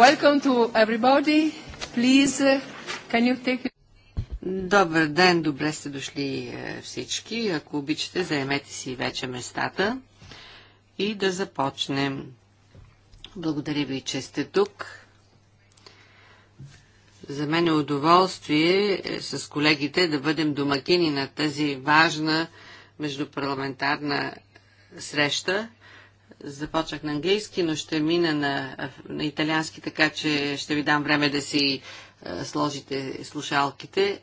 Welcome to everybody. Please, uh, can you take... Добър ден, добре сте дошли е, всички. Ако обичате, заемете си вече местата и да започнем. Благодаря ви, че сте тук. За мен е удоволствие е, с колегите да бъдем домакини на тази важна междупарламентарна среща Започнах на английски, но ще мина на, на италиански, така че ще ви дам време да си сложите слушалките.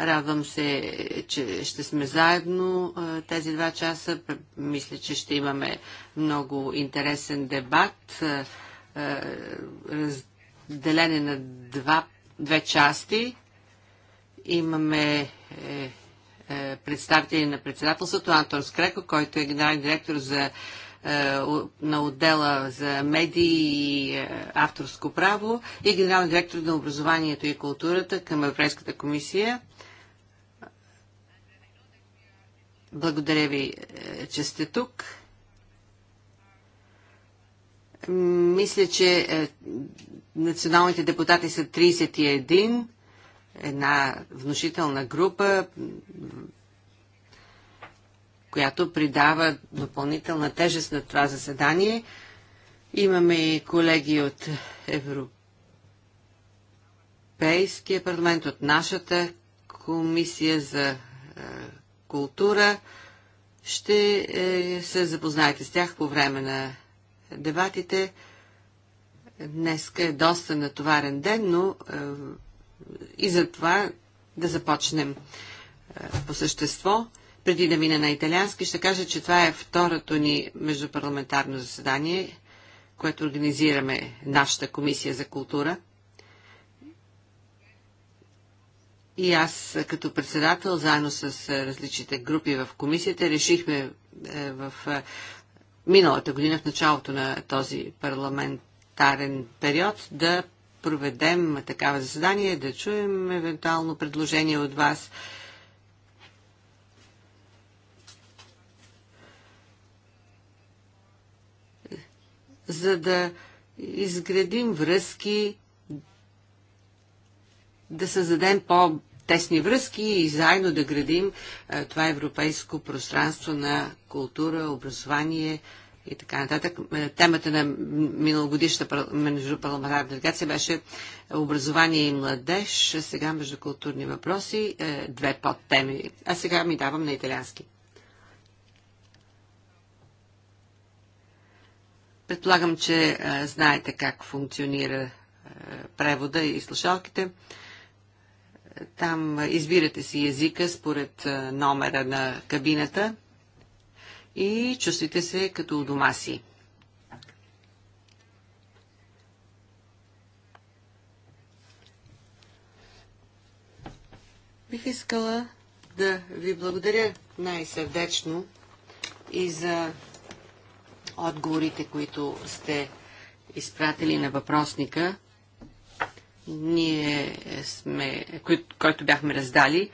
Радвам се, че ще сме заедно тези два часа. Мисля, че ще имаме много интересен дебат, разделене на два, две части. Имаме е, е, представители на председателството Антон Скреко, който е генерален директор за е, на отдела за медии и е, авторско право и генерален директор на образованието и културата към Европейската комисия. Благодаря ви, е, че сте тук. Мисля, че националните депутати са 31, една внушителна група, която придава допълнителна тежест на това заседание. Имаме и колеги от Европейския парламент, от нашата комисия за е, култура. Ще е, се запознаете с тях по време на дебатите. Днеска е доста натоварен ден, но е, и за това да започнем е, по същество преди да мина на италиански, ще кажа, че това е второто ни междупарламентарно заседание, което организираме нашата комисия за култура. И аз като председател, заедно с различните групи в комисията, решихме е, в миналата година, в началото на този парламентарен период, да проведем такава заседание, да чуем евентуално предложение от вас за да изградим връзки, да създадем по-тесни връзки и заедно да градим това европейско пространство на култура, образование и така нататък. Е, темата на миналогодишната междупарламентарна делегация беше образование и младеж, сега междукултурни въпроси, е, две подтеми. А сега ми давам на италиански. Предполагам, че а, знаете как функционира а, превода и слушалките. Там избирате си езика според а, номера на кабината и чувствате се като у дома си. Бих искала да ви благодаря най-сърдечно и за отговорите, които сте изпратили на въпросника, ние сме, който бяхме раздали,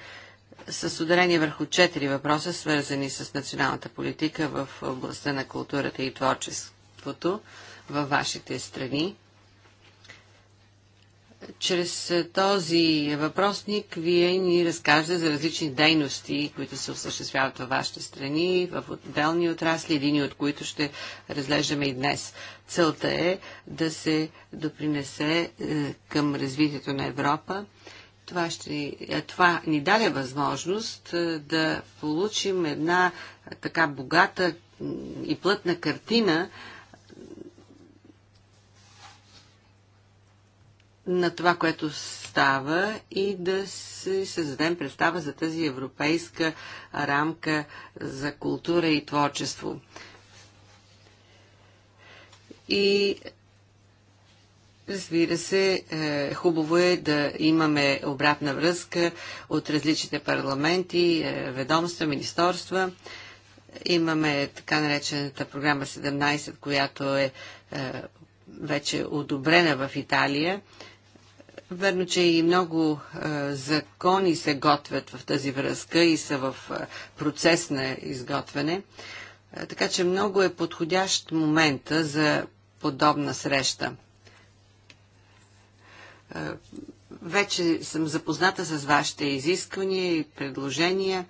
с ударение върху четири въпроса, свързани с националната политика в областта на културата и творчеството във вашите страни чрез е, този въпросник вие ни разкажете за различни дейности, които се осъществяват във вашите страни, в отделни отрасли, един от които ще разглеждаме и днес. Целта е да се допринесе е, към развитието на Европа. Това, ще, е, това ни даде възможност да получим една така богата и плътна картина на това, което става и да се създадем представа за тази европейска рамка за култура и творчество. И Разбира се, е, хубаво е да имаме обратна връзка от различните парламенти, е, ведомства, министорства. Имаме така наречената програма 17, която е, е, вече одобрена в Италия. Верно, че и много е, закони се готвят в тази връзка и са в е, процес на изготвяне. Е, така че много е подходящ момента за подобна среща. Е, вече съм запозната с вашите изисквания и предложения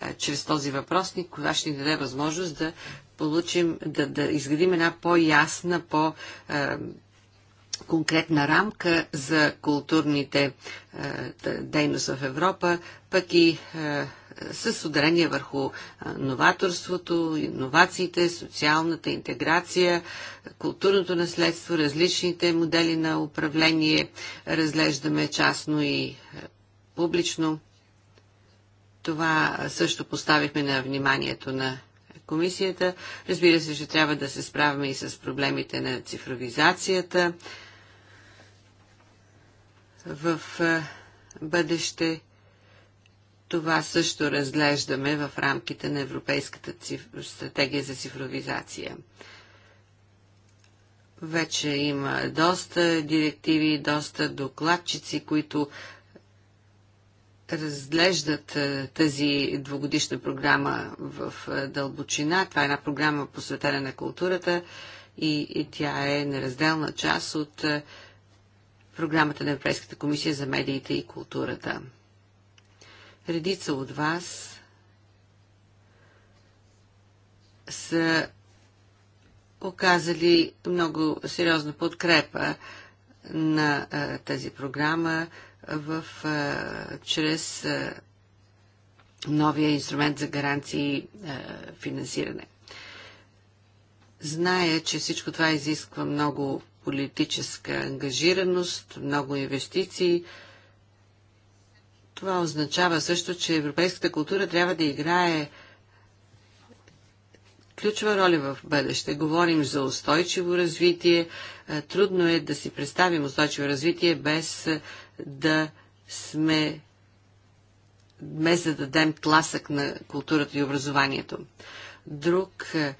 е, чрез този въпросник, кога ще ни даде възможност да получим, да, да изградим една по-ясна, по-. Е, конкретна рамка за културните е, дейност в Европа, пък и е, с ударение върху е, новаторството, иновациите, социалната интеграция, културното наследство, различните модели на управление, разглеждаме частно и публично. Това също поставихме на вниманието на комисията. Разбира се, че трябва да се справяме и с проблемите на цифровизацията, в е, бъдеще. Това също разглеждаме в рамките на Европейската стратегия за цифровизация. Вече има доста директиви, доста докладчици, които разглеждат е, тази двогодишна програма в е, дълбочина. Това е една програма посветена на културата и тя е неразделна част от програмата на Европейската комисия за медиите и културата. Редица от вас са оказали много сериозна подкрепа на а, тази програма в, а, чрез а, новия инструмент за гаранции а, финансиране. Зная, че всичко това изисква много политическа ангажираност, много инвестиции. Това означава също, че европейската култура трябва да играе ключова роля в бъдеще. Говорим за устойчиво развитие. Трудно е да си представим устойчиво развитие без да сме без да дадем тласък на културата и образованието. Друг е, е,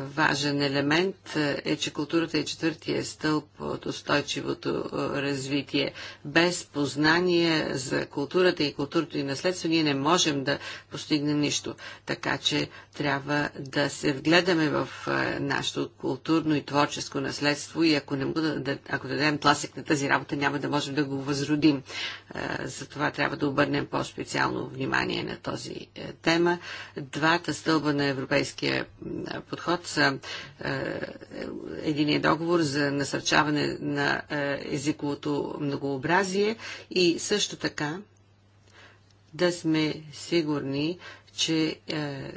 важен елемент е, е, че културата е четвъртия стълб от устойчивото развитие. Без познание за културата и културното и наследство ние не можем да постигнем нищо. Така че трябва да се вгледаме в нашето културно и творческо наследство и ако, не бъде, ако дадем тласък на тази работа, няма да можем да го възродим. Затова трябва да обърнем по-специално внимание на този тема. Двата стълба на Европейския европейския подход са е, единият договор за насърчаване на е, езиковото многообразие и също така да сме сигурни, че е,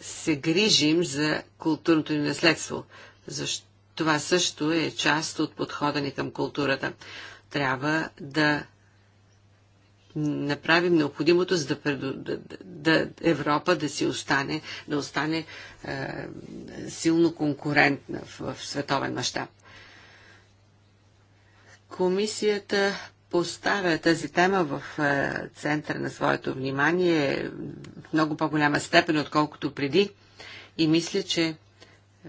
се грижим за културното ни наследство. Защо? Това също е част от подхода ни към културата. Трябва да направим необходимото, за да, да, да Европа да си остане, да остане е, силно конкурентна в, в световен мащаб. Комисията поставя тази тема в е, центъра на своето внимание в много по-голяма степен, отколкото преди. И мисля, че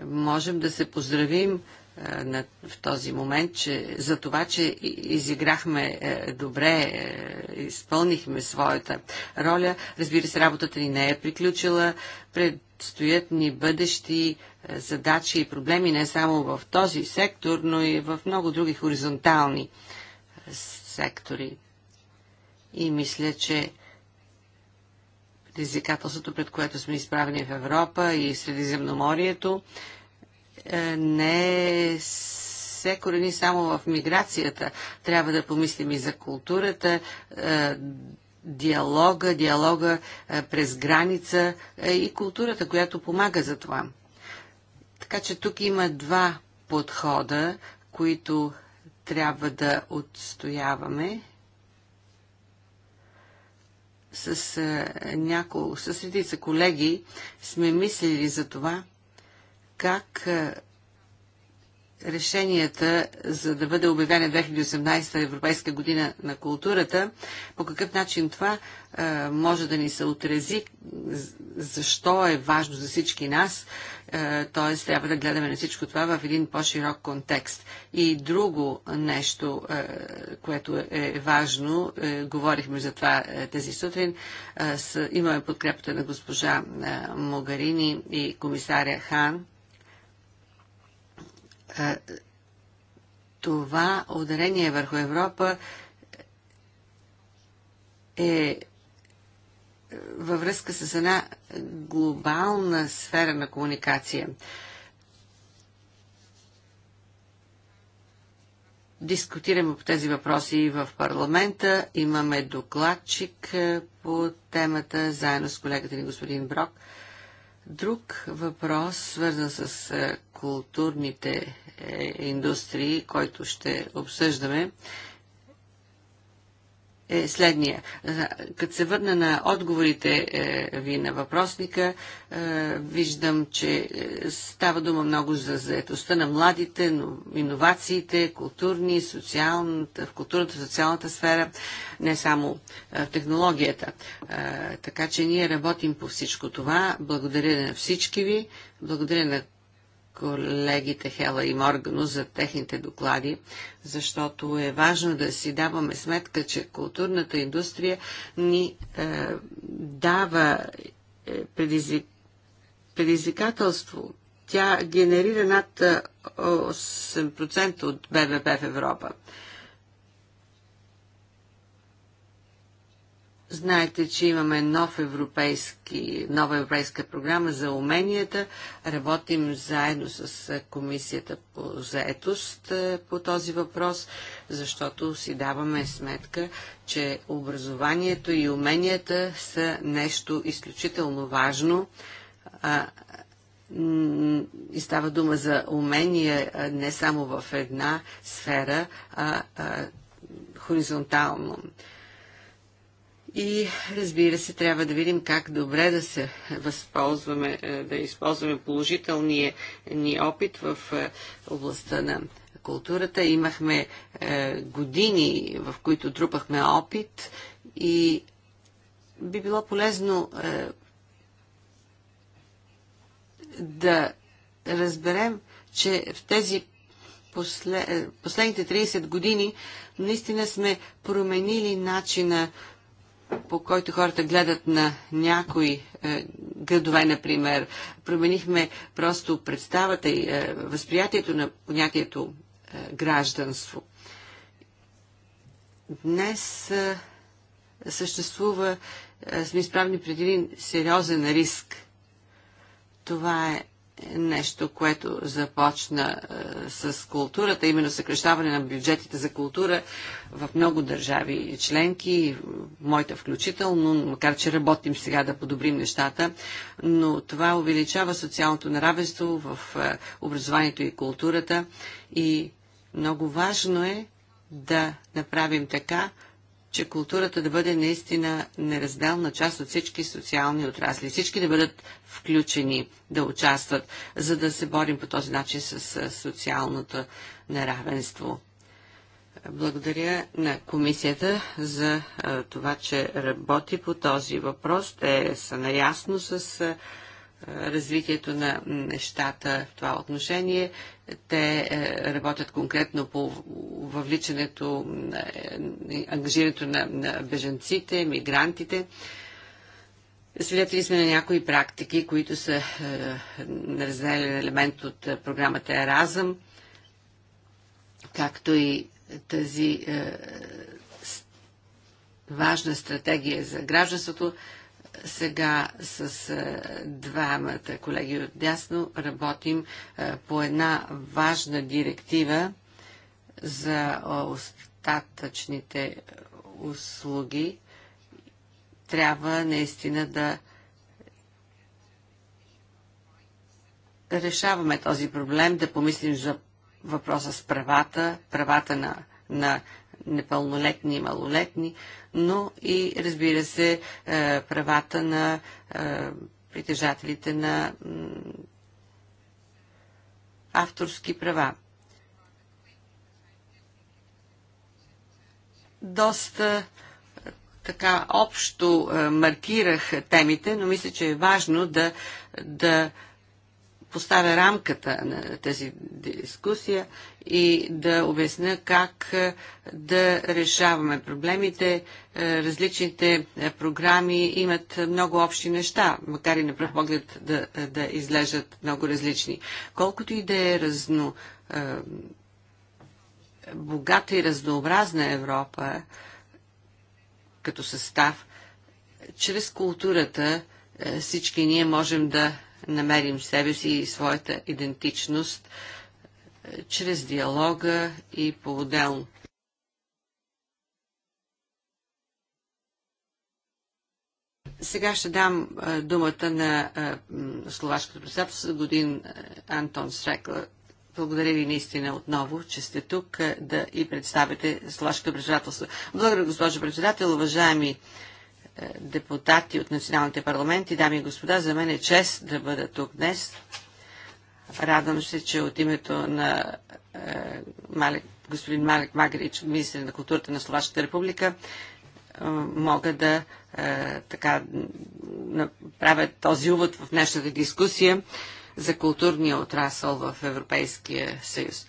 можем да се поздравим е, на, в този момент, че за това, че изиграхме е, добре, е, изпълнихме своята роля. Разбира се, работата ни не е приключила. Предстоят ни бъдещи е, задачи и проблеми не само в този сектор, но и в много други хоризонтални е, сектори. И мисля, че предизвикателството, пред което сме изправени в Европа и Средиземноморието, е, е, не се корени само в миграцията. Трябва да помислим и за културата, е, диалога, диалога е, през граница и културата, която помага за това. Така че тук има два подхода, които трябва да отстояваме с няко, с редица колеги сме мислили за това – как решенията за да бъде обявена 2018 Европейска година на културата, по какъв начин това може да ни се отрези, защо е важно за всички нас, т.е. трябва да гледаме на всичко това в един по-широк контекст. И друго нещо, което е важно, е, говорихме за това е, тези сутрин, имаме подкрепата на госпожа Могарини и комисаря Хан, това ударение върху Европа е, е във връзка с една глобална сфера на комуникация. Дискутираме по тези въпроси и в парламента. Имаме докладчик е, по темата, заедно с колегата ни господин Брок. Друг въпрос, свързан с е, културните е индустрии, който ще обсъждаме, е следния. Като се върна на отговорите е, ви на въпросника, е, виждам, че става дума много за заетостта на младите, но иновациите, културни, социалната, в културната, социалната сфера, не само в технологията. Така че ние работим по всичко това. Благодаря на всички ви, благодаря на колегите Хела и Моргано за техните доклади, защото е важно да си даваме сметка, че културната индустрия ни е, дава е, предизвик, предизвикателство. Тя генерира над 8% е, от БВП в Европа. Е, Знаете, че имаме нов европейски, нова европейска програма за уменията. Работим заедно с Комисията по заетост по този въпрос, защото си даваме сметка, че образованието и уменията са нещо изключително важно. И става дума за умения не само в една сфера, а хоризонтално. И разбира се, трябва да видим как добре да се възползваме, е, да използваме положителния ни опит в е, областта на културата. Имахме е, години, в които трупахме опит и би било полезно да разберем, че в тези послед... последните 30 години наистина сме променили начина по който хората гледат на някои е, градове, например. Променихме просто представата и е, възприятието на понятието е, гражданство. Днес е, съществува, е, сме изправни пред един сериозен риск. Това е нещо, което започна е, с културата, именно съкрещаване на бюджетите за култура в много държави членки, моята включително, макар че работим сега да подобрим нещата, но това увеличава социалното неравенство в е, образованието и културата и много важно е да направим така, че културата да бъде наистина неразделна част от всички социални отрасли. Всички да бъдат включени, да участват, за да се борим по този начин с социалното неравенство. Благодаря на комисията за това, че работи по този въпрос. Те са наясно с развитието на нещата в това отношение. Те е, работят конкретно по въвличането, е, ангажирането на, бежанците, беженците, мигрантите. Свидетели сме на някои практики, които са е, разделен елемент от е, програмата Еразъм, както и тази важна стратегия за гражданството сега с е, двамата колеги от дясно работим е, по една важна директива за е, остатъчните услуги. Трябва наистина да решаваме този проблем, да помислим за въпроса с правата, правата на, на непълнолетни и малолетни, но и, разбира се, е, правата на е, притежателите на авторски права. Доста е, така общо маркирах темите, но мисля, че е важно да, да поставя рамката на тази дискусия и да обясня как е, да решаваме проблемите. Е, различните е, програми имат много общи неща, макар и на пръв поглед да, да излежат много различни. Колкото и да е разно богата и разнообразна Европа като състав, чрез културата всички ние можем да намерим себе си и своята идентичност е, чрез диалога и по-отделно. Сега ще дам е, думата на е, словашкото председателство, годин Антон Срекла. Благодаря ви наистина отново, че сте тук да и представите словашкото председателство. Благодаря, госпожо председател, уважаеми депутати от националните парламенти, дами и господа, за мен е чест да бъда тук днес. Радвам се, че от името на е, Малек, господин Малек Магрич, министър на културата на Словашката република, е, мога да е, така направя този увод в днешната дискусия за културния отрасъл в Европейския съюз.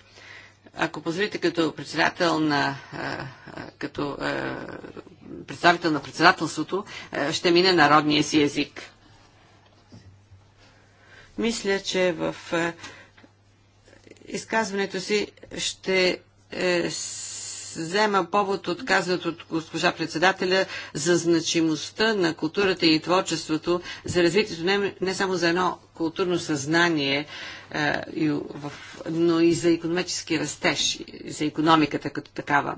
Ако позволите като председател на, като представител на председателството, ще мине народния си език. Мисля, че в изказването си ще е, взема повод от казаното от госпожа председателя за значимостта на културата и творчеството за развитието не, не само за едно културно съзнание, е, но и за економически растеж, за економиката като такава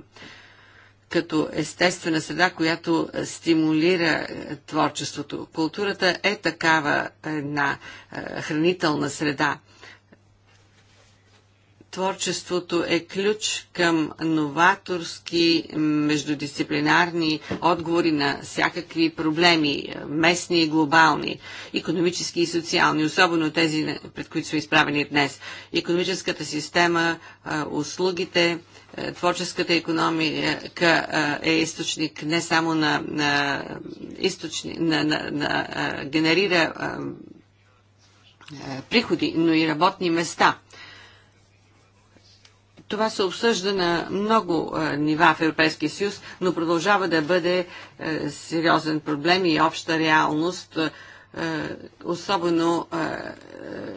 като естествена среда, която стимулира е, творчеството. Културата е такава една е, хранителна среда. Творчеството е ключ към новаторски междудисциплинарни отговори на всякакви проблеми, местни и глобални, економически и социални, особено тези, пред които сме изправени днес. Економическата система, услугите, творческата економика е източник не само на, на, източник, на, на, на генерира приходи, но и работни места – това се обсъжда на много нива в Европейския съюз, но продължава да бъде е, сериозен проблем и обща реалност, е, особено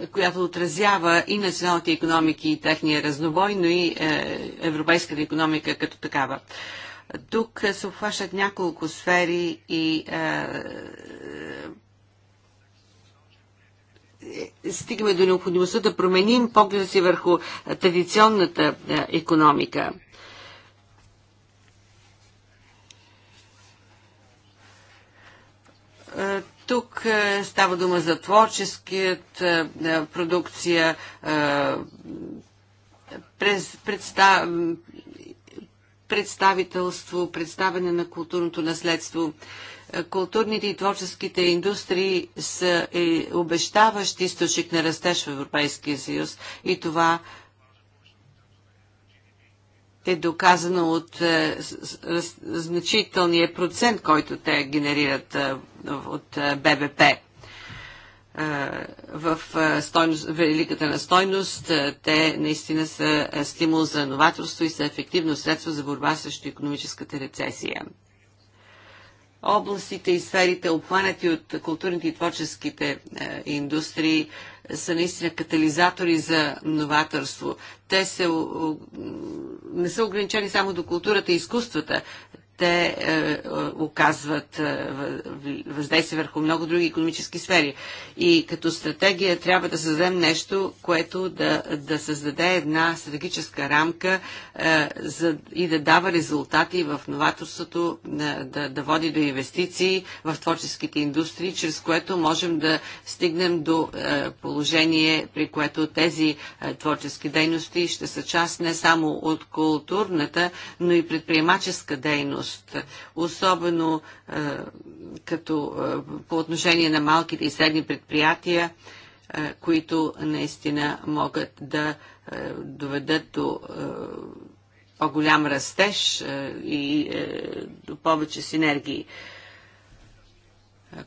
е, която отразява и националните економики и техния разнобой, но и европейската економика като такава. Тук се обхващат няколко сфери и е, стигаме до необходимостта да променим погледа си върху традиционната е, економика. Е, тук става дума за творческият продукция, представителство, представяне на културното наследство. Културните и творческите индустрии са е, обещаващ източник на растеж в Европейския съюз и това е доказано от е, значителния процент, който те генерират е, от е, ББП в стойност, великата настойност. Те наистина са стимул за новаторство и са ефективно средство за борба срещу економическата рецесия областите и сферите, обхванати от културните и творческите е, индустрии, са наистина катализатори за новаторство. Те се, не са ограничени само до културата и изкуствата те е, е, оказват е, въздействие върху много други економически сфери. И като стратегия трябва да създадем нещо, което да, да създаде една стратегическа рамка е, за, и да дава резултати в новаторството, да, е, да, да води до инвестиции в творческите индустрии, чрез което можем да стигнем до е, положение, при което тези е, творчески дейности ще са част не само от културната, но и предприемаческа дейност дейност, особено е, като е, по отношение на малките и средни предприятия, е, които наистина могат да е, доведат до е, по-голям растеж е, и до повече синергии.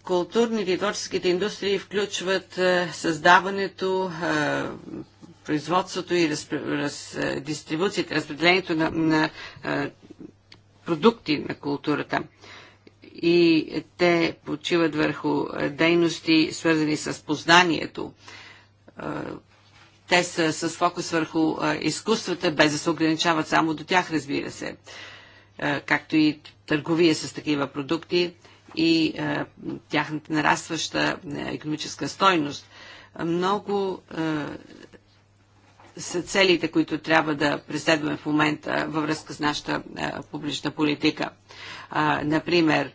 Културните и творческите индустрии включват създаването, производството и раз, раз, дистрибуцията, разпределението на, на продукти на културата. И те почиват върху е, дейности, свързани с познанието. Е, те са с фокус върху е, изкуствата, без да се ограничават само до тях, разбира се. Както и търговия с такива продукти и тяхната нарастваща економическа стойност много са целите, които трябва да преследваме в момента във връзка с нашата е, публична политика. Например,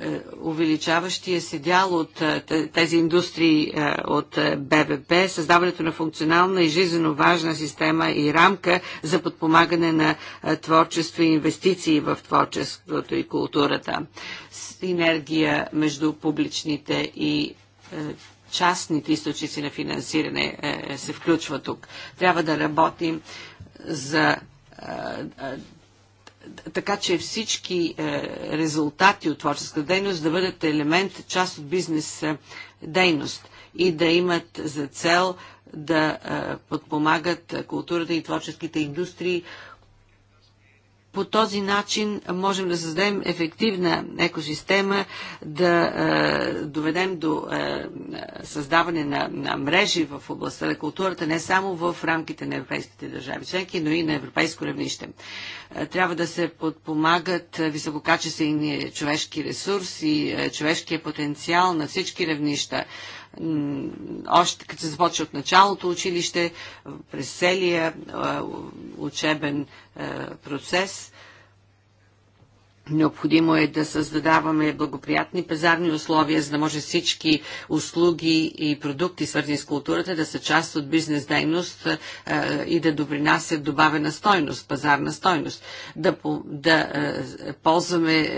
е, увеличаващия се дял от е, тези индустрии от БВП, създаването на функционална и жизненно важна система и рамка за подпомагане на творчество и инвестиции в творчеството и културата. Синергия между публичните и частните източници на финансиране е, се включва тук. Трябва да работим за е, е, така че всички резултати от творческата дейност да бъдат елемент, част от бизнес дейност и да имат за цел да подпомагат културата и творческите индустрии по този начин можем да създадем ефективна екосистема, да е, доведем до е, създаване на, на мрежи в областта на културата, не само в рамките на европейските държави членки, но и на европейско равнище. Е, трябва да се подпомагат висококачествени човешки ресурси, е, човешкия потенциал на всички равнища още като се започва от началото училище, през целия учебен процес. Необходимо е да създаваме благоприятни пазарни условия, за да може всички услуги и продукти, свързани с културата, да са част от бизнес дейност и да допринасят добавена стойност, пазарна стойност. Да, да ползваме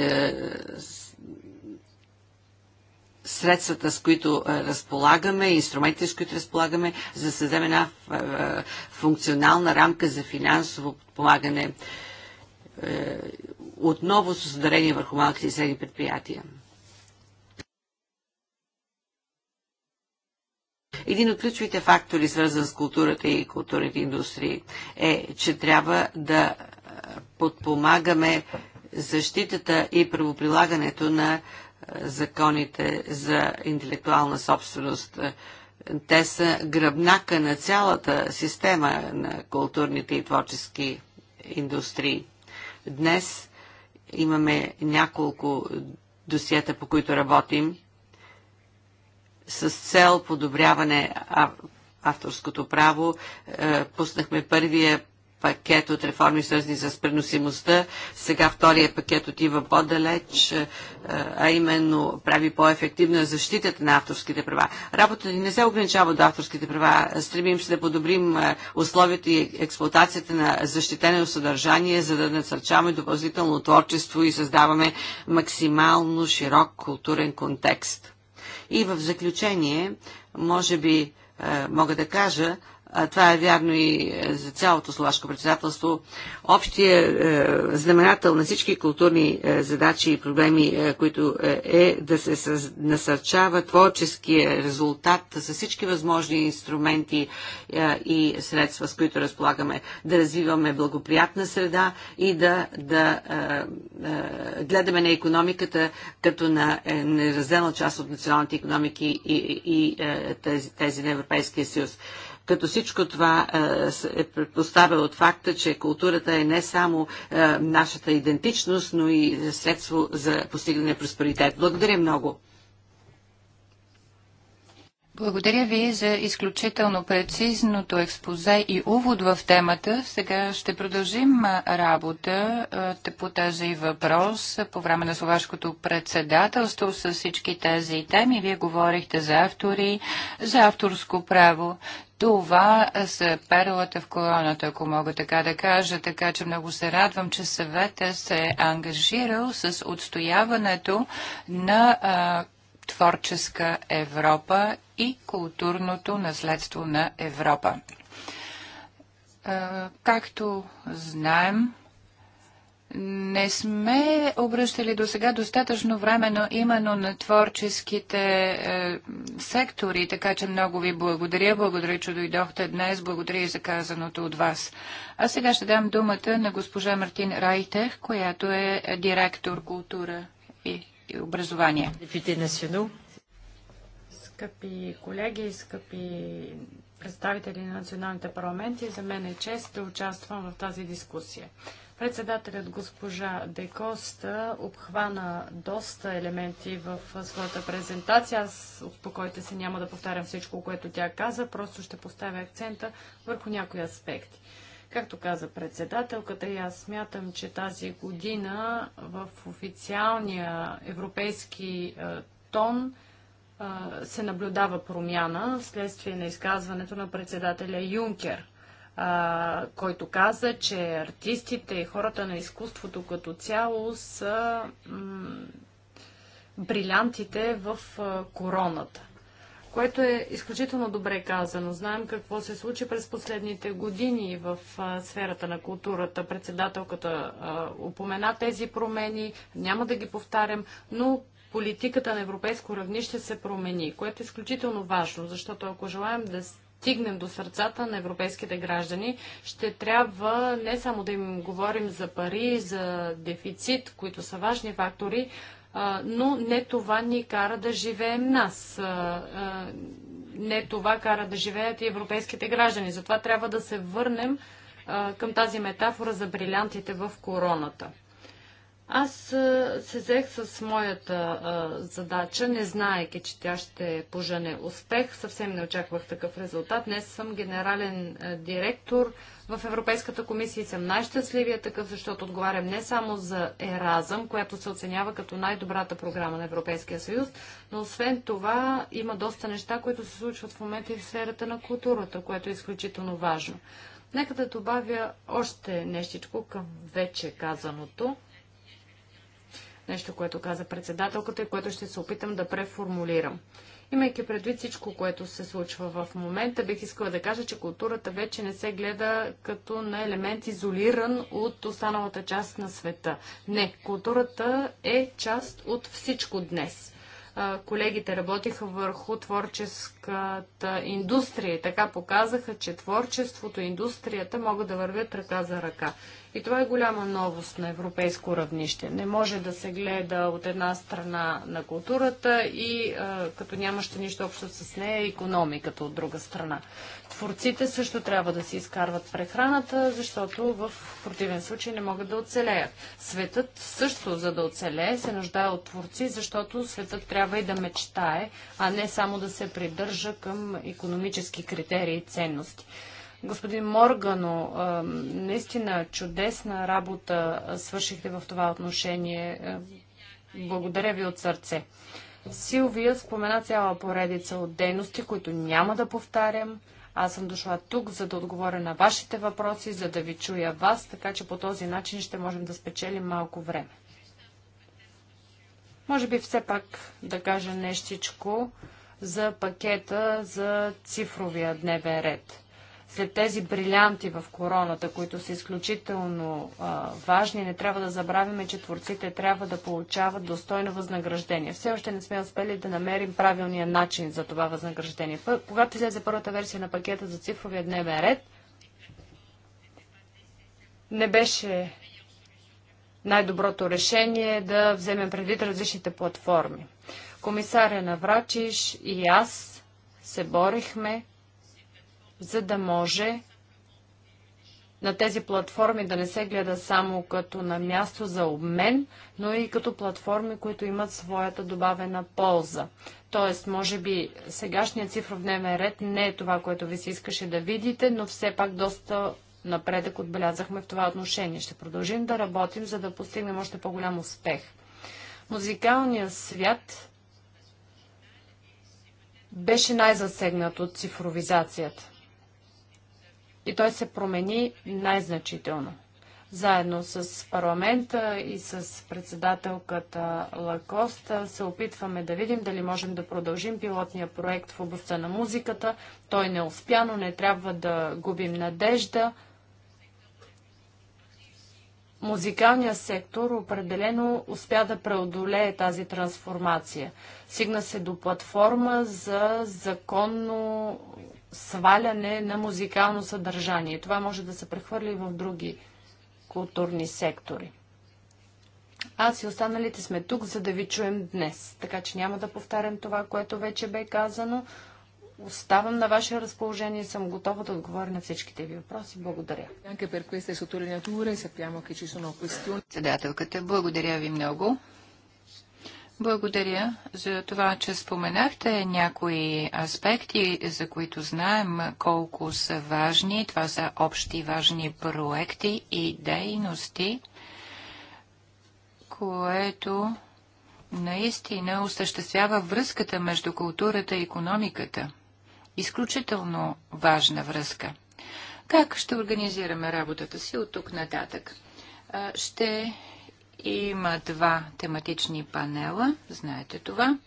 средствата, с които е, разполагаме, инструментите, с които разполагаме, за да създадем една е, функционална рамка за финансово подпомагане е, отново с ударение върху малките и средни предприятия. Един от ключовите фактори, свързан с културата и културните индустрии, е, че трябва да подпомагаме защитата и правоприлагането на законите за интелектуална собственост. Те са гръбнака на цялата система на културните и творчески индустрии. Днес имаме няколко досиета, по които работим с цел подобряване авторското право. Е, пуснахме първия пакет от реформи, свързани с преносимостта. Сега втория пакет отива по-далеч, е, а именно прави по-ефективна защитата на авторските права. Работата ни не се ограничава до авторските права. Стремим се да подобрим е, условията и експлуатацията на защитено съдържание, за да насърчаваме допълнително творчество и създаваме максимално широк културен контекст. И в заключение, може би е, мога да кажа, а това е вярно и е, за цялото словашко председателство, общия е, знаменател на всички културни е, задачи и проблеми, е, които е, е да се съз... насърчава творческия резултат с всички възможни инструменти е, и средства, с които разполагаме, да развиваме благоприятна среда и да, да гледаме на економиката като на неразделна част от националните економики и, и тези, тези на Европейския съюз като всичко това е, е предпоставя от факта, че културата е не само е, нашата идентичност, но и средство за постигане просперитет. Благодаря много. Благодаря ви за изключително прецизното експозе и увод в темата. Сега ще продължим е, работа по тази въпрос по време на словашкото председателство с всички тези теми. Вие говорихте за автори, за авторско право. Това са перлата в колоната, ако мога така да кажа, така че много се радвам, че съвета се е ангажирал с отстояването на а, творческа Европа и културното наследство на Европа. А, както знаем, не сме обръщали до сега достатъчно времено именно на творческите е, сектори, така че много ви благодаря. Благодаря, че дойдохте днес. Благодаря и за казаното от вас. А сега ще дам думата на госпожа Мартин Райтех, която е директор култура и, и образование. Скъпи колеги, скъпи представители на националните парламенти, за мен е чест да участвам в тази дискусия. Председателят госпожа Декоста обхвана доста елементи в своята презентация. Аз успокойте се, няма да повтарям всичко, което тя каза, просто ще поставя акцента върху някои аспекти. Както каза председателката, и аз смятам, че тази година в официалния европейски тон се наблюдава промяна вследствие на изказването на председателя Юнкер а, който каза, че артистите и хората на изкуството като цяло са брилянтите в а, короната. Което е изключително добре казано. Знаем какво се случи през последните години в а, сферата на културата. Председателката упомена тези промени, няма да ги повтарям, но политиката на европейско равнище се промени, което е изключително важно, защото ако желаем да стигнем до сърцата на европейските граждани, ще трябва не само да им говорим за пари, за дефицит, които са важни фактори, но не това ни кара да живеем нас. Не това кара да живеят и европейските граждани. Затова трябва да се върнем към тази метафора за брилянтите в короната. Аз се взех с моята а, задача, не знаеки, че тя ще пожене успех. Съвсем не очаквах такъв резултат. Днес съм генерален а, директор в Европейската комисия и съм най-щастливия такъв, защото отговарям не само за Еразъм, която се оценява като най-добрата програма на Европейския съюз, но освен това има доста неща, които се случват в момента и в сферата на културата, което е изключително важно. Нека да добавя още нещичко към вече казаното. Нещо, което каза председателката и което ще се опитам да преформулирам. Имайки предвид всичко, което се случва в момента, бих искала да кажа, че културата вече не се гледа като на елемент изолиран от останалата част на света. Не, културата е част от всичко днес. Колегите работиха върху творческа музиката, индустрия. И така показаха, че творчеството и индустрията могат да вървят ръка за ръка. И това е голяма новост на европейско равнище. Не може да се гледа от една страна на културата и а, е, като нямаше нищо общо с нея економиката от друга страна. Творците също трябва да си изкарват прехраната, защото в противен случай не могат да оцелеят. Светът също, за да оцелее, се нуждае от творци, защото светът трябва и да мечтае, а не само да се придържа придържа към економически критерии и ценности. Господин Моргано, наистина чудесна работа свършихте в това отношение. Благодаря ви от сърце. Силвия спомена цяла поредица от дейности, които няма да повтарям. Аз съм дошла тук, за да отговоря на вашите въпроси, за да ви чуя вас, така че по този начин ще можем да спечелим малко време. Може би все пак да кажа нещичко за пакета за цифровия дневен ред. След тези брилянти в короната, които са изключително а, важни, не трябва да забравяме, че творците трябва да получават достойно възнаграждение. Все още не сме успели да намерим правилния начин за това възнаграждение. когато излезе първата версия на пакета за цифровия дневен ред, не беше най-доброто решение да вземем предвид различните платформи. Комисаря Наврачиш и аз се борихме, за да може на тези платформи да не се гледа само като на място за обмен, но и като платформи, които имат своята добавена полза. Тоест, може би сегашният цифров дневен ред не е това, което ви се искаше да видите, но все пак доста напредък отбелязахме в това отношение. Ще продължим да работим, за да постигнем още по-голям успех. Музикалният свят беше най-засегнат от цифровизацията. И той се промени най-значително. Заедно с парламента и с председателката Лакоста се опитваме да видим дали можем да продължим пилотния проект в областта на музиката. Той не успя, но не трябва да губим надежда музикалният сектор определено успя да преодолее тази трансформация. Сигна се до платформа за законно сваляне на музикално съдържание. Това може да се прехвърли в други културни сектори. Аз и останалите сме тук, за да ви чуем днес. Така че няма да повтарям това, което вече бе казано, Оставам на ваше разположение и съм готова да отговоря на всичките ви въпроси. Благодаря. Седателката, благодаря ви много. Благодаря за това, че споменахте някои аспекти, за които знаем колко са важни. Това са общи важни проекти и дейности, което наистина осъществява връзката между културата и економиката изключително важна връзка. Как ще организираме работата си от тук нататък? Ще има два тематични панела, знаете това.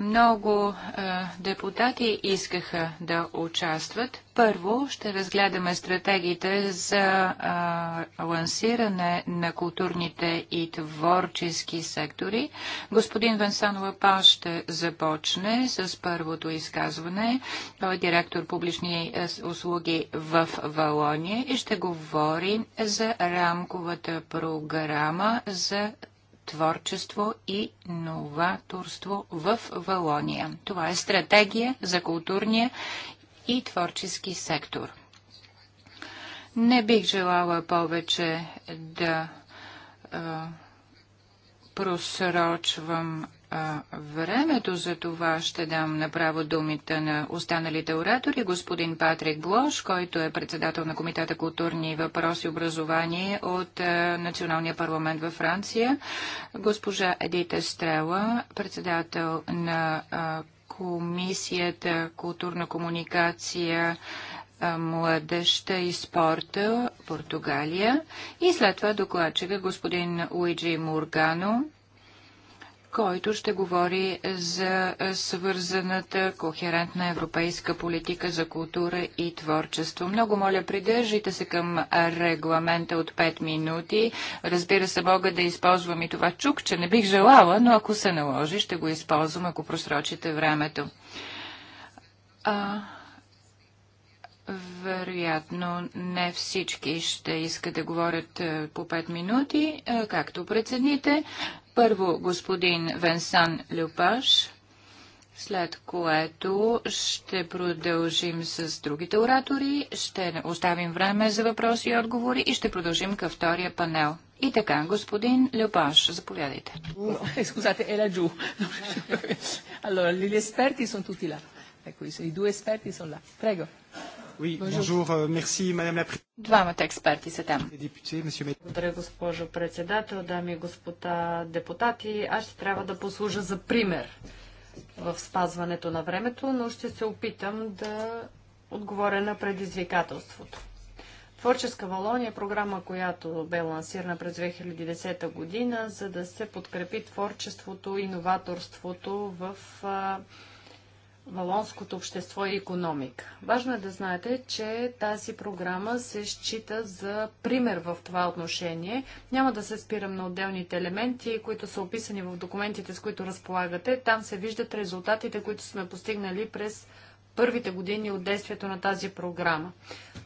Много а, е, депутати искаха да участват. Първо ще разгледаме стратегиите за а, е, лансиране на културните и творчески сектори. Господин Венсан Лапал ще започне с първото изказване. Той е директор публични е, услуги в Валония и ще говори за рамковата програма за творчество и новаторство в Валония. Това е стратегия за културния и творчески сектор. Не бих желала повече да просрочвам времето за това ще дам направо думите на останалите оратори. Господин Патрик Блош, който е председател на Комитета културни въпроси и образование от Националния парламент във Франция. Госпожа Едита Стрела, председател на Комисията културна комуникация младеща и спорта, Португалия. И след това докладчика господин Луиджи Мургано, който ще говори за свързаната кохерентна европейска политика за култура и творчество. Много моля, придържайте се към регламента от 5 минути. Разбира се, мога да използвам и това чук, че не бих желала, но ако се наложи, ще го използвам, ако просрочите времето. А... Вероятно не всички ще искат да говорят е, по 5 минути, е, както прецените. Първо господин Венсан Люпаш, след което ще продължим с другите оратори, ще оставим време за въпроси и отговори и ще продължим към втория панел. И така, господин Леопаш, заповядайте. Scusate, era giù. Allora, gli esperti sono tutti là. Ecco, и ду esperti sono ла. Прего. Oui, bonjour, euh, merci, madame la Двамата експерти са там. Е, Благодаря, госпожо председател, дами и господа депутати. Аз ще трябва да послужа за пример в спазването на времето, но ще се опитам да отговоря на предизвикателството. Творческа Валония е програма, която бе лансирана през 2010 година, за да се подкрепи творчеството и новаторството в малонското общество и економика. Важно е да знаете, че тази програма се счита за пример в това отношение. Няма да се спирам на отделните елементи, които са описани в документите, с които разполагате. Там се виждат резултатите, които сме постигнали през първите години от действието на тази програма.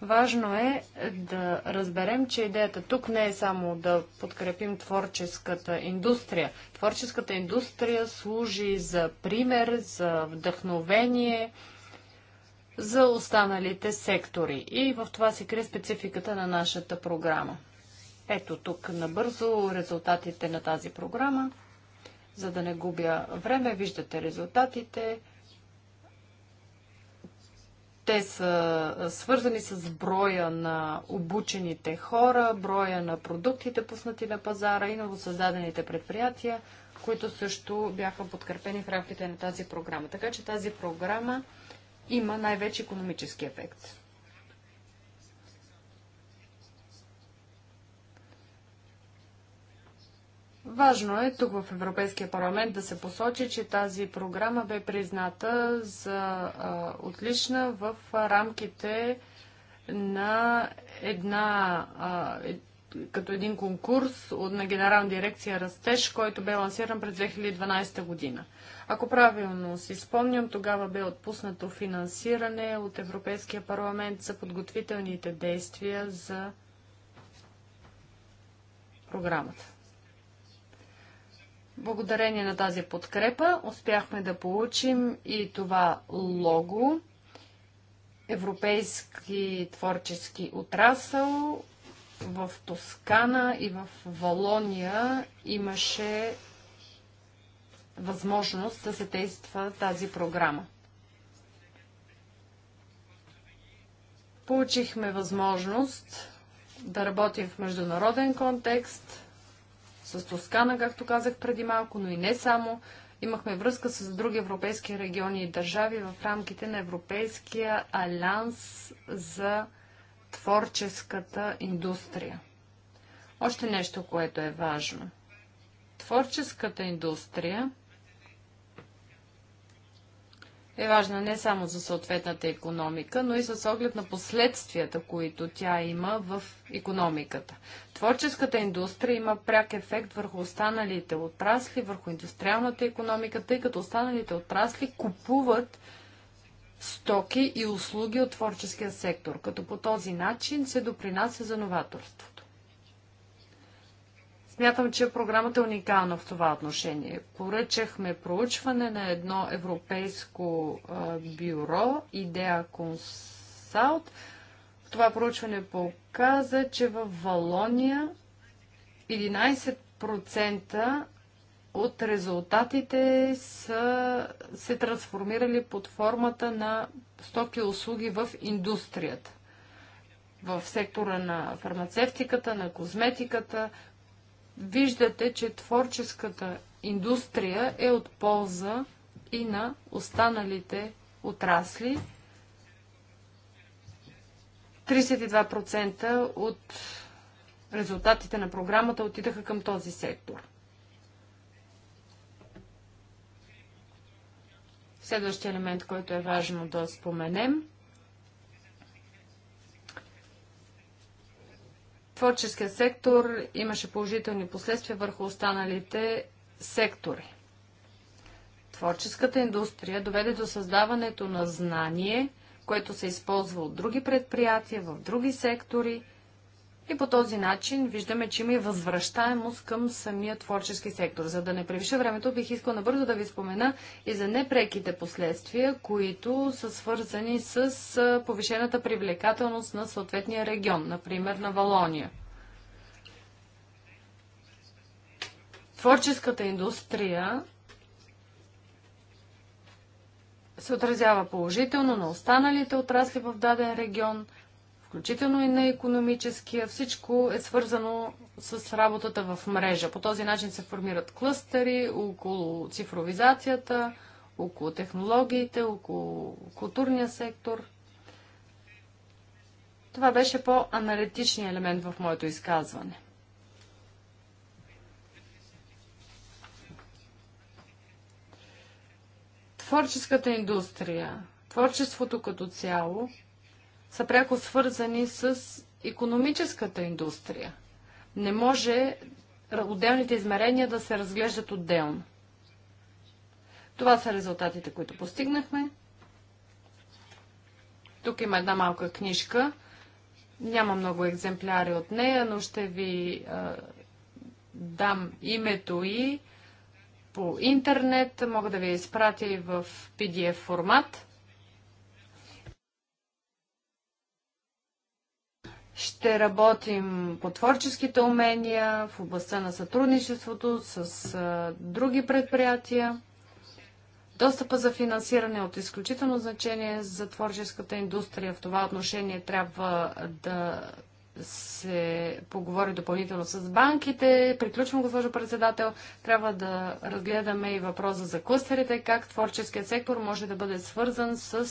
Важно е да разберем, че идеята тук не е само да подкрепим творческата индустрия. Творческата индустрия служи за пример, за вдъхновение за останалите сектори. И в това се крие спецификата на нашата програма. Ето тук набързо резултатите на тази програма. За да не губя време, виждате резултатите. Те са свързани с броя на обучените хора, броя на продуктите пуснати на пазара и новосъздадените предприятия, които също бяха подкрепени в рамките на тази програма. Така че тази програма има най-вече економически ефект. Важно е тук в Европейския парламент да се посочи, че тази програма бе призната за а, отлична в рамките на една, а, е, като един конкурс от, на Генерална дирекция Растеж, който бе лансиран през 2012 година. Ако правилно си спомням, тогава бе отпуснато финансиране от Европейския парламент за подготвителните действия за програмата. Благодарение на тази подкрепа успяхме да получим и това лого Европейски творчески отрасъл. В Тоскана и в Валония имаше възможност да се действа тази програма. Получихме възможност да работим в международен контекст, с Тоскана, както казах преди малко, но и не само. Имахме връзка с други европейски региони и държави в рамките на Европейския алианс за творческата индустрия. Още нещо, което е важно. Творческата индустрия е важна не само за съответната економика, но и с оглед на последствията, които тя има в економиката. Творческата индустрия има пряк ефект върху останалите отрасли, върху индустриалната економика, тъй като останалите отрасли купуват стоки и услуги от творческия сектор, като по този начин се допринася за новаторството. Смятам, че програмата е уникална в това отношение. Поръчахме проучване на едно европейско бюро, Идея Консалт. Това проучване показа, че в Валония 11% от резултатите са се трансформирали под формата на стоки и услуги в индустрията в сектора на фармацевтиката, на козметиката, виждате, че творческата индустрия е от полза и на останалите отрасли. 32% от резултатите на програмата отидаха към този сектор. Следващия елемент, който е важно да споменем – творческия сектор имаше положителни последствия върху останалите сектори. Творческата индустрия доведе до създаването на знание, което се използва от други предприятия, в други сектори – и по този начин виждаме, че има и възвръщаемост към самия творчески сектор. За да не превиша времето, бих искал набързо да ви спомена и за непреките последствия, които са свързани с повишената привлекателност на съответния регион, например на Валония. Творческата индустрия се отразява положително на останалите отрасли в даден регион – включително и на економическия. Всичко е свързано с работата в мрежа. По този начин се формират клъстери около цифровизацията, около технологиите, около културния сектор. Това беше по-аналитичният елемент в моето изказване. Творческата индустрия, творчеството като цяло – са пряко свързани с економическата индустрия. Не може отделните измерения да се разглеждат отделно. Това са резултатите, които постигнахме. Тук има една малка книжка. Няма много екземпляри от нея, но ще ви а, дам името и по интернет. Мога да ви изпратя и в PDF формат. Ще работим по творческите умения в областта на сътрудничеството с а, други предприятия. Достъпа за финансиране е от изключително значение за творческата индустрия. В това отношение трябва да се поговори допълнително с банките. Приключвам, госпожо председател. Трябва да разгледаме и въпроса за кластерите, как творческият сектор може да бъде свързан с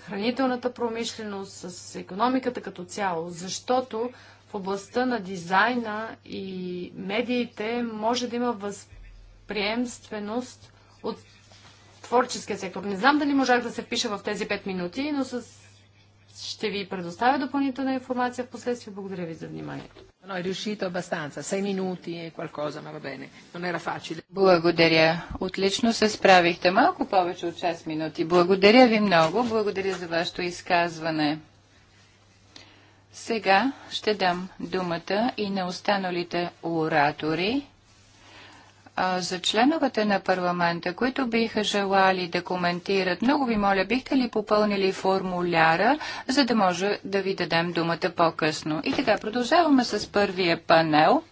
хранителната промишленост, с економиката като цяло, защото в областта на дизайна и медиите може да има възприемственост от творческия сектор. Не знам дали можах да се впиша в тези 5 минути, но с... ще ви предоставя допълнителна информация в последствие. Благодаря ви за вниманието. No, è riuscito abbastanza, 6 minuti e qualcosa, ma va bene. Non era facile. Благодаря. Отлично се справихте. Малко повече от 6 минути. Благодаря ви много. Благодаря за вашето изказване. Сега ще дам думата и на останалите оратори за членовете на парламента, които биха желали да коментират, много ви моля, бихте ли попълнили формуляра, за да може да ви дадем думата по-късно. И така, продължаваме с първия панел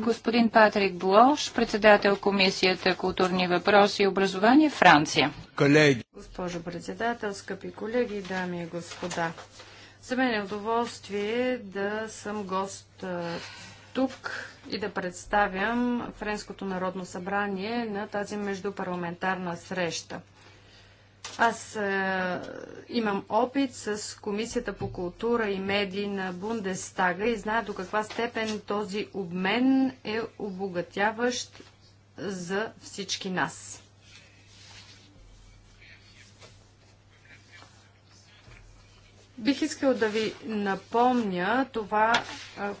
господин Патрик Блош, председател Комисията културни въпроси и образование, Франция. Колеги. Госпожо председател, скъпи колеги, дами и господа. За мен е удоволствие да съм гост тук и да представям Френското народно събрание на тази междупарламентарна среща. Аз е, имам опит с Комисията по култура и медии на Бундестага и знае до каква степен този обмен е обогатяващ за всички нас. Бих искал да ви напомня това,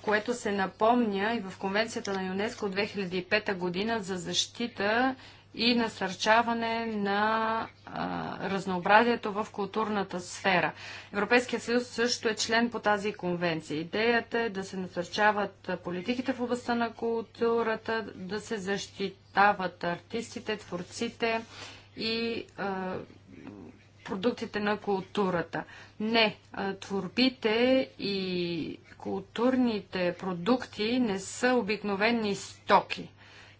което се напомня и в Конвенцията на ЮНЕСКО от 2005 година за защита и насърчаване на а, разнообразието в културната сфера. Европейския съюз също е член по тази конвенция. Идеята е да се насърчават политиките в областта на културата, да се защитават артистите, творците и а, продуктите на културата. Не, творбите и културните продукти не са обикновени стоки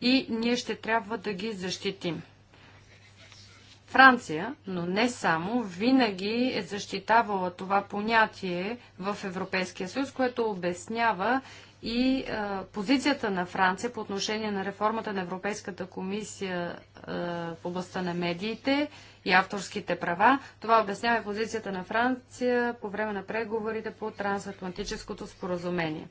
и ние ще трябва да ги защитим. Франция, но не само, винаги е защитавала това понятие в Европейския съюз, което обяснява и е, позицията на Франция по отношение на реформата на Европейската комисия е, в областта на медиите и авторските права. Това обяснява позицията на Франция по време на преговорите по трансатлантическото споразумение.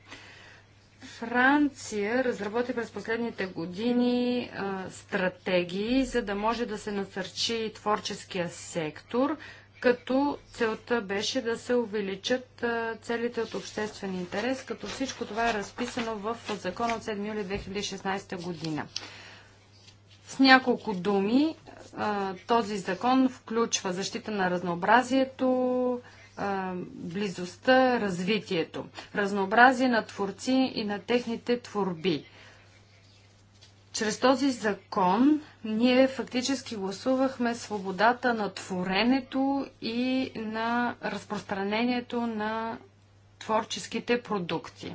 Франция разработи през последните години а, стратегии, за да може да се насърчи творческия сектор, като целта беше да се увеличат а, целите от обществен интерес, като всичко това е разписано в закона от 7 юли 2016 година. С няколко думи този закон включва защита на разнообразието, близостта, развитието, разнообразие на творци и на техните творби. Чрез този закон ние фактически гласувахме свободата на творенето и на разпространението на творческите продукти.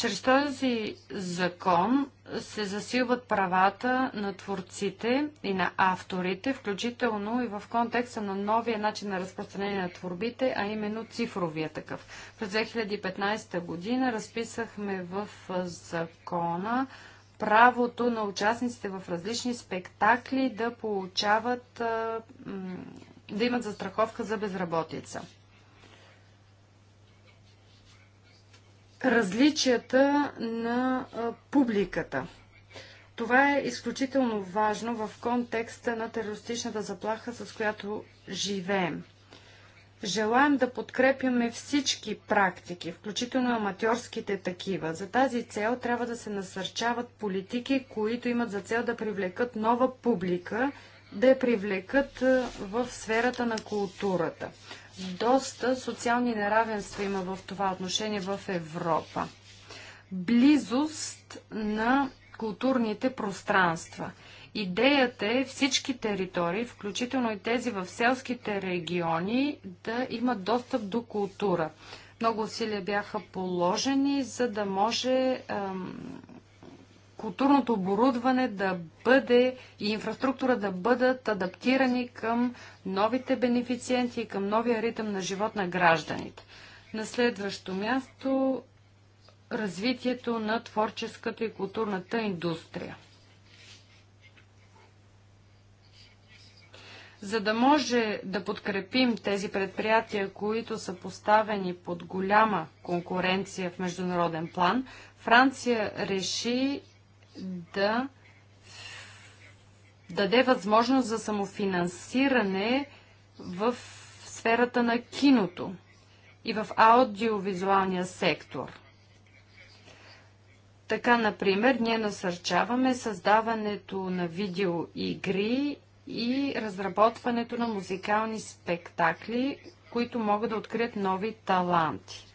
Чрез този закон се засилват правата на творците и на авторите, включително и в контекста на новия начин на разпространение на творбите, а именно цифровия такъв. През 2015 година разписахме в закона правото на участниците в различни спектакли да получават, да имат застраховка за безработица. различията на публиката. Това е изключително важно в контекста на терористичната заплаха, с която живеем. Желаем да подкрепяме всички практики, включително аматьорските такива. За тази цел трябва да се насърчават политики, които имат за цел да привлекат нова публика, да я привлекат в сферата на културата. Доста социални неравенства има в това отношение в Европа. Близост на културните пространства. Идеята е всички територии, включително и тези в селските региони, да имат достъп до култура. Много усилия бяха положени, за да може културното оборудване да бъде и инфраструктура да бъдат адаптирани към новите бенефициенти и към новия ритъм на живот на гражданите. На следващо място развитието на творческата и културната индустрия. За да може да подкрепим тези предприятия, които са поставени под голяма конкуренция в международен план, Франция реши да даде възможност за самофинансиране в сферата на киното и в аудиовизуалния сектор. Така, например, ние насърчаваме създаването на видеоигри и разработването на музикални спектакли, които могат да открият нови таланти.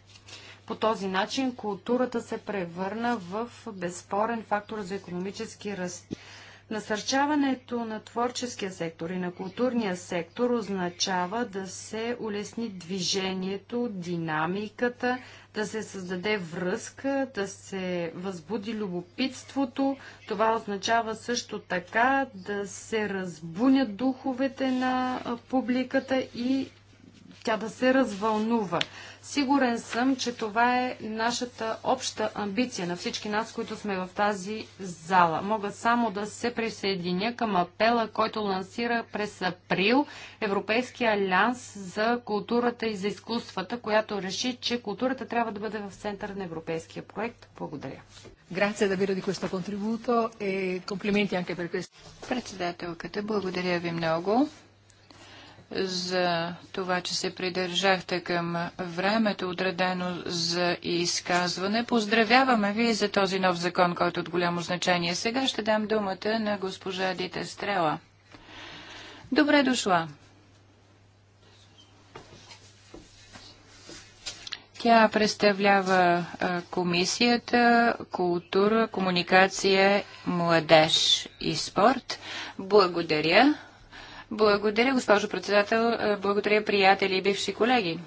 По този начин културата се превърна в безспорен фактор за економически ръст. Насърчаването на творческия сектор и на културния сектор означава да се улесни движението, динамиката, да се създаде връзка, да се възбуди любопитството. Това означава също така да се разбунят духовете на публиката и тя да се развълнува. Сигурен съм, че това е нашата обща амбиция на всички нас, които сме в тази зала. Мога само да се присъединя към апела, който лансира през април Европейския алианс за културата и за изкуствата, която реши, че културата трябва да бъде в център на европейския проект. Благодаря. Грация да ви questo което контрибуто и комплименти per questo. Председателката, благодаря ви много за това, че се придържахте към времето, отредено за изказване. Поздравяваме ви за този нов закон, който е от голямо значение. Сега ще дам думата на госпожа Дита Стрела. Добре дошла! Тя представлява комисията култура, комуникация, младеж и спорт. Благодаря благодаря, госпожо председател. Е, благодаря, приятели и бивши колеги.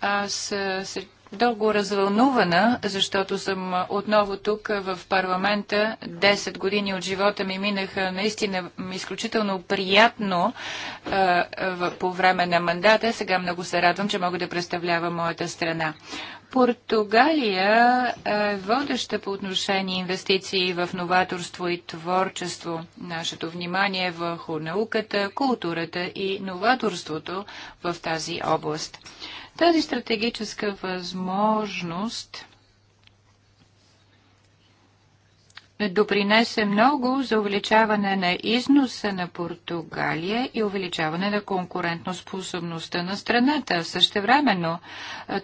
Аз е, се дълго развълнувана, защото съм отново тук е, в парламента. Десет години от живота ми минаха наистина изключително приятно по време на мандата. Сега много се радвам, че мога да представлявам моята страна. Португалия е водеща по отношение инвестиции в новаторство и творчество. Нашето внимание е върху науката, културата и новаторството в тази област. Тази стратегическа възможност – допринесе много за увеличаване на износа на Португалия и увеличаване на конкурентоспособността на страната. Същевременно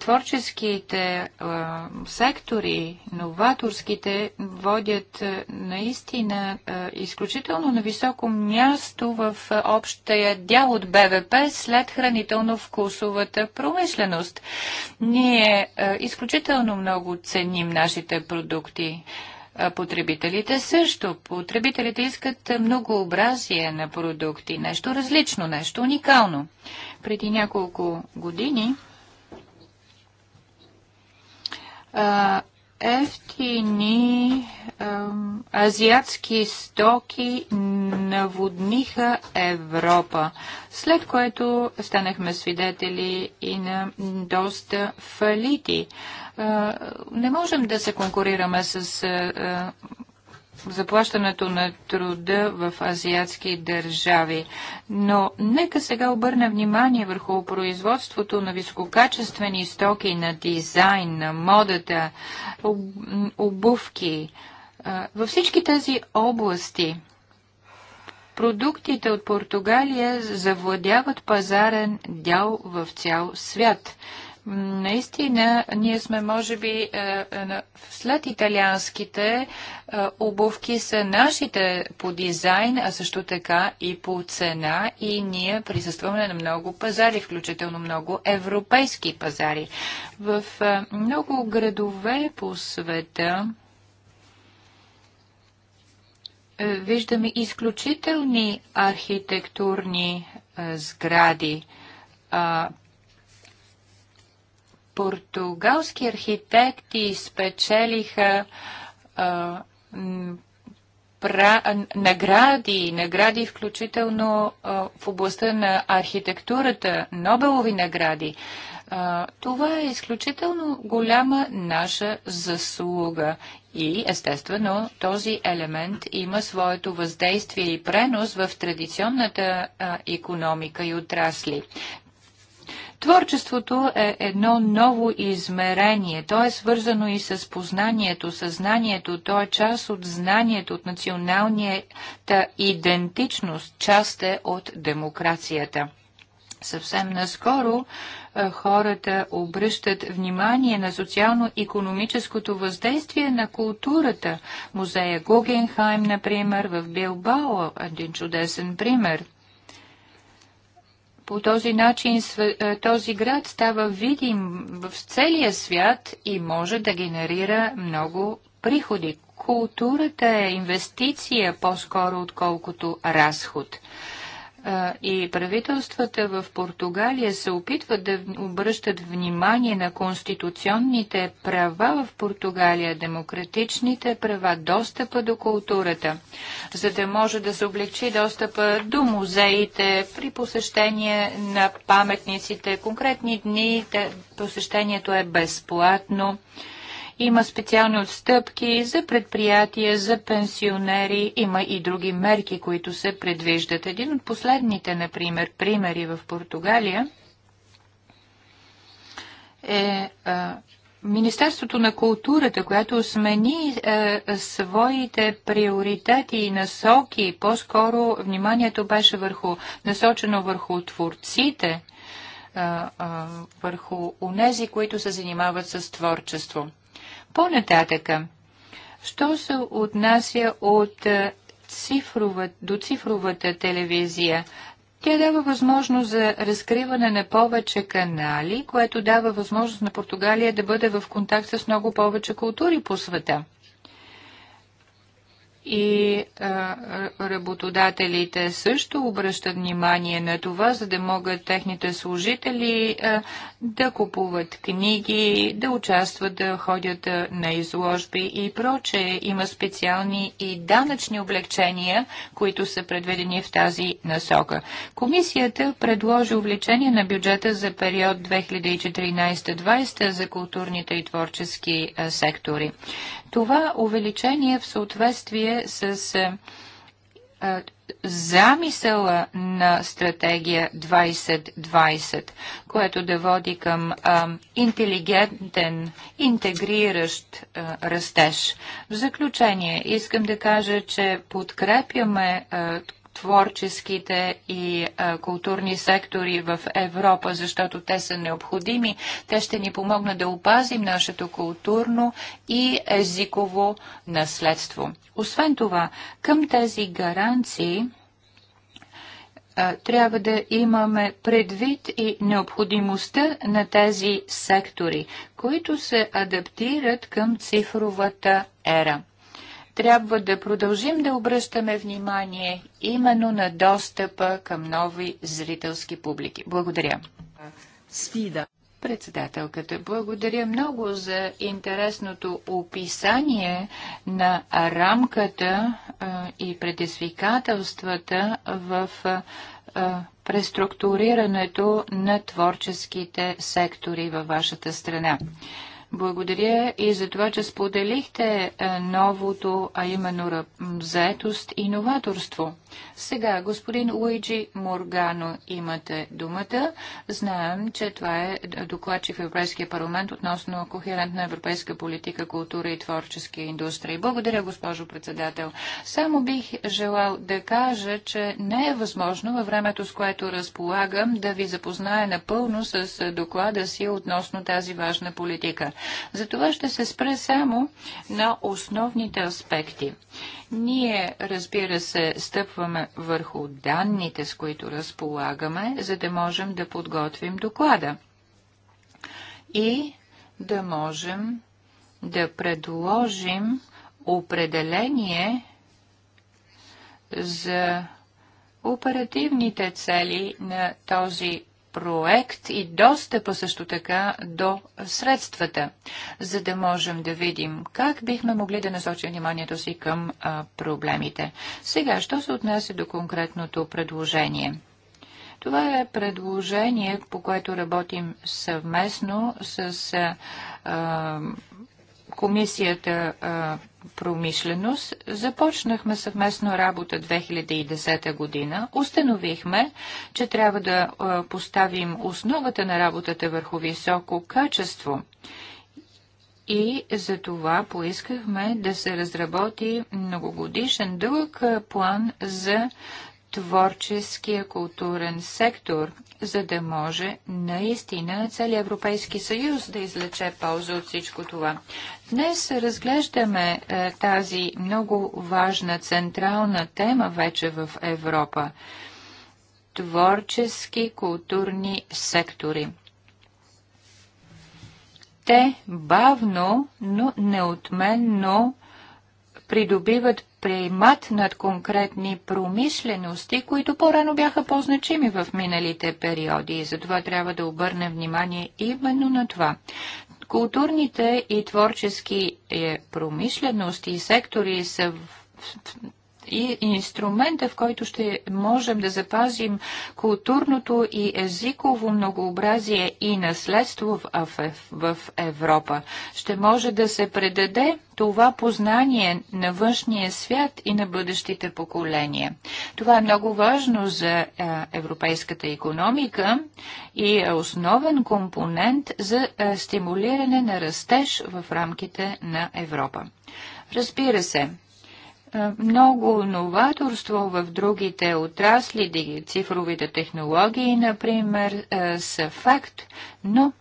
творческите а, сектори, новаторските водят наистина а, изключително на високо място в общия дял от БВП след хранително-вкусовата промишленост. Ние а, изключително много ценим нашите продукти потребителите също. Потребителите искат многообразие на продукти, нещо различно, нещо уникално. Преди няколко години ефтини ем, азиатски стоки наводниха Европа, след което станахме свидетели и на доста фалити. Е, не можем да се конкурираме с е, заплащането на труда в азиатски държави. Но нека сега обърна внимание върху производството на висококачествени стоки, на дизайн, на модата, обувки. Във всички тези области продуктите от Португалия завладяват пазарен дял в цял свят – Наистина, ние сме, може би, е, е, след италианските е, обувки са нашите по дизайн, а също така и по цена и ние присъстваме на много пазари, включително много европейски пазари. В много градове по света виждаме изключителни архитектурни сгради, португалски архитекти спечелиха а, пра, награди, награди включително а, в областта на архитектурата, Нобелови награди. А, това е изключително голяма наша заслуга. И, естествено, този елемент има своето въздействие и пренос в традиционната а, економика и отрасли. Творчеството е едно ново измерение. То е свързано и с познанието, съзнанието. То е част от знанието, от националната идентичност, част е от демокрацията. Съвсем наскоро е, хората обръщат внимание на социално-економическото въздействие на културата. Музея Гугенхайм, например, в Билбао, един чудесен пример – по този начин е, този град става видим в целия свят и може да генерира много приходи. Културата е инвестиция по-скоро отколкото разход и правителствата в Португалия се опитват да обръщат внимание на конституционните права в Португалия, демократичните права, достъпа до културата, за да може да се облегчи достъпа до музеите при посещение на паметниците. Конкретни дни посещението е безплатно. Има специални отстъпки за предприятия, за пенсионери. Има и други мерки, които се предвиждат. Един от последните, например, примери в Португалия е а, Министерството на културата, която смени а, своите приоритети и насоки, по-скоро вниманието беше върху, насочено върху творците, а, а, върху унези, които се занимават с творчество. По-нататъка, що се отнася от е, цифрова, до цифровата телевизия? Тя дава възможност за разкриване на повече канали, което дава възможност на Португалия да бъде в контакт с много повече култури по света и работодателите също обръщат внимание на това, за да могат техните служители да купуват книги, да участват, да ходят на изложби и прочее. Има специални и данъчни облегчения, които са предведени в тази насока. Комисията предложи увлечение на бюджета за период 2014-2020 за културните и творчески сектори. Това увеличение в съответствие с а, е, е, замисъла на стратегия 2020, което да води към а, е, интелигентен, интегриращ а, растеж. В заключение искам да кажа, че подкрепяме а, творческите и а, културни сектори в Европа, защото те са необходими. Те ще ни помогнат да опазим нашето културно и езиково наследство. Освен това, към тези гаранции а, трябва да имаме предвид и необходимостта на тези сектори, които се адаптират към цифровата ера трябва да продължим да обръщаме внимание именно на достъпа към нови зрителски публики. Благодаря. Свида. Председателката, благодаря много за интересното описание на рамката и предизвикателствата в преструктурирането на творческите сектори във вашата страна. Благодаря и за това, че споделихте е, новото, а именно заетост и новаторство. Сега, господин Луиджи Моргано, имате думата. Знаем, че това е докладчик в Европейския парламент относно кохерентна европейска политика, култура и творчески индустрии. Благодаря, госпожо председател. Само бих желал да кажа, че не е възможно във времето, с което разполагам, да ви запозная напълно с доклада си относно тази важна политика. Затова ще се спре само на основните аспекти. Ние, разбира се, стъпваме стъпваме върху данните, с които разполагаме, за да можем да подготвим доклада и да можем да предложим определение за оперативните цели на този проект и достъпа също така до средствата, за да можем да видим как бихме могли да насочим вниманието си към а, проблемите. Сега, що се отнася до конкретното предложение? Това е предложение, по което работим съвместно с а, комисията а, промишленост започнахме съвместно работа 2010 година. Установихме, че трябва да поставим основата на работата върху високо качество. И за това поискахме да се разработи многогодишен дълъг план за творческия културен сектор, за да може наистина целият Европейски съюз да излече полза от всичко това. Днес разглеждаме е, тази много важна централна тема вече в Европа. Творчески културни сектори. Те бавно, но неотменно придобиват преймат над конкретни промишлености, които по-рано бяха по-значими в миналите периоди. И затова трябва да обърнем внимание именно на това. Културните и творчески е, промишлености и сектори са в и инструмента, в който ще можем да запазим културното и езиково многообразие и наследство в Европа. Ще може да се предаде това познание на външния свят и на бъдещите поколения. Това е много важно за европейската економика и е основен компонент за стимулиране на растеж в рамките на Европа. Разбира се, е, много новаторство в другите отрасли, цифровите технологии, например, е, са факт, но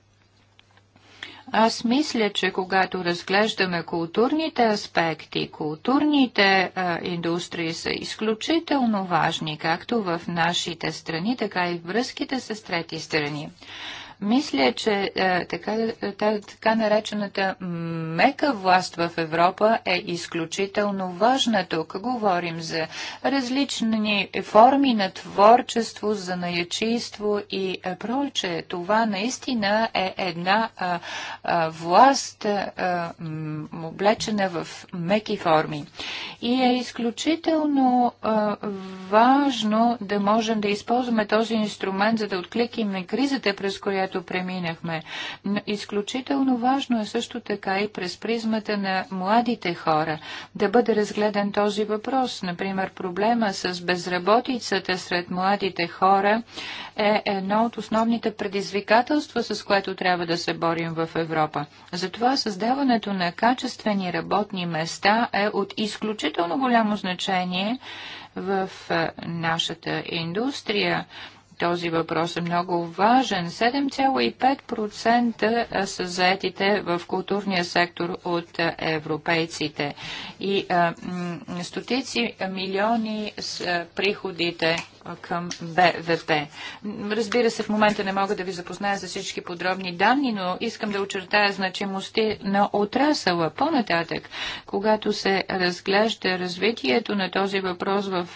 аз мисля, че когато разглеждаме културните аспекти, културните а, е, индустрии са изключително важни, както в нашите страни, така и в връзките с трети страни. Мисля, че е, така, е, така, така наречената мека власт в Европа е изключително важна. Тук говорим за различни форми на творчество, за наячийство и проче, прочее. Това наистина е една а, е, а, власт, а, облечена в меки форми. И е изключително а, важно да можем да използваме този инструмент, за да откликим на кризата, през която което преминахме. Но Изключително важно е също така и през призмата на младите хора да бъде разгледан този въпрос. Например, проблема с безработицата сред младите хора е едно от основните предизвикателства, с което трябва да се борим в Европа. Затова създаването на качествени работни места е от изключително голямо значение в нашата индустрия. Този въпрос е много важен. 7,5% са заетите в културния сектор от европейците и а, стотици милиони с приходите към БВП. Разбира се, в момента не мога да ви запозная за всички подробни данни, но искам да очертая значимости на отрасъла по-нататък, когато се разглежда развитието на този въпрос в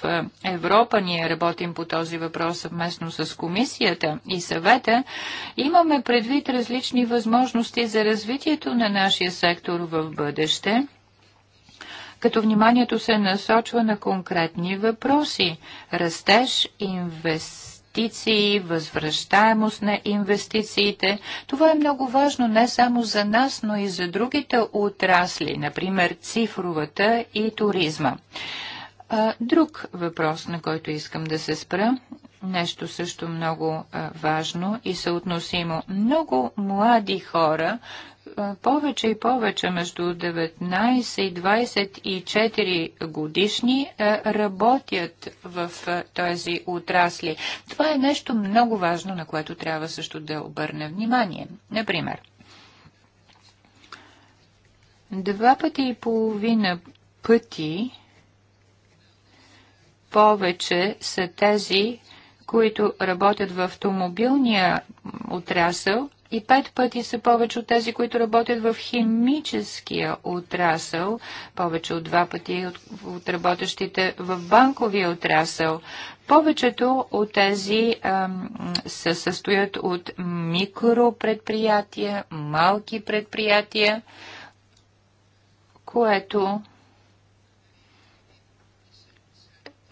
Европа. Ние работим по този въпрос съвместно с комисията и съвета. Имаме предвид различни възможности за развитието на нашия сектор в бъдеще като вниманието се насочва на конкретни въпроси – растеж, инвестиции, възвръщаемост на инвестициите. Това е много важно не само за нас, но и за другите отрасли, например цифровата и туризма. Друг въпрос, на който искам да се спра, нещо също много важно и съотносимо. Много млади хора, повече и повече между 19 и 24 годишни, работят в тези отрасли. Това е нещо много важно, на което трябва също да обърне внимание. Например, два пъти и половина пъти повече са тези, които работят в автомобилния отрасъл и пет пъти са повече от тези, които работят в химическия отрасъл, повече от два пъти от, от работещите в банковия отрасъл. Повечето от тези ам, се състоят от микропредприятия, малки предприятия, което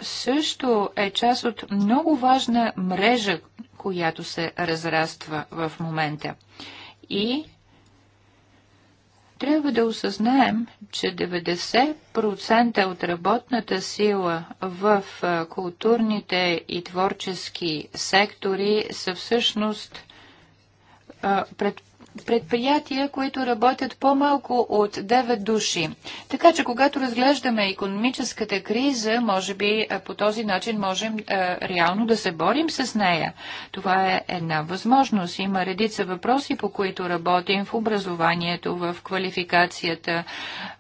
също е част от много важна мрежа, която се разраства в момента. И трябва да осъзнаем, че 90% от работната сила в културните и творчески сектори са всъщност пред предприятия, които работят по-малко от 9 души. Така че, когато разглеждаме економическата криза, може би по този начин можем е, реално да се борим с нея. Това е една възможност. Има редица въпроси, по които работим в образованието, в квалификацията.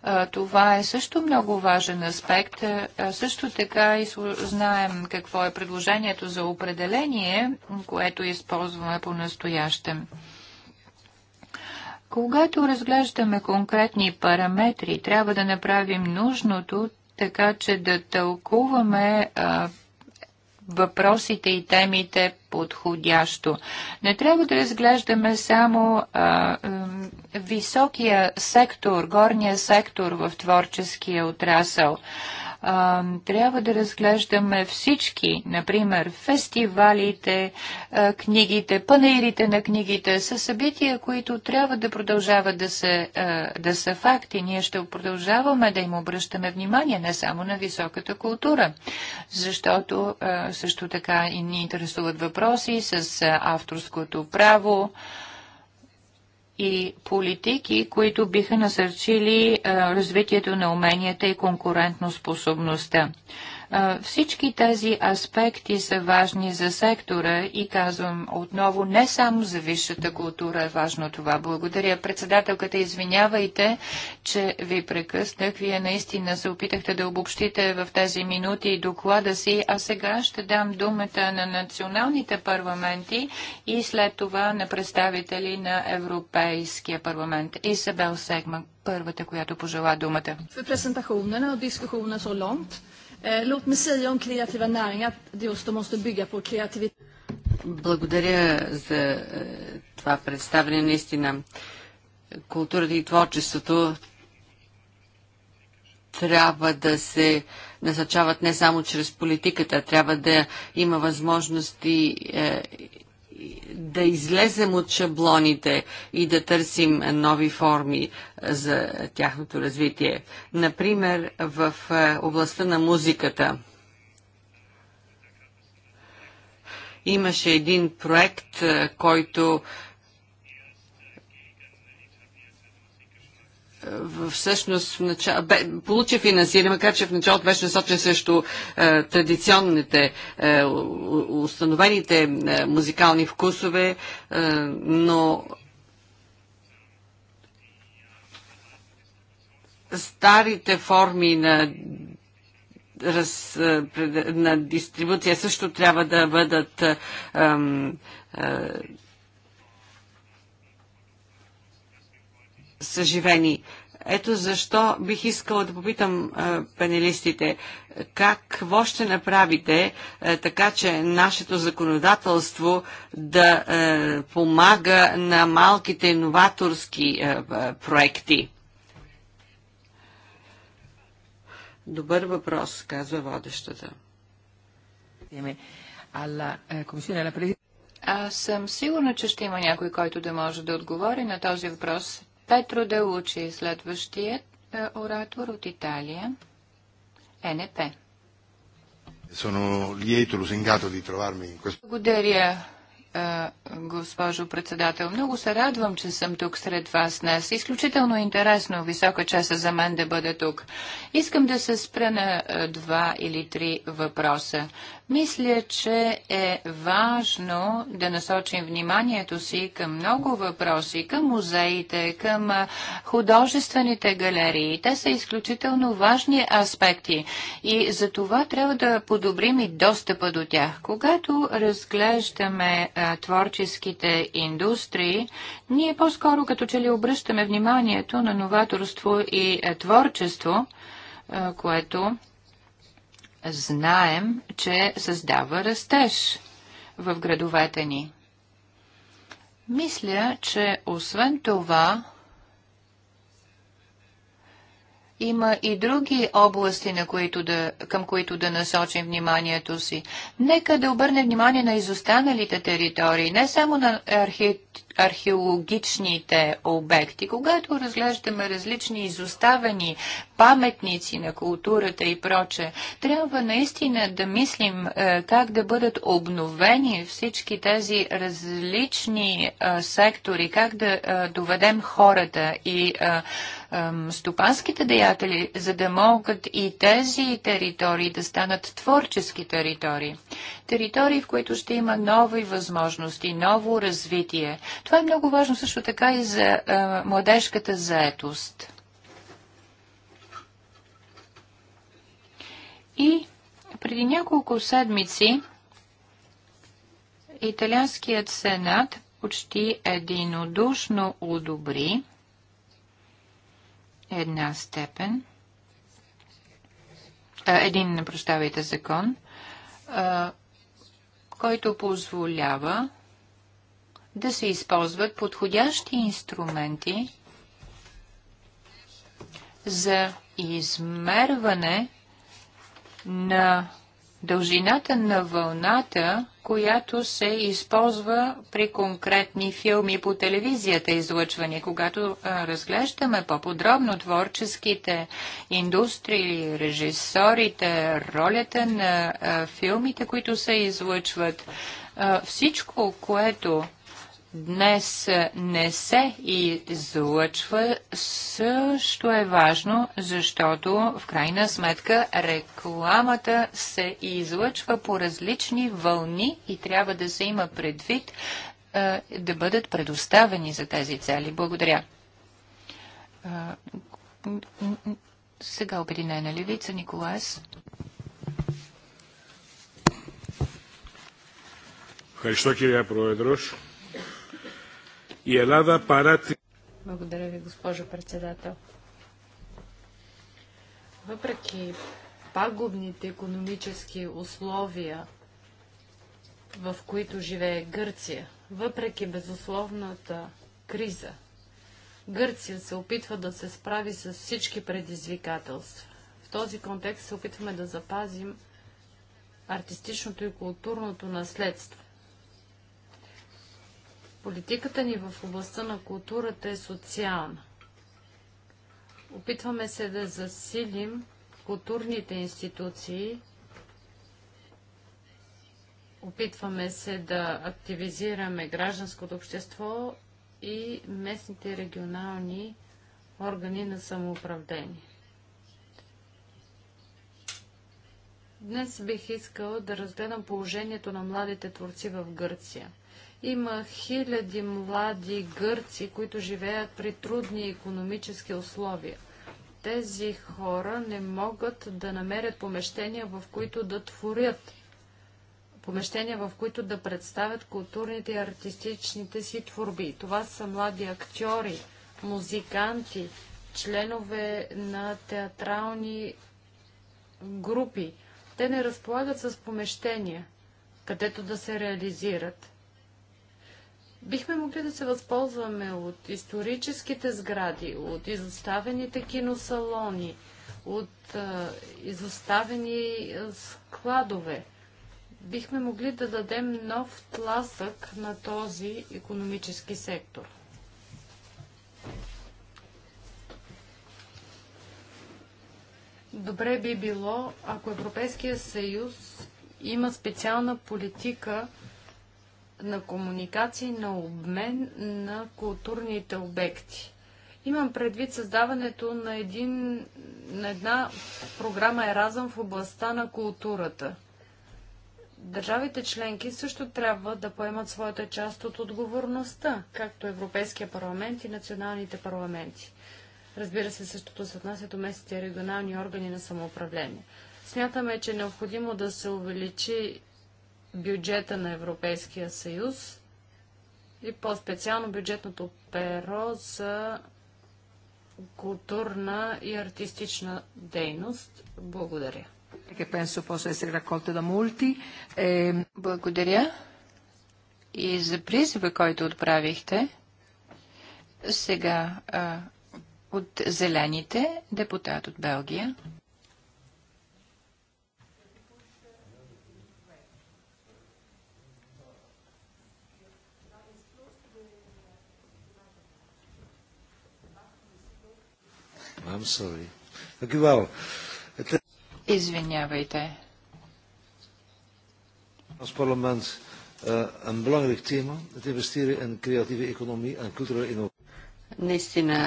Е, това е също много важен аспект. Е, също така и знаем какво е предложението за определение, което използваме по-настоящем. Когато разглеждаме конкретни параметри, трябва да направим нужното, така че да тълкуваме а, въпросите и темите подходящо. Не трябва да разглеждаме само а, високия сектор, горния сектор в творческия отрасъл а, трябва да разглеждаме всички, например, фестивалите, а, книгите, панерите на книгите, са събития, които трябва да продължават да, се, а, да са факти. Ние ще продължаваме да им обръщаме внимание не само на високата култура, защото а, също така и ни интересуват въпроси с авторското право, и политики, които биха насърчили развитието на уменията и конкурентоспособността. Всички тези аспекти са важни за сектора и казвам отново, не само за висшата култура е важно това. Благодаря. Председателката, извинявайте, че ви прекъснах. Вие наистина се опитахте да обобщите в тези минути доклада си, а сега ще дам думата на националните парламенти и след това на представители на Европейския парламент. Исабел Сегма, първата, която пожела думата. För presentationen och diskussionen за långt. Eh, låt mig säga om kreativa näringar att just de måste bygga på kreativitet. Благодаря за е, това представление. Наистина, културата и творчеството трябва да се насърчават не само чрез политиката, трябва да има възможности е, да излезем от шаблоните и да търсим нови форми е, за тяхното развитие. Например, в е, областта на музиката. Имаше един проект, е, който всъщност получи финансиране, макар че в началото беше насочен срещу е, традиционните, е, установените е, музикални вкусове, но старите форми на раз, на дистрибуция също трябва да бъдат ам, съживени. Ето защо бих искала да попитам а, е, панелистите, какво ще направите а, е, така, че нашето законодателство да а, е, помага на малките новаторски проекти? Добър въпрос, казва водещата. Аз съм сигурна, че ще има някой, който да може да отговори на този въпрос. Петро Делучи, следващият е, оратор от Италия, НП. Sono lieto, lusingato di trovarmi in questo... Благодаря, е, госпожо председател. Много се радвам, че съм тук сред вас днес. Изключително интересно, висока часа за мен да бъда тук. Искам да се спра на е, два или три въпроса. Мисля, че е важно да насочим вниманието си към много въпроси, към музеите, към художествените галерии. Те са изключително важни аспекти и за това трябва да подобрим и достъпа до тях. Когато разглеждаме а, творческите индустрии, ние по-скоро като че ли обръщаме вниманието на новаторство и а, творчество, а, което знаем, че създава растеж в градовете ни. Мисля, че освен това има и други области, на които да, към които да насочим вниманието си. Нека да обърнем внимание на изостаналите територии, не само на архит археологичните обекти. Когато разглеждаме различни изоставени паметници на културата и проче, трябва наистина да мислим е, как да бъдат обновени всички тези различни е, сектори, как да е, доведем хората и стопанските деятели, за да могат и тези територии да станат творчески територии. Територии, в които ще има нови възможности, ново развитие. Това е много важно също така и за а, младежката заетост. И преди няколко седмици Италианският сенат почти единодушно одобри една степен, а, един, прощавайте, закон, а, който позволява да се използват подходящи инструменти за измерване на дължината на вълната, която се използва при конкретни филми по телевизията излъчване. Когато разглеждаме по-подробно творческите индустрии, режисорите, ролята на филмите, които се излъчват, всичко, което днес не се излъчва, също е важно, защото в крайна сметка рекламата се излъчва по различни вълни и трябва да се има предвид е, да бъдат предоставени за тези цели. Благодаря. Е, сега обединена левица Николас. Ευχαριστώ кирия Проведрош и Елада παρά Благодаря ви, госпожо председател. Въпреки пагубните економически условия, в които живее Гърция, въпреки безусловната криза, Гърция се опитва да се справи с всички предизвикателства. В този контекст се опитваме да запазим артистичното и културното наследство. Политиката ни в областта на културата е социална. Опитваме се да засилим културните институции, опитваме се да активизираме гражданското общество и местните регионални органи на самоуправление. Днес бих искал да разгледам положението на младите творци в Гърция. Има хиляди млади гърци, които живеят при трудни економически условия. Тези хора не могат да намерят помещения, в които да творят, помещения, в които да представят културните и артистичните си творби. Това са млади актьори, музиканти, членове на театрални групи. Те не разполагат с помещения, където да се реализират. Бихме могли да се възползваме от историческите сгради, от изоставените киносалони, от а, изоставени складове. Бихме могли да дадем нов тласък на този економически сектор. Добре би било, ако Европейския съюз има специална политика на комуникации, на обмен на културните обекти. Имам предвид създаването на, един, на една програма Еразъм в областта на културата. Държавите членки също трябва да поемат своята част от отговорността, както Европейския парламент и националните парламенти. Разбира се, същото се отнася до местните регионални органи на самоуправление. Смятаме, че е необходимо да се увеличи бюджета на Европейския съюз и по-специално бюджетното перо за културна и артистична дейност. Благодаря. Е, Благодаря и за призива, който отправихте. Сега а, от зелените депутат от Белгия. I'm sorry. Well, it... Извинявайте. Als parlement uh, een belangrijk thema, het investeren in creatieve economie en culturele innovatie. Наистина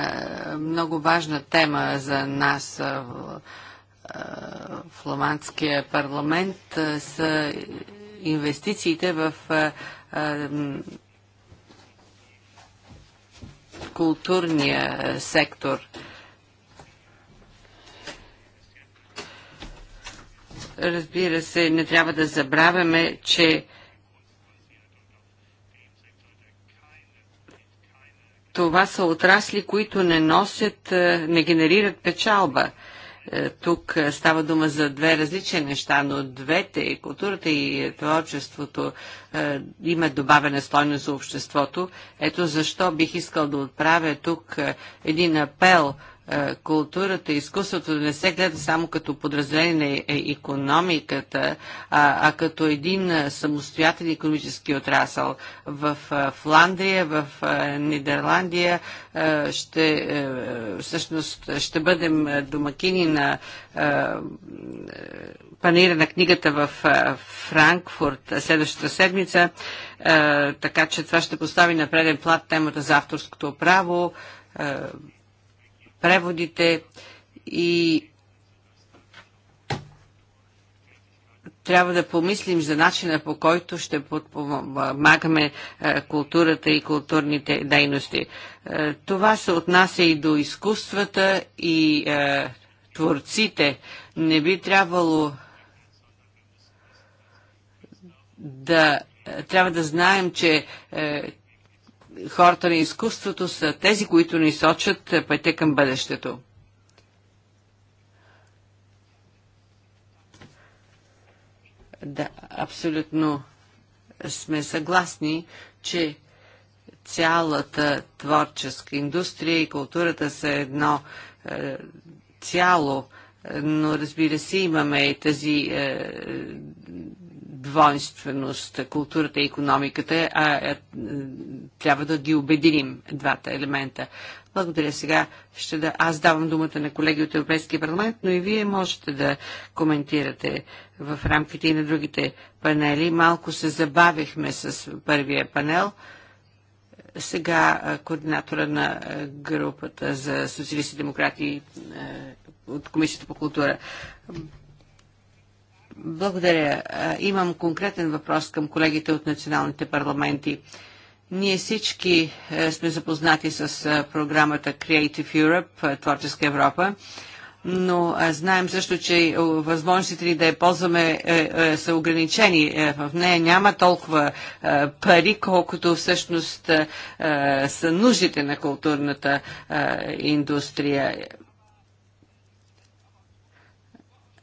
много важна тема за нас в фламандския парламент са инвестициите в културния сектор – Разбира се, не трябва да забравяме, че това са отрасли, които не носят, е, не генерират печалба. Е, тук става дума за две различни неща, но двете, културата и творчеството, е, имат добавена стойност за обществото. Ето защо бих искал да отправя тук един апел – е, културата и изкуството да не се гледа само като подразделение на економиката, а, а като един е, самостоятелен економически отрасъл. В е, Фландрия, в Нидерландия ще, всъщност, ще бъдем домакини на панира на книгата в Франкфурт следващата седмица, така че това ще постави на преден плат темата за авторското право преводите и трябва да помислим за начина по който ще подпомагаме е, културата и културните дейности. Е, това се отнася и до изкуствата и е, творците. Не би трябвало да трябва да знаем, че хората на изкуството са тези, които ни сочат пътя към бъдещето. Да, абсолютно сме съгласни, че цялата творческа индустрия и културата са едно е, цяло, но разбира се, имаме и тази е, двойственост, културата и економиката, а, а трябва да ги обединим двата елемента. Благодаря сега. Ще да, аз давам думата на колеги от Европейския парламент, но и вие можете да коментирате в рамките и на другите панели. Малко се забавихме с първия панел. Сега координатора на групата за социалисти демократи от Комисията по култура. Благодаря. Имам конкретен въпрос към колегите от националните парламенти. Ние всички е, сме запознати с е, програмата Creative Europe, е, Творческа Европа, но знаем също, че възможностите ни да я ползваме са ограничени. В нея няма толкова пари, колкото всъщност са нуждите на културната индустрия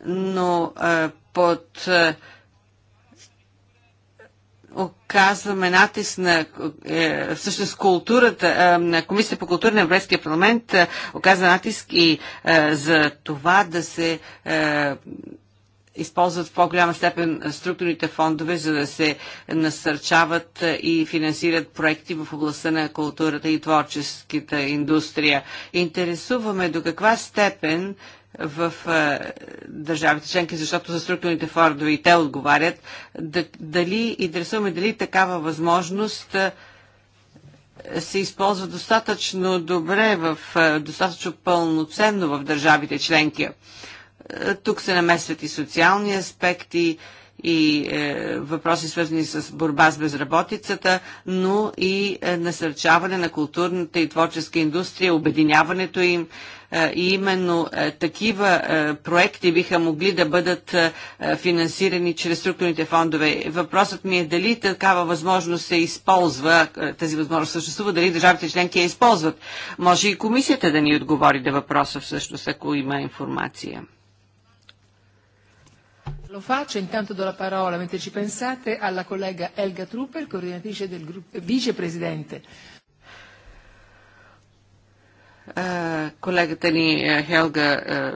но е, под е, оказваме натиск на е, всъщност културата, е, на Комисията по култура на Европейския парламент е, оказва натиск и е, за това да се е, използват в по-голяма степен структурните фондове, за да се насърчават е, и финансират проекти в областта на културата и творческата индустрия. Интересуваме до каква степен в държавите членки, защото за структурните фордове и те отговарят. Дали интересуваме дали такава възможност се използва достатъчно добре, в, достатъчно пълноценно в държавите членки. Тук се намесват и социални аспекти, и е, въпроси свързани с борба с безработицата, но и е, насърчаване на културната и творческа индустрия, обединяването им. Е, и именно е, такива е, проекти биха могли да бъдат е, финансирани чрез структурните фондове. Въпросът ми е дали такава възможност се използва, е, тази възможност съществува, дали държавите членки я използват. Може и комисията да ни отговори да въпроса всъщност, ако има информация. Lo faccio, intanto do la parola, mentre ci pensate, alla collega Elga Trupper, coordinatrice del gruppo, vicepresidente. Е, колегата ни е, Хелга, е,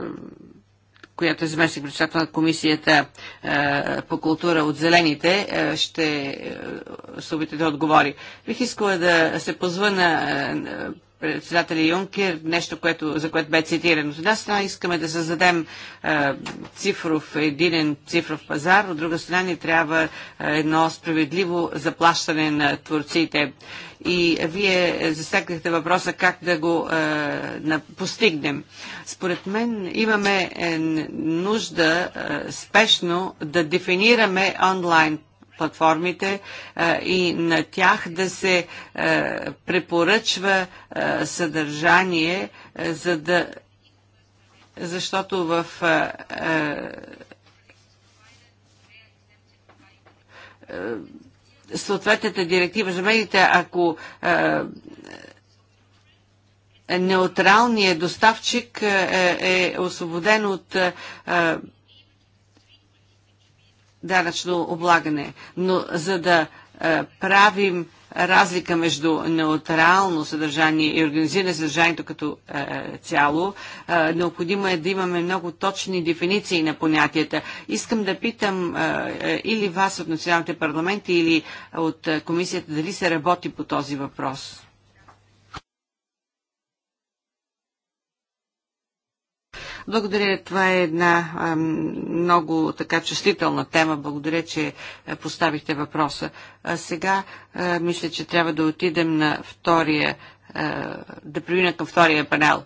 която е заместник председател на комисията по култура от Зелените, ще се да отговори. Бих искала да се позва на председателя Юнкер, нещо, което, за което бе цитирано. От една страна искаме да създадем е, цифров, единен цифров пазар, от друга страна ни трябва е, едно справедливо заплащане на творците. И вие засегнахте въпроса как да го е, на, постигнем. Според мен имаме е, нужда е, спешно да дефинираме онлайн платформите е, и на тях да се е, препоръчва е, съдържание, за да защото в съответната директива за медиите, ако неутралният доставчик е, освободен от данъчно облагане. Но за да е, правим разлика между неутрално съдържание и организиране съдържанието като е, цяло, е, необходимо е да имаме много точни дефиниции на понятията. Искам да питам е, е или вас от националните парламенти, или от е, комисията, дали се работи по този въпрос. Благодаря, това е една много така чувствителна тема. Благодаря, че поставихте въпроса. А сега мисля, че трябва да отидем на втория, да премина към втория панел.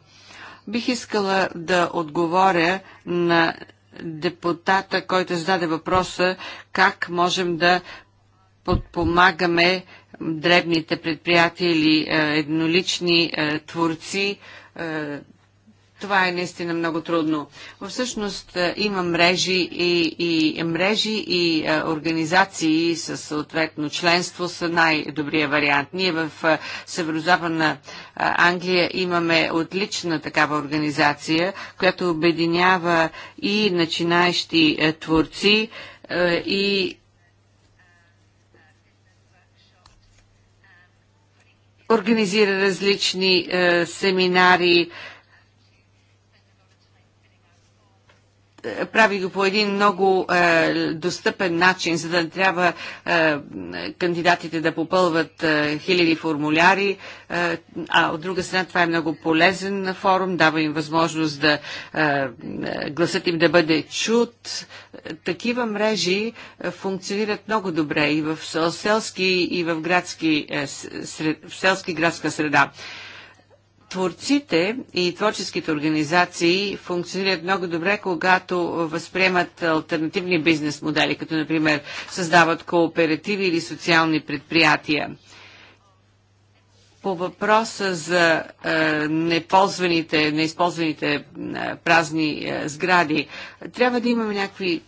Бих искала да отговоря на депутата, който зададе въпроса как можем да подпомагаме дребните предприятия или еднолични творци това е наистина много трудно. Всъщност е, има мрежи и, и мрежи и а, е, организации с съответно членство са най-добрия вариант. Ние в е, Северо-Западна Англия имаме отлична такава организация, която обединява и начинаещи а, творци и организира различни семинари, Е, прави го по един много е, достъпен начин, за да не трябва е, кандидатите да попълват е, хиляди формуляри, е, а от друга страна това е много полезен форум, дава им възможност да е, е гласът им да бъде чут. Такива мрежи е, функционират много добре и в селски и в, градски, е, сред, в селски градска среда. Е, Творците и творческите организации функционират много добре, когато възприемат альтернативни бизнес модели, като например създават кооперативи или социални предприятия. По въпроса за е, неползваните, неизползваните е, празни е, сгради, трябва да имаме някакви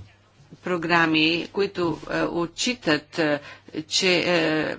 програми, които е, отчитат, е, че е,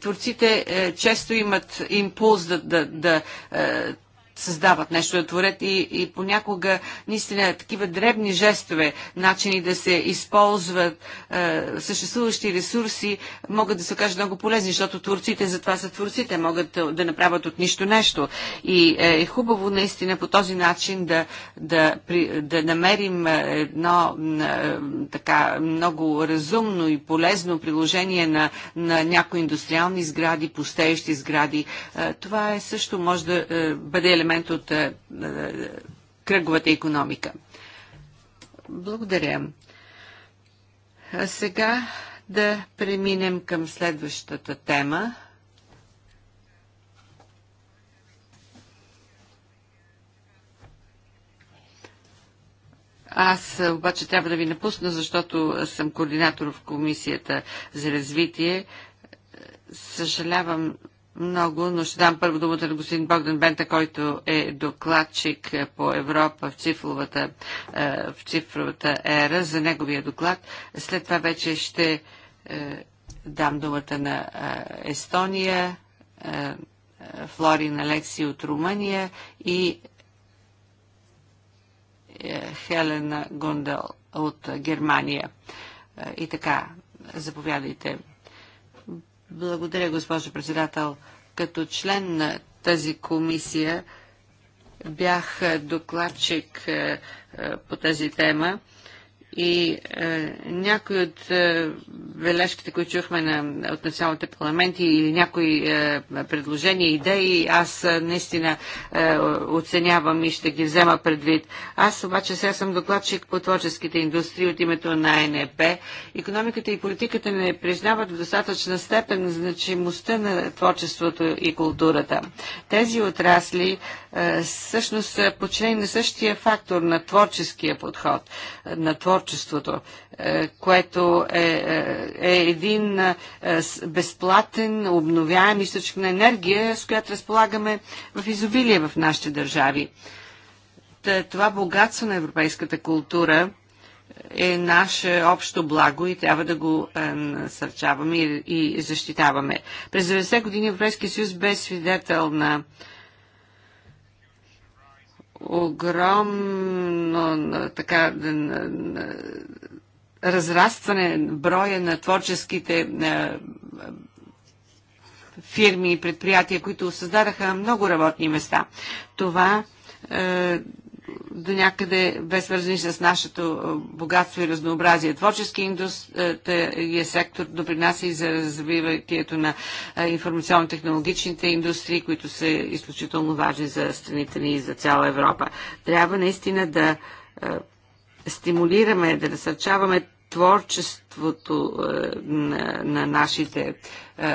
творците е, често имат импулс да, да, да е, създават нещо, да творят и, и понякога наистина такива дребни жестове, начини да се използват е, съществуващи ресурси могат да се окажат много полезни, защото творците затова са творците, могат да, да направят от нищо нещо. И е, е хубаво наистина по този начин да, да, при, да намерим едно е, така много разумно и полезно приложение на, на някои индустриални сгради, пустеещи сгради. Е, това е също може да е, бъде елемент елемент от е, е, кръговата економика. Благодаря. А сега да преминем към следващата тема. Аз е, обаче трябва да ви напусна, защото съм координатор в Комисията за развитие. Съжалявам много, но ще дам първо думата на господин Богдан Бента, който е докладчик по Европа в цифровата, е, в цифровата ера за неговия доклад. След това вече ще е, дам думата на е, Естония, Флорин Алекси от Румъния и Хелена Гундел от Германия. И така, заповядайте. Благодаря, госпожо председател. Като член на тази комисия бях докладчик е, е, по тази тема и е, някои от е, бележките, които чухме на, от националните парламенти или някои е, предложения, идеи, аз е, наистина е, оценявам и ще ги взема предвид. Аз обаче сега съм докладчик по творческите индустрии от името на НЕП. Економиката и политиката не признават в достатъчна степен значимостта на творчеството и културата. Тези отрасли е, всъщност са е, подчинени на същия фактор на творческия подход, на твор творчеството, е, което е, е, е един е, безплатен, обновяем източник на енергия, с която разполагаме в изобилие в нашите държави. Това богатство на европейската култура е наше общо благо и трябва да го насърчаваме и защитаваме. През 90 години Европейския съюз бе свидетел на огромно така разрастване броя на творческите е, фирми и предприятия, които създадаха много работни места. Това е, до някъде бе свързани с нашето богатство и разнообразие. Творчески индустрия е сектор допринася и за развиването на информационно-технологичните индустрии, които са изключително важни за страните ни и за цяла Европа. Трябва наистина да стимулираме, да насърчаваме творчеството е, на, на нашите е,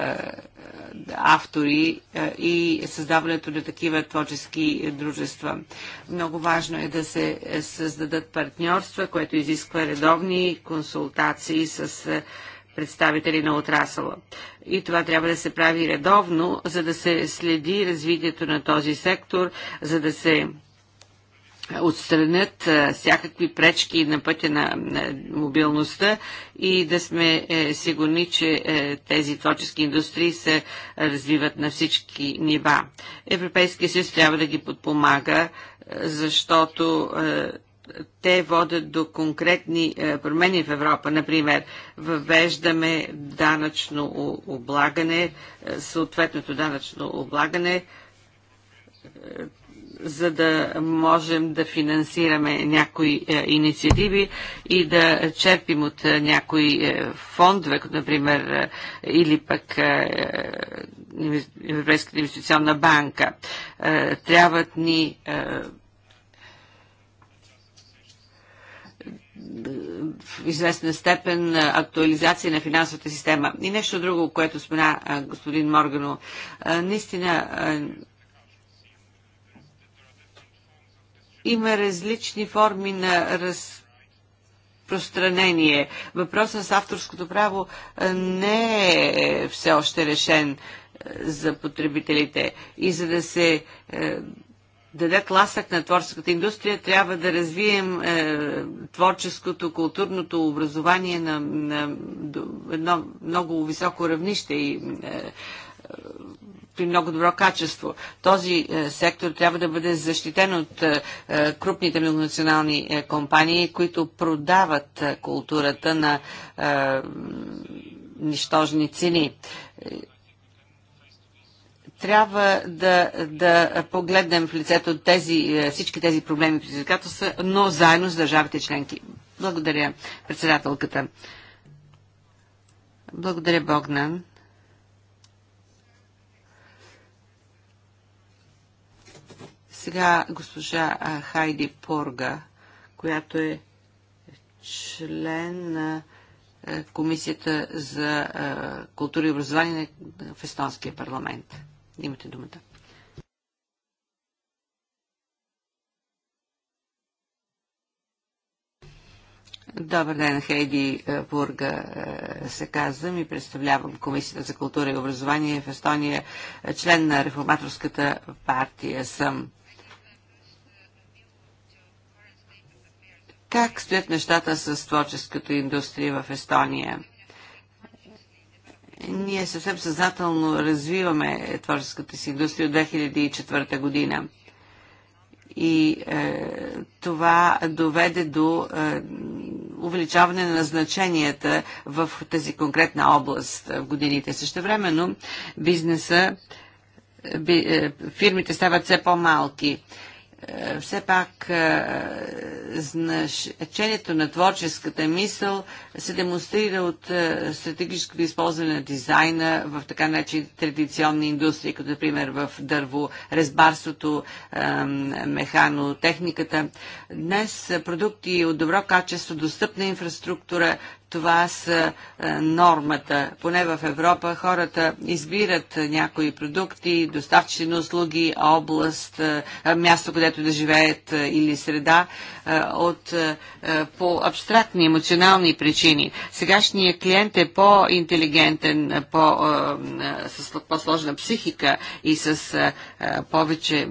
автори е, и създаването на такива творчески дружества. Много важно е да се създадат партньорства, което изисква редовни консултации с представители на отрасъла. И това трябва да се прави редовно, за да се следи развитието на този сектор, за да се отстранят всякакви пречки на пътя на мобилността и да сме е, сигурни, че е, тези творчески индустрии се развиват на всички нива. Европейския съюз трябва да ги подпомага, е, защото те водят до конкретни промени в Европа. Например, въвеждаме данъчно облагане, съответното данъчно облагане, за да можем да финансираме някои е, инициативи и да черпим от е, някои е, фондове, като например е, или пък е, е Европейската инвестиционна банка. Е, трябват ни е, в известна степен е, актуализация на финансовата система. И нещо друго, което спомена е, господин Моргано. Наистина Има различни форми на разпространение. Въпросът с авторското право не е все още решен за потребителите. И за да се даде тласък на творческата индустрия, трябва да развием е, творческото, културното образование на, на едно много високо равнище и е, при много добро качество. Този е, сектор трябва да бъде защитен от е, е, крупните многонационални компании, които продават културата на нищожни цени трябва да, да погледнем в лицето тези, всички тези проблеми и предизвикателства, но заедно с държавите членки. Благодаря, председателката. Благодаря, Богнан. Сега госпожа Хайди Порга, която е член на е, Комисията за е, култура и образование в Естонския парламент. Имате думата. Добър ден, Хейди Бурга е, се казвам и представлявам Комисията за култура и образование в Естония, член на Реформаторската партия съм. Как стоят нещата с творческата индустрия в Естония? Ние съвсем съзнателно развиваме творческата си индустрия от 2004 година. И е, това доведе до е, увеличаване на значенията в тази конкретна област в годините. Същевременно бизнеса, е, би, е, фирмите стават все по-малки. Е, е, все пак е, значението на творческата мисъл се демонстрира от е, стратегическото използване на дизайна в така начин традиционни индустрии, като например в дърво, механо, механотехниката. Днес продукти от добро качество, достъпна инфраструктура, това са е, нормата. Поне в Европа хората избират някои продукти, доставчици на услуги, област, е, е, място, където да живеят или среда от по абстрактни емоционални причини. Сегашният клиент е по-интелигентен, по, с по-сложна психика и с повече,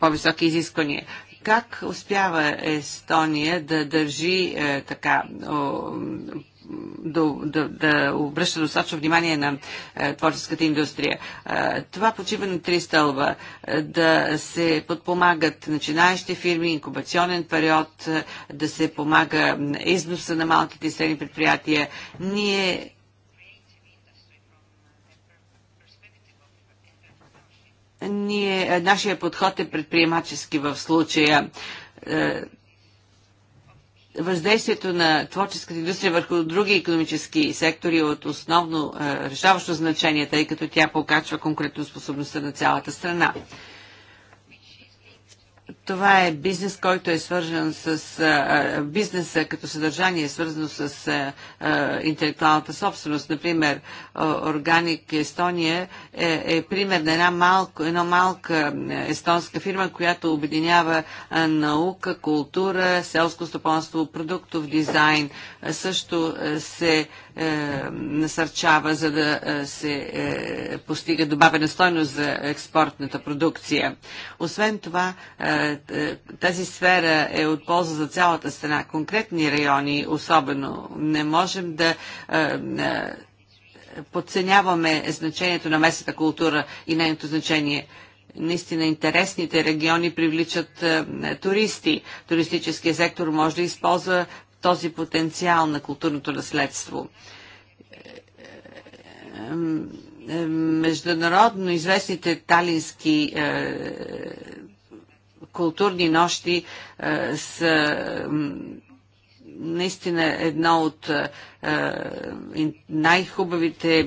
по-високи изисквания. Как успява Естония да държи е, така о, да, да, да обръща достатъчно внимание на е, творческата индустрия. Е, това почива на три стълба. Е, да се подпомагат начинаещи фирми, инкубационен период, е, да се помага износа на малките и средни предприятия. Ние Ние, е, нашия подход е предприемачески в случая. Е, въздействието на творческата индустрия върху други економически сектори е от основно е, решаващо значение, тъй като тя покачва конкретно способността на цялата страна това е бизнес, който е свързан с а, бизнеса като съдържание, е свързано с а, а, интелектуалната собственост. Например, Organic Естония е, е пример на една малко, една малка естонска фирма, която обединява а, наука, култура, селско стопанство, продуктов дизайн. А, също се а, е, насърчава, за да се а, е, постига добавена стойност за експортната продукция. Освен това, а, е, тази сфера е от полза за цялата страна, конкретни райони особено. Не можем да е, е, подценяваме значението на местната култура и нейното значение наистина интересните региони привличат туристи. Туристическия сектор може да използва този потенциал на културното наследство. международно известните талински културни нощи е, са наистина едно от е, най-хубавите е,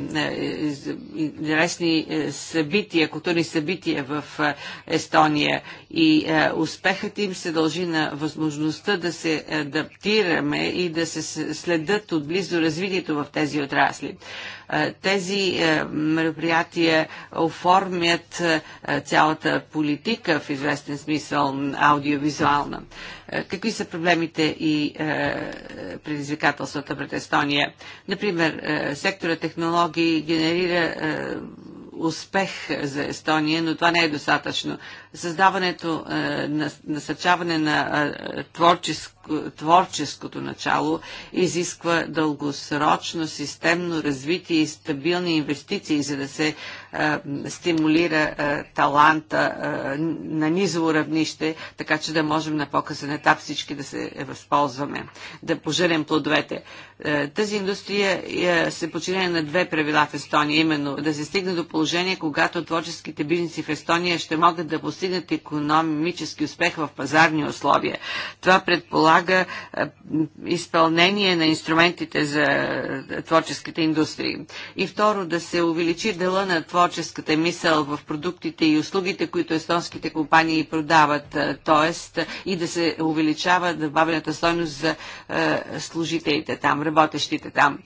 интересни е, събития, културни събития в е, Естония и успехът им се дължи на възможността да се адаптираме и да се следят отблизо развитието в тези отрасли тези мероприятия оформят цялата политика в известен смисъл аудиовизуална. Какви са проблемите и предизвикателствата пред Естония? компания. Например, е, сектора технологии генерира е, успех за Естония, но това не е достатъчно създаването, е, насърчаване на е, творческо, творческото начало изисква дългосрочно, системно развитие и стабилни инвестиции, за да се е, стимулира таланта на низово равнище, така че да можем на по-късен етап всички да се възползваме, да поженем плодовете. Тази индустрия се починя на две правила в Естония, именно да се стигне до положение, когато творческите бизнеси в Естония ще могат да постигнат постигнат економически успех в пазарни условия. Това предполага е, изпълнение на инструментите за е, творческите индустрии. И второ, да се увеличи дела на творческата мисъл в продуктите и услугите, които естонските компании продават, т.е. и да се увеличава добавената стойност за е, служителите там, работещите там.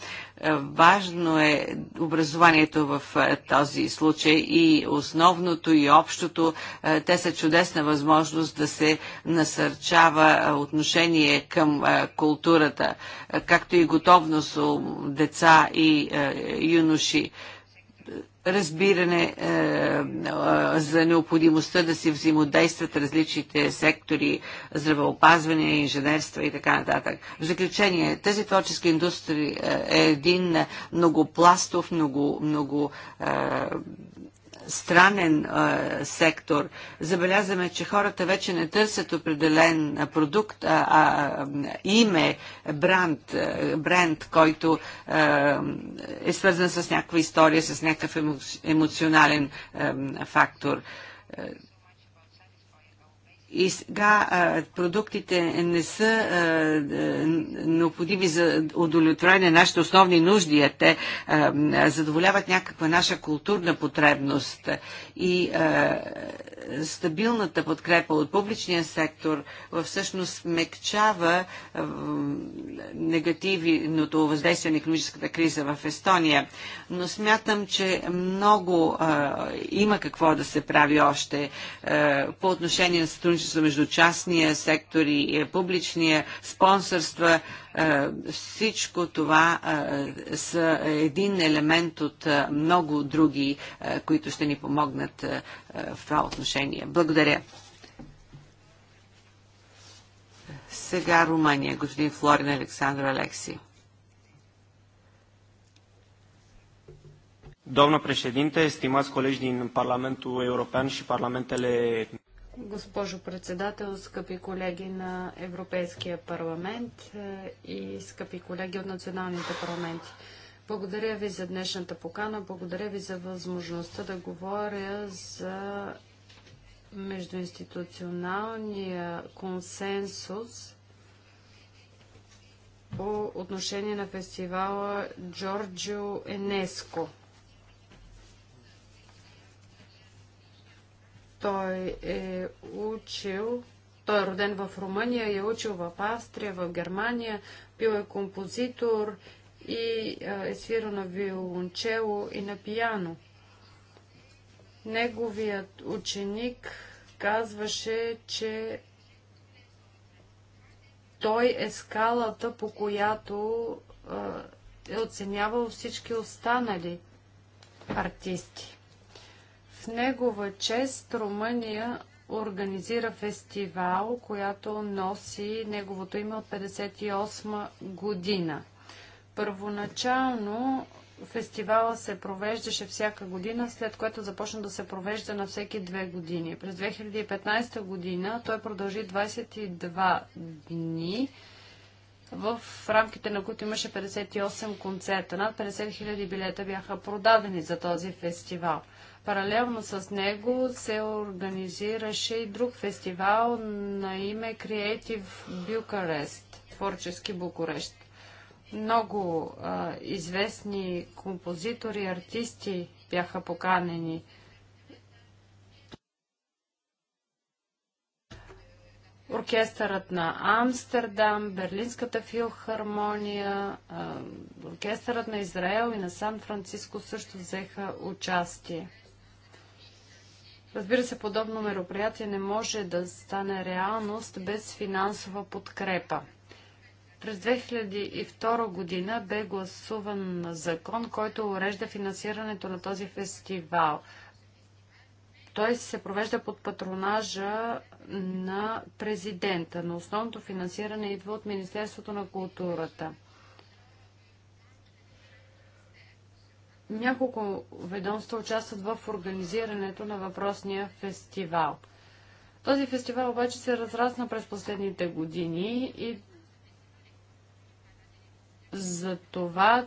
Е, важно е образованието в е, този случай и основното и общото. Е, те са чудесна възможност да се насърчава отношение към културата, както и готовност у деца и юноши разбиране е, е, за необходимостта да си взаимодействат различните сектори, здравеопазване, инженерство и така нататък. В заключение, тази творческа индустрия е един многопластов, много, много е, странен сектор. Забелязваме, че хората вече не търсят определен продукт, а, а име, бранд, бренд, който е, е свързан с някаква история, с някакъв емоционален фактор. И сега а, продуктите не са а, необходими за удовлетворение на нашите основни нужди, а те а, задоволяват някаква наша културна потребност. И а, стабилната подкрепа от публичния сектор всъщност смекчава негативното въздействие на економическата криза в Естония. Но смятам, че много а, има какво да се прави още а, по отношение на сътрудничество между частния сектор и е, публичния, спонсорства, е, всичко това е, са един елемент от е, много други, които ще ни помогнат в това отношение. Благодаря. Сега Румъния, господин Флорин Александър Алекси. Doamnă președinte, stimați colegi din Parlamentul European și Parlamentele Госпожо председател, скъпи колеги на Европейския парламент е, и скъпи колеги от националните парламенти. Благодаря ви за днешната покана, благодаря ви за възможността да говоря за междуинституционалния консенсус по отношение на фестивала Джорджио Енеско. Той е учил, той е роден в Румъния, е учил в Австрия, в Германия, бил е композитор и е свирал на виолончело и на пияно. Неговият ученик казваше, че той е скалата, по която е оценявал всички останали артисти. В негова чест Румъния организира фестивал, която носи неговото име от 1958 година. Първоначално фестивала се провеждаше всяка година, след което започна да се провежда на всеки две години. През 2015 година той продължи 22 дни, в рамките на които имаше 58 концерта. Над 50 000 билета бяха продадени за този фестивал. Паралелно с него се организираше и друг фестивал на име Creative Bucharest, творчески Букурещ. Много а, известни композитори, артисти бяха поканени. Оркестърът на Амстердам, Берлинската филхармония, оркестърът на Израел и на Сан Франциско също взеха участие. Разбира се, подобно мероприятие не може да стане реалност без финансова подкрепа. През 2002 година бе гласуван закон, който урежда финансирането на този фестивал. Той се провежда под патронажа на президента, но основното финансиране идва от Министерството на културата. няколко ведомства участват в организирането на въпросния фестивал. Този фестивал обаче се разрасна през последните години и за това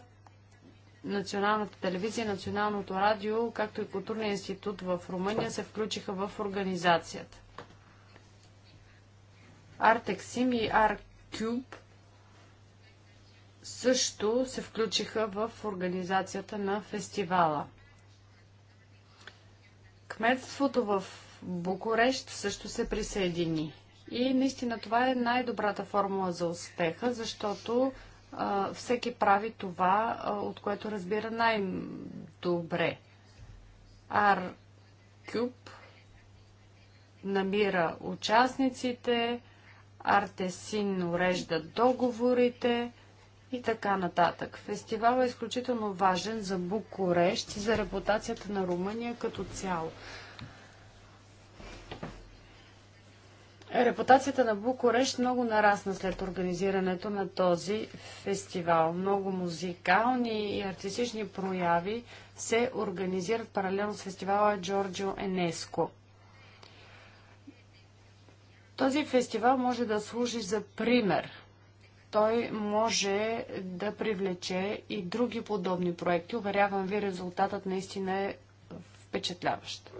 Националната телевизия, Националното радио, както и Културния институт в Румъния се включиха в организацията. Артексим и Аркюб също се включиха в организацията на фестивала. Кметството в Букурещ също се присъедини. И наистина това е най-добрата формула за успеха, защото а, всеки прави това, а, от което разбира най-добре. Ар-Кюб намира участниците, Артесин урежда договорите, и така нататък. Фестивалът е изключително важен за Букурещ и за репутацията на Румъния като цяло. Репутацията на Букурещ много нарасна след организирането на този фестивал. Много музикални и артистични прояви се организират паралелно с фестивала Джорджио Енеско. Този фестивал може да служи за пример – той може да привлече и други подобни проекти. Уверявам ви, резултатът наистина е впечатляващ.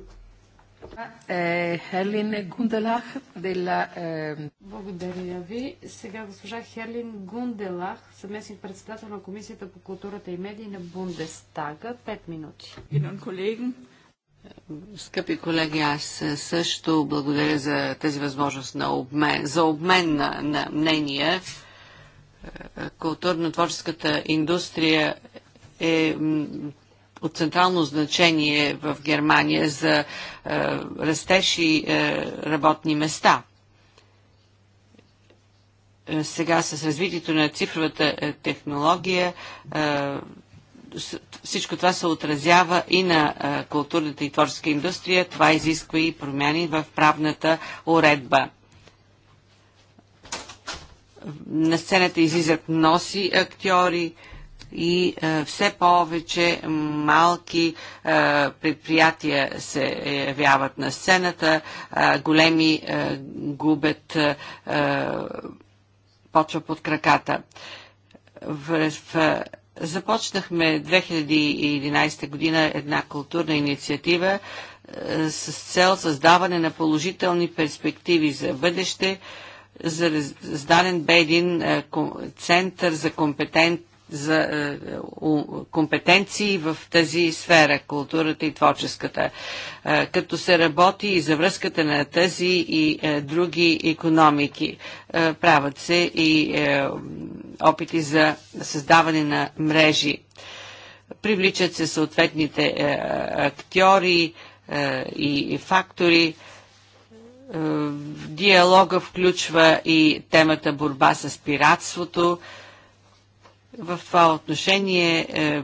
Е, Хелин Гунделах. Е, благодаря ви. Сега госпожа Хелин Гунделах, съместник председател на Комисията по културата и медии на Бундестага. Пет минути. Скъпи колеги, аз също благодаря за тази възможност на обмен, за обмен на, на мнения културно-творческата индустрия е от централно значение в Германия за е, растеж и е, работни места. Е, сега с развитието на цифровата е, технология е, всичко това се отразява и на е, културната и творческа индустрия. Това изисква и промяни в правната уредба на сцената излизат носи актьори и а, е, все повече малки а, е, предприятия се явяват на сцената, а, е, големи а, губят а, почва под краката. В, в, започнахме 2011 година една културна инициатива, с цел създаване на положителни перспективи за бъдеще, Сдаден бе един е, център за компетент за е, компетенции в тази сфера, културата и творческата, е, като се работи и за връзката на тази и други економики. Правят се и опити за създаване на мрежи. Привличат се съответните актьори и фактори. Е, диалога включва и темата борба с пиратството. В това отношение е,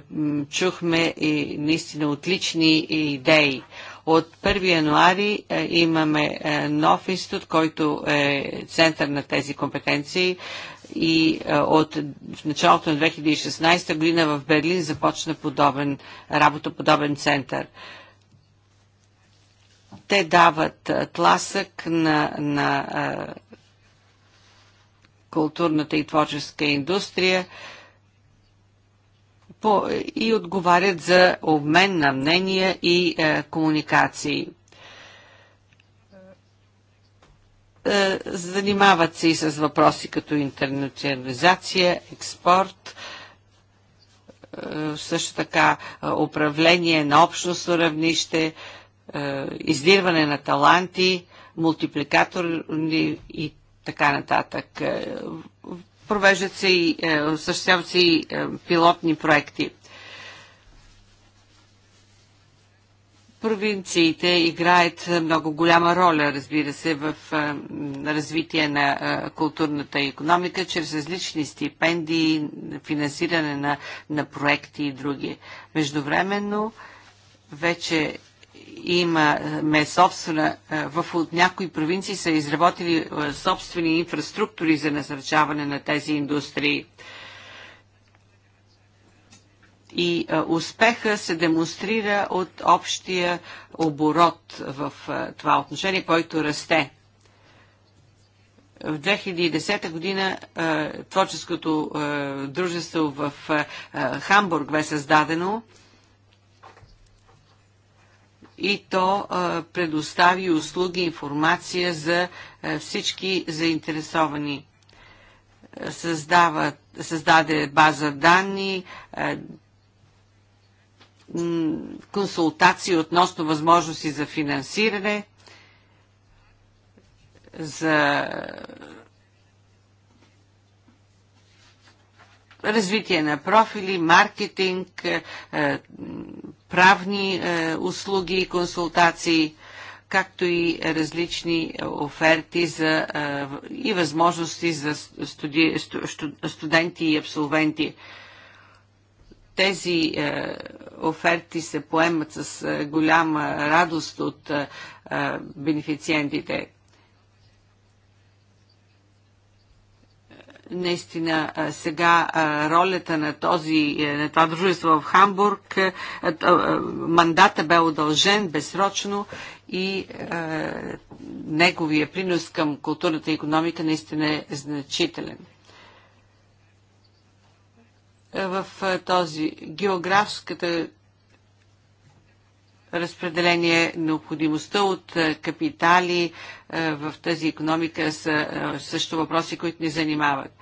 чухме и наистина отлични идеи. От 1 януари е, имаме нов институт, който е център на тези компетенции и от в началото на 2016 година в Берлин започна подобен работа, подобен център. Те дават тласък на, на а, културната и творческа индустрия по, и отговарят за обмен на мнения и а, комуникации. А, занимават се и с въпроси като интернационализация, експорт, също така управление на общностно равнище, е, издирване на таланти, мултипликаторни и така нататък. Е, провеждат се и е, осъществяват се и пилотни проекти. Провинциите играят много голяма роля, разбира се, в развитие на културната економика чрез различни стипендии, финансиране на, на проекти и други. Междувременно вече имаме собствена, е, в от някои провинции са изработили е, собствени инфраструктури за насърчаване на тези индустрии. И е, успеха се демонстрира от общия оборот в това отношение, който расте. В 2010 година творческото дружество в Хамбург бе създадено и то предостави услуги, и информация за всички заинтересовани. Създава, създаде база данни, консултации относно възможности за финансиране, за развитие на профили, маркетинг, е, е, правни е, услуги и консултации, както и различни оферти за, и възможности за студи, студенти и абсолвенти тези е, оферти се поемат с е, голяма радост от е, бенефициентите. наистина сега ролята на, този, е, на това дружество в Хамбург, мандата бе удължен безсрочно и неговия принос към културната економика наистина е значителен. Е, в този географската разпределение, необходимостта от е, капитали е, в тази економика са е, също въпроси, които ни занимават.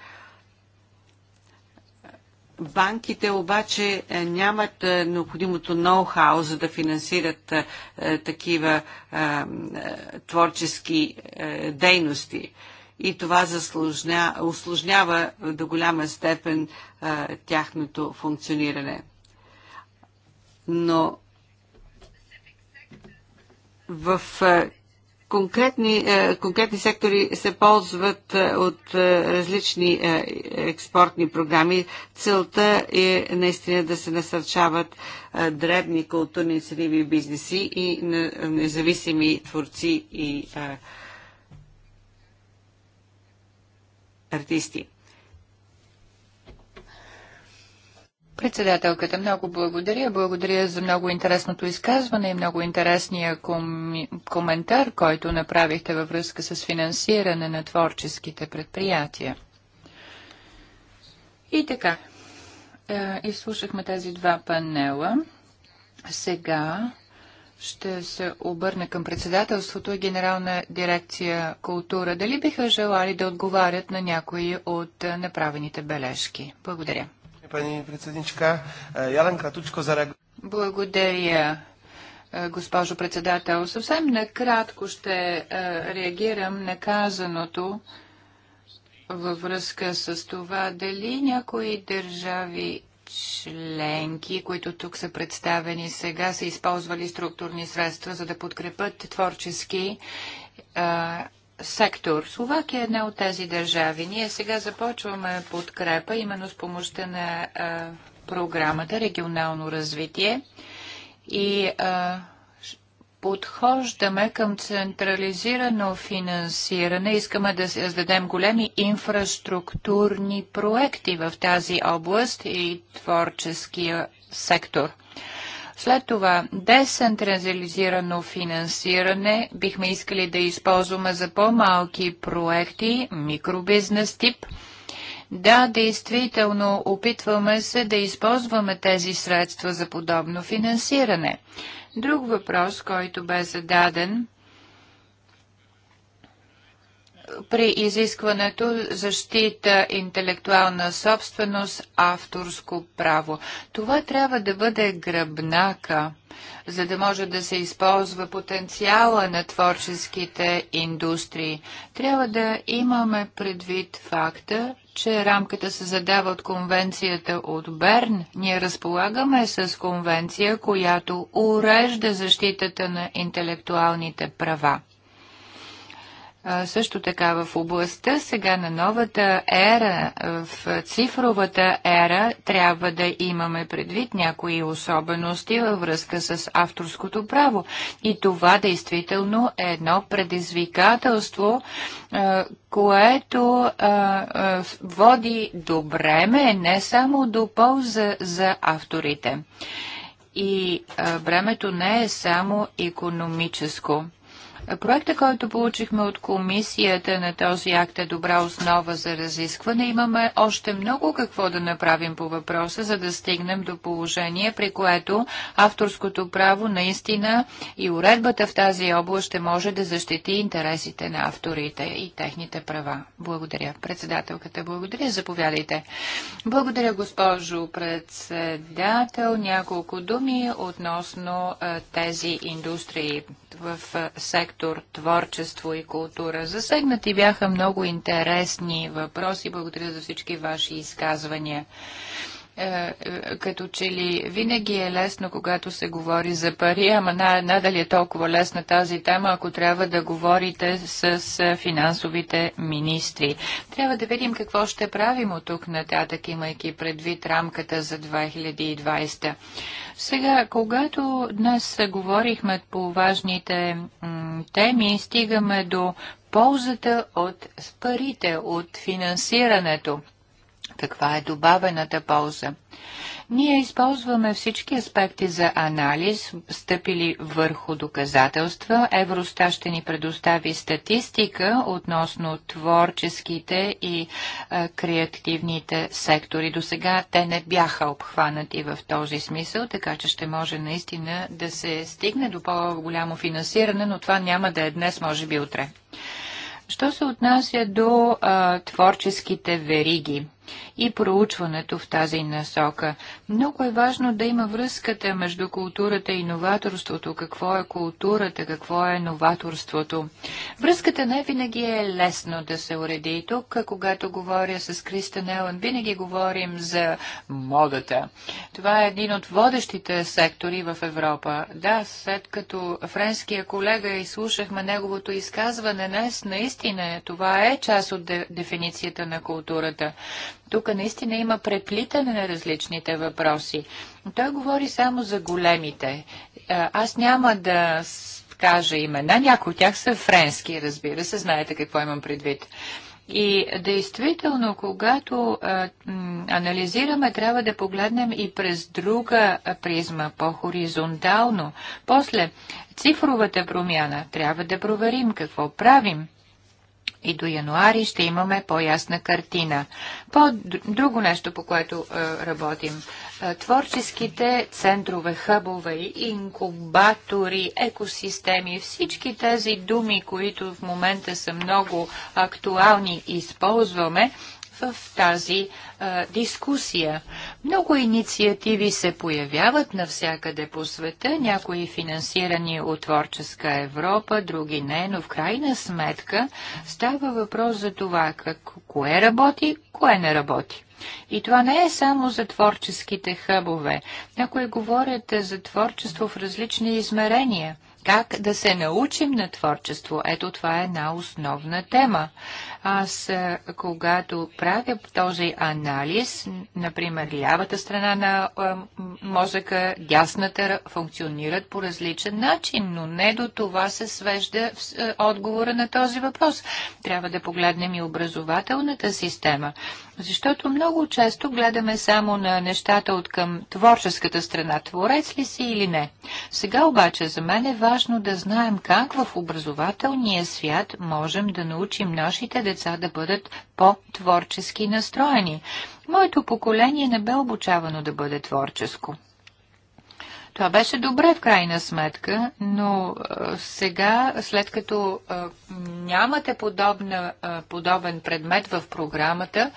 Банките обаче нямат необходимото ноу-хау, за да финансират такива творчески дейности. И това осложнява усложнява до голяма степен тяхното функциониране. Но в е, конкретни, е, конкретни сектори се ползват е, от различни експортни програми. Целта е наистина да се насърчават дребни културни целиви бизнеси и независими творци и артисти. Председателката, много благодаря. Благодаря за много интересното изказване и много интересния ком... коментар, който направихте във връзка с финансиране на творческите предприятия. И така, е, изслушахме тези два панела. Сега ще се обърна към председателството и Генерална дирекция култура. Дали биха желали да отговарят на някои от направените бележки? Благодаря. Пани председничка, е, Ялен кратучко за Благодаря, е, госпожо председател. Съвсем накратко ще е, реагирам на казаното във връзка с това дали някои държави членки, които тук са представени сега, са използвали структурни средства, за да подкрепят творчески сектор. Словакия е една от тези държави. Ние сега започваме подкрепа именно с помощта на програмата регионално развитие и подхождаме към централизирано финансиране. Искаме да създадем големи инфраструктурни проекти в тази област и творческия сектор. След това децентрализирано финансиране бихме искали да използваме за по-малки проекти, микробизнес тип. Да, действително опитваме се да използваме тези средства за подобно финансиране. Друг въпрос, който бе зададен при изискването защита интелектуална собственост, авторско право. Това трябва да бъде гръбнака, за да може да се използва потенциала на творческите индустрии. Трябва да имаме предвид факта, че рамката се задава от конвенцията от Берн, ние разполагаме с конвенция, която урежда защитата на интелектуалните права също така в областта сега на новата ера, в цифровата ера, трябва да имаме предвид някои особености във връзка с авторското право. И това действително е едно предизвикателство, което води до бреме, не само до полза за авторите. И бремето не е само економическо. Проекта, който получихме от комисията на този акт е добра основа за разискване. Имаме още много какво да направим по въпроса, за да стигнем до положение, при което авторското право наистина и уредбата в тази област ще може да защити интересите на авторите и техните права. Благодаря. Председателката, благодаря. Заповядайте. Благодаря, госпожо председател. Няколко думи относно тези индустрии в сектора сектор творчество и култура. Засегнати бяха много интересни въпроси. Благодаря за всички ваши изказвания. Е, е, като че ли винаги е лесно, когато се говори за пари, ама надали е толкова лесна тази тема, ако трябва да говорите с е, финансовите министри. Трябва да видим какво ще правим от тук нататък, имайки предвид рамката за 2020. Сега, когато днес говорихме по важните теми, стигаме до ползата от парите, от финансирането каква е добавената полза. Ние използваме всички аспекти за анализ, стъпили върху доказателства. Евроста ще ни предостави статистика относно творческите и а, е, креативните сектори. До сега те не бяха обхванати в този смисъл, така че ще може наистина да се стигне до по-голямо финансиране, но това няма да е днес, може би утре. Що се отнася до а, е, творческите вериги? и проучването в тази насока. Много е важно да има връзката между културата и новаторството. Какво е културата, какво е новаторството? Връзката не винаги е лесно да се уреди. И тук, когато говоря с Криста Нелън, винаги говорим за модата. Това е един от водещите сектори в Европа. Да, след като френския колега изслушахме неговото изказване днес, наистина това е част от дефиницията на културата. Тук наистина има преплитане на различните въпроси. Но той говори само за големите. Аз няма да кажа имена. Някои от тях са френски, разбира се. Знаете какво имам предвид. И действително, когато а, анализираме, трябва да погледнем и през друга призма, по-хоризонтално. После, цифровата промяна, трябва да проверим какво правим и до януари ще имаме по-ясна картина. По друго нещо, по което е, работим. Е, творческите центрове, хъбове, инкубатори, екосистеми, всички тези думи, които в момента са много актуални, използваме, в тази а, дискусия. Много инициативи се появяват навсякъде по света, някои финансирани от Творческа Европа, други не, но в крайна сметка става въпрос за това как, кое работи, кое не работи. И това не е само за творческите хъбове. Някои говорят за творчество в различни измерения. Как да се научим на творчество? Ето това е една основна тема. Аз, е, когато правя този анализ, например, лявата страна на е, мозъка, дясната функционират по различен начин, но не до това се свежда е, отговора на този въпрос. Трябва да погледнем и образователната система, защото много често гледаме само на нещата от към творческата страна, творец ли си или не. Сега обаче за мен е важно да знаем как в образователния свят можем да научим нашите деца деца да бъдат по-творчески настроени. Моето поколение не бе обучавано да бъде творческо. Това беше добре в крайна сметка, но сега, след като нямате подобна, подобен предмет в програмата,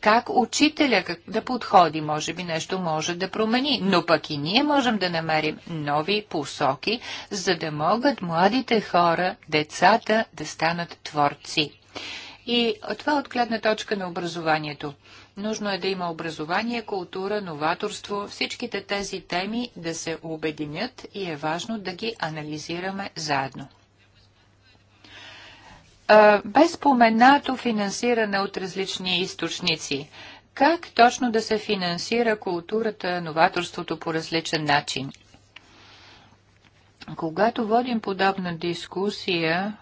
как учителя как да подходи, може би нещо може да промени. Но пък и ние можем да намерим нови посоки, за да могат младите хора, децата да станат творци. И това от гледна точка на образованието. Нужно е да има образование, култура, новаторство, всичките тези теми да се обединят и е важно да ги анализираме заедно. Без споменато финансиране от различни източници. Как точно да се финансира културата, новаторството по различен начин? Когато водим подобна дискусия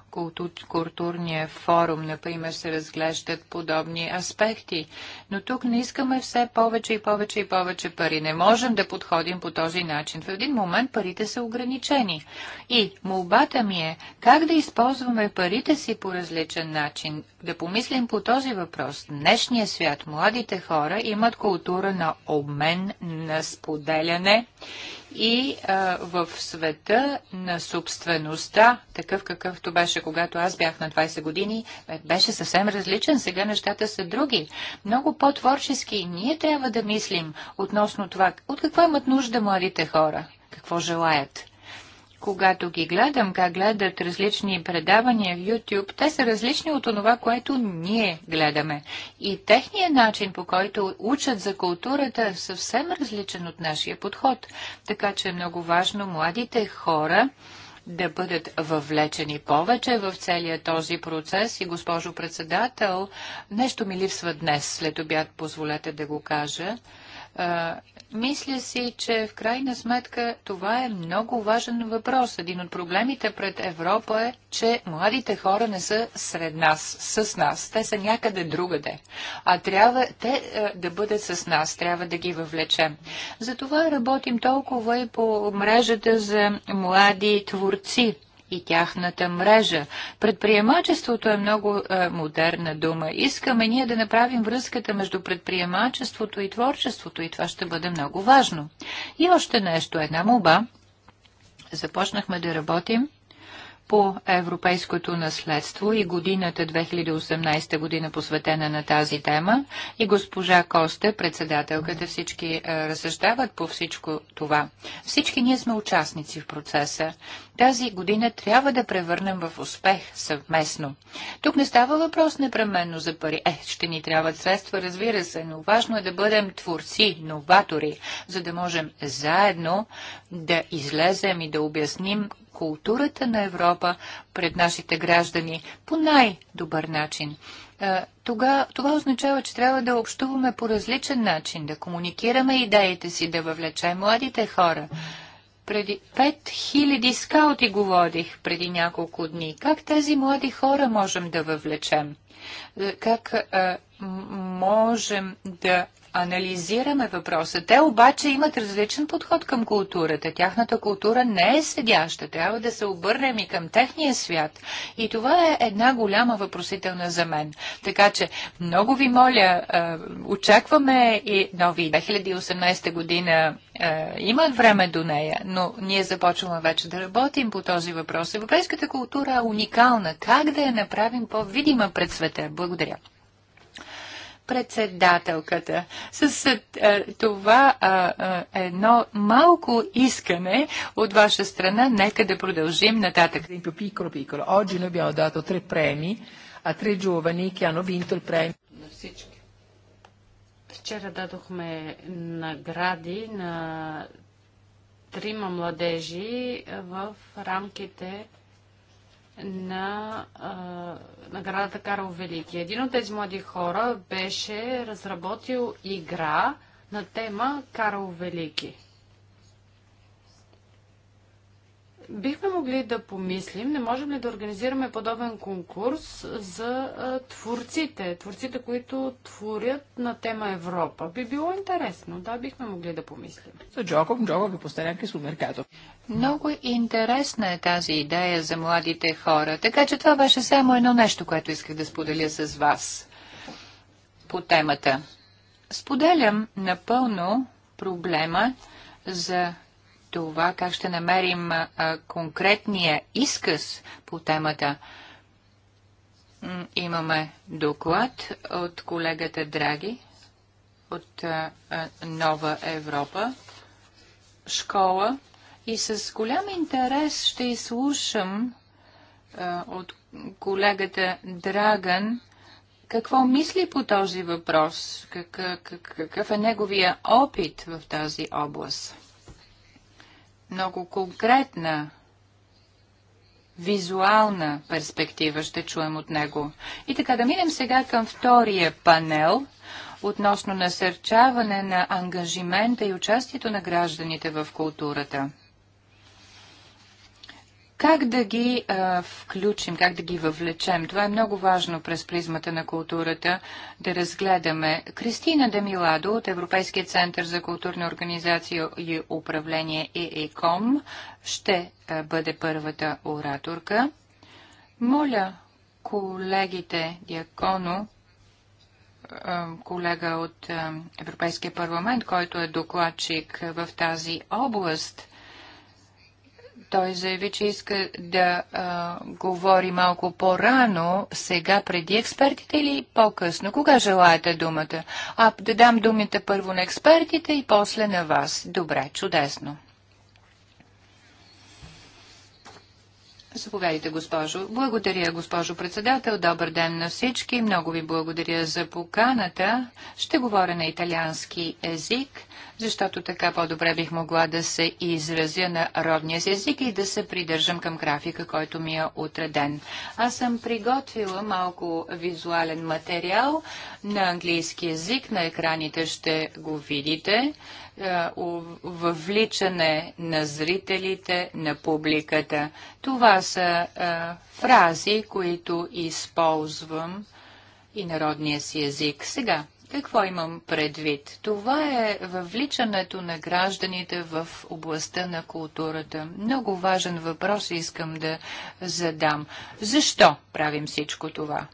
културния форум, например, се разглеждат подобни аспекти. Но тук не искаме все повече и повече и повече пари. Не можем да подходим по този начин. В един момент парите са ограничени. И молбата ми е как да използваме парите си по различен начин. Да помислим по този въпрос. Днешния свят, младите хора имат култура на обмен, на споделяне и а, в света на собствеността, такъв какъвто беше когато аз бях на 20 години, беше съвсем различен. Сега нещата са други. Много по-творчески. Ние трябва да мислим относно това, от какво имат нужда младите хора, какво желаят когато ги гледам, как гледат различни предавания в YouTube, те са различни от това, което ние гледаме. И техният начин, по който учат за културата, е съвсем различен от нашия подход. Така че е много важно младите хора да бъдат въвлечени повече в целия този процес. И, госпожо председател, нещо ми липсва днес, след обяд, позволете да го кажа мисля си, че в крайна сметка това е много важен въпрос. Един от проблемите пред Европа е, че младите хора не са сред нас, с нас. Те са някъде другаде. А трябва те е, да бъдат с нас, трябва да ги въвлечем. Затова работим толкова и по мрежата за млади творци и тяхната мрежа. Предприемачеството е много е, модерна дума. Искаме ние да направим връзката между предприемачеството и творчеството и това ще бъде много важно. И още нещо, една молба. Започнахме да работим по европейското наследство и годината 2018 година посветена на тази тема. И госпожа Косте, председателката, всички е, разсъждават по всичко това. Всички ние сме участници в процеса. Тази година трябва да превърнем в успех съвместно. Тук не става въпрос непременно за пари. Е, ще ни трябват средства, разбира се, но важно е да бъдем творци, новатори, за да можем заедно да излезем и да обясним културата на Европа пред нашите граждани по най-добър начин. Тога, това означава, че трябва да общуваме по различен начин, да комуникираме идеите си, да въвлечем младите хора. Преди 5000 скаути го водих преди няколко дни. Как тези млади хора можем да въвлечем? Е, как а, е, можем да анализираме въпроса. Те обаче имат различен подход към културата. Тяхната култура не е седяща. Трябва да се обърнем и към техния свят. И това е една голяма въпросителна за мен. Така че много ви моля, очакваме и нови 2018 година имат време до нея, но ние започваме вече да работим по този въпрос. Европейската култура е уникална. Как да я направим по-видима пред света? Благодаря председателката. С е, това едно малко искане от ваша страна, нека да продължим нататък. Piccolo, Оджи Oggi noi abbiamo три преми, а три tre ки ано hanno преми. На всички. Вчера дадохме награди на трима младежи в рамките на а, наградата Карл Велики. Един от тези млади хора беше разработил игра на тема Карл Велики. Бихме могли да помислим, не можем ли да организираме подобен конкурс за а, творците, творците, които творят на тема Европа. Би било интересно, да, бихме могли да помислим. Много интересна е тази идея за младите хора, така че това беше само едно нещо, което исках да споделя с вас по темата. Споделям напълно проблема за това как ще намерим конкретния изказ по темата. Имаме доклад от колегата Драги от Нова Европа, школа. И с голям интерес ще изслушам от колегата Драган какво мисли по този въпрос, какъв е неговия опит в тази област много конкретна визуална перспектива ще чуем от него. И така да минем сега към втория панел относно насърчаване на ангажимента и участието на гражданите в културата. Как да ги а, включим, как да ги въвлечем? Това е много важно през призмата на културата да разгледаме. Кристина Демиладо от Европейския център за културна организация и управление ЕЕКОМ ще а, бъде първата ораторка. Моля колегите Дяконо, колега от Европейския парламент, който е докладчик в тази област, той заяви, че иска да а, говори малко по-рано, сега преди експертите или по-късно. Кога желаете думата? А да дам думите първо на експертите и после на вас. Добре, чудесно. Заповядайте, госпожо. Благодаря, госпожо председател. Добър ден на всички. Много ви благодаря за поканата. Ще говоря на италиански език защото така по-добре бих могла да се изразя на родния си език и да се придържам към графика, който ми е отреден. Аз съм приготвила малко визуален материал на английски язик. На екраните ще го видите. Е, въвличане на зрителите, на публиката. Това са е, фрази, които използвам и народния си език. Сега, какво имам предвид? Това е въвличането на гражданите в областта на културата. Много важен въпрос искам да задам. Защо правим всичко това?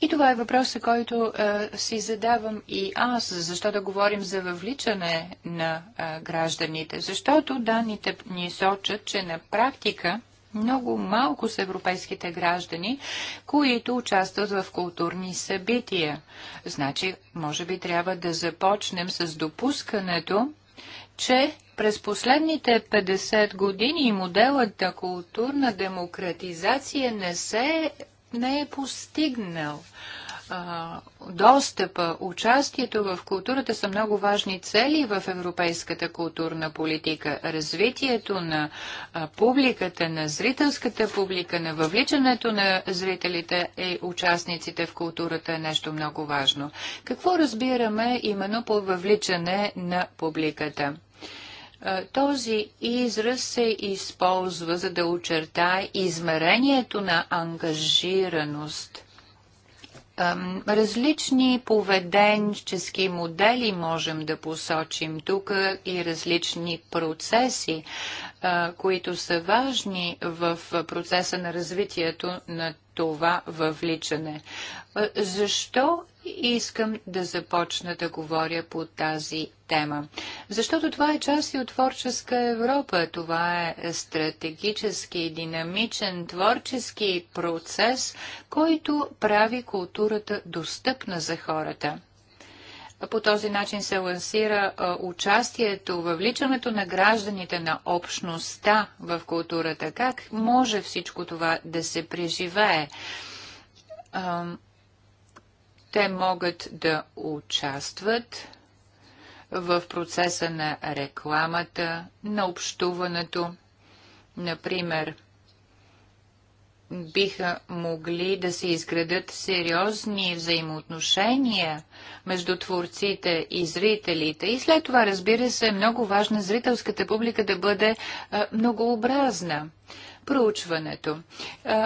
И това е въпросът, който а, е, си задавам и аз, защо да говорим за въвличане на а, е, гражданите. Защото данните ни сочат, че на практика много малко са европейските граждани, които участват в културни събития. Значи, може би трябва да започнем с допускането, че през последните 50 години моделът на културна демократизация не се не е постигнал достъпа, участието в културата са много важни цели в европейската културна политика. Развитието на публиката, на зрителската публика, на въвличането на зрителите и участниците в културата е нещо много важно. Какво разбираме именно по въвличане на публиката? Този израз се използва, за да очертае измерението на ангажираност Различни поведенчески модели можем да посочим тук и различни процеси, които са важни в процеса на развитието на това въвличане. Защо искам да започна да говоря по тази тема. Защото това е част и от творческа Европа. Това е стратегически, динамичен, творчески процес, който прави културата достъпна за хората. По този начин се лансира участието, въвличането на гражданите на общността в културата. Как може всичко това да се преживее? те могат да участват в процеса на рекламата, на общуването. Например, биха могли да се изградат сериозни взаимоотношения между творците и зрителите. И след това, разбира се, е много важно зрителската публика да бъде а, многообразна проучването.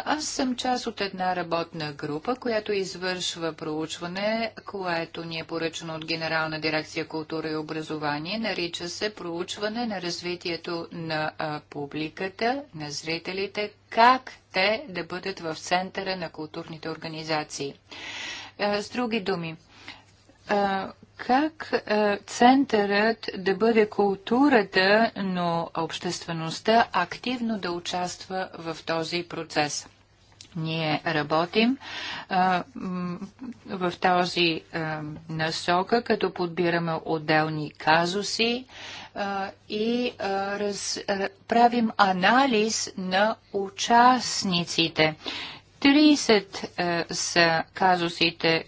Аз съм част от една работна група, която извършва проучване, което ни е поръчено от Генерална дирекция култура и образование. Нарича се проучване на развитието на публиката, на зрителите, как те да бъдат в центъра на културните организации. С други думи, как е, центърът да бъде културата, но обществеността активно да участва в този процес? Ние работим а, е, в този а, е, насока, като подбираме отделни казуси а, е, и а, раз, а, правим анализ на участниците. 30 а, са казусите,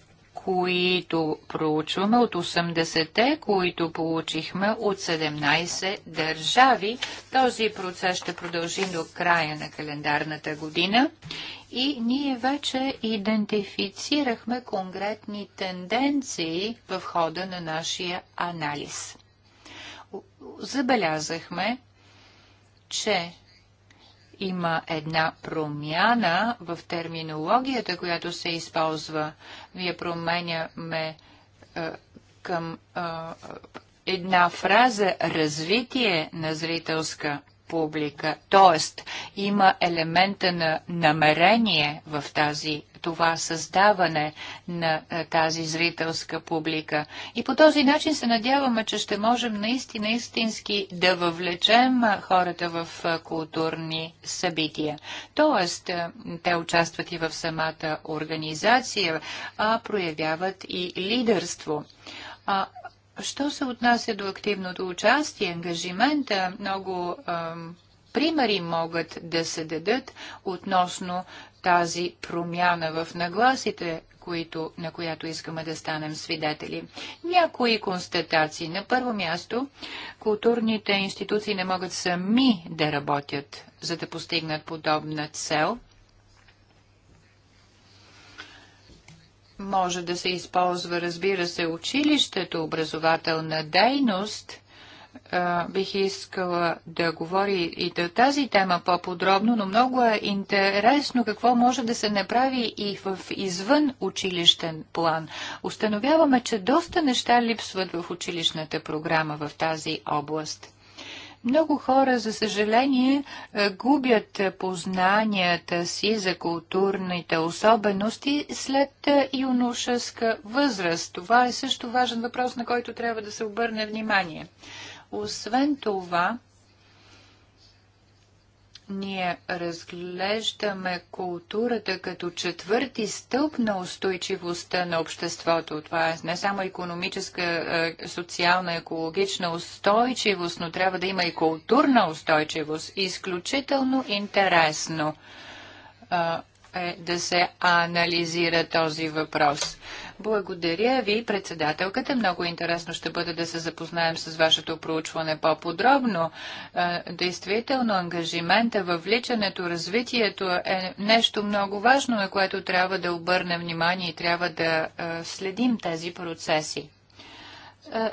които проучваме от 80-те, които получихме от 17 държави. Този процес ще продължи до края на календарната година и ние вече идентифицирахме конкретни тенденции в хода на нашия анализ. Забелязахме, че има една промяна в терминологията, която се използва. Вие променяме е, към е, една фраза развитие на зрителска публика. Тоест, има елемента на намерение в тази това създаване на е, тази зрителска публика. И по този начин се надяваме, че ще можем наистина истински да въвлечем е, хората в е, културни събития. Тоест, те участват и в самата организация, а проявяват и лидерство. А, що се отнася до активното участие, ангажимента, много примери могат да се дадат относно тази промяна в нагласите, които, на която искаме да станем свидетели. Някои констатации. На първо място, културните институции не могат сами да работят, за да постигнат подобна цел. Може да се използва, разбира се, училището, образователна дейност – бих искала да говори и да тази тема по-подробно, но много е интересно какво може да се направи и в извън училищен план. Установяваме, че доста неща липсват в училищната програма в тази област. Много хора, за съжаление, губят познанията си за културните особености след юношеска възраст. Това е също важен въпрос, на който трябва да се обърне внимание. Освен това, ние разглеждаме културата като четвърти стълб на устойчивостта на обществото. Това е не само економическа, е, социална, екологична устойчивост, но трябва да има и културна устойчивост. Изключително интересно е, е да се анализира този въпрос. Благодаря ви, председателката. Много интересно ще бъде да се запознаем с вашето проучване по-подробно. Действително, ангажимента, въвличането, развитието е нещо много важно, на което трябва да обърнем внимание и трябва да следим тези процеси.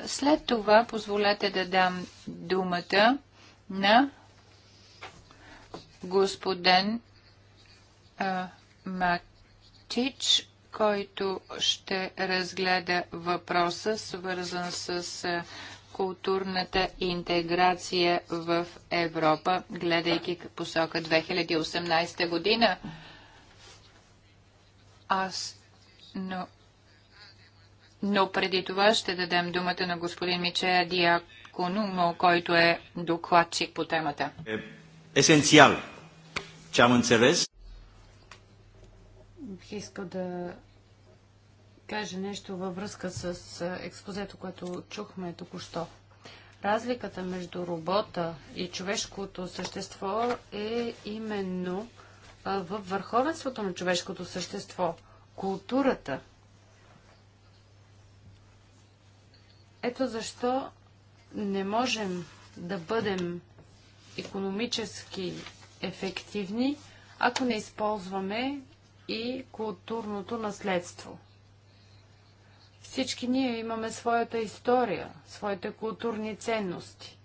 След това позволете да дам думата на господин Матич който ще разгледа въпроса, свързан с културната интеграция в Европа, гледайки посока 2018 година. Аз, но, но преди това ще дадем думата на господин Мичея Диакону, който е докладчик по темата. Е, есенциал. Ce Бих искал да каже нещо във връзка с експозето, което чухме току-що. Разликата между робота и човешкото същество е именно в върховенството на човешкото същество, културата. Ето защо не можем да бъдем економически ефективни, ако не използваме и културното наследство. Всички ние имаме своята история, своите културни ценности.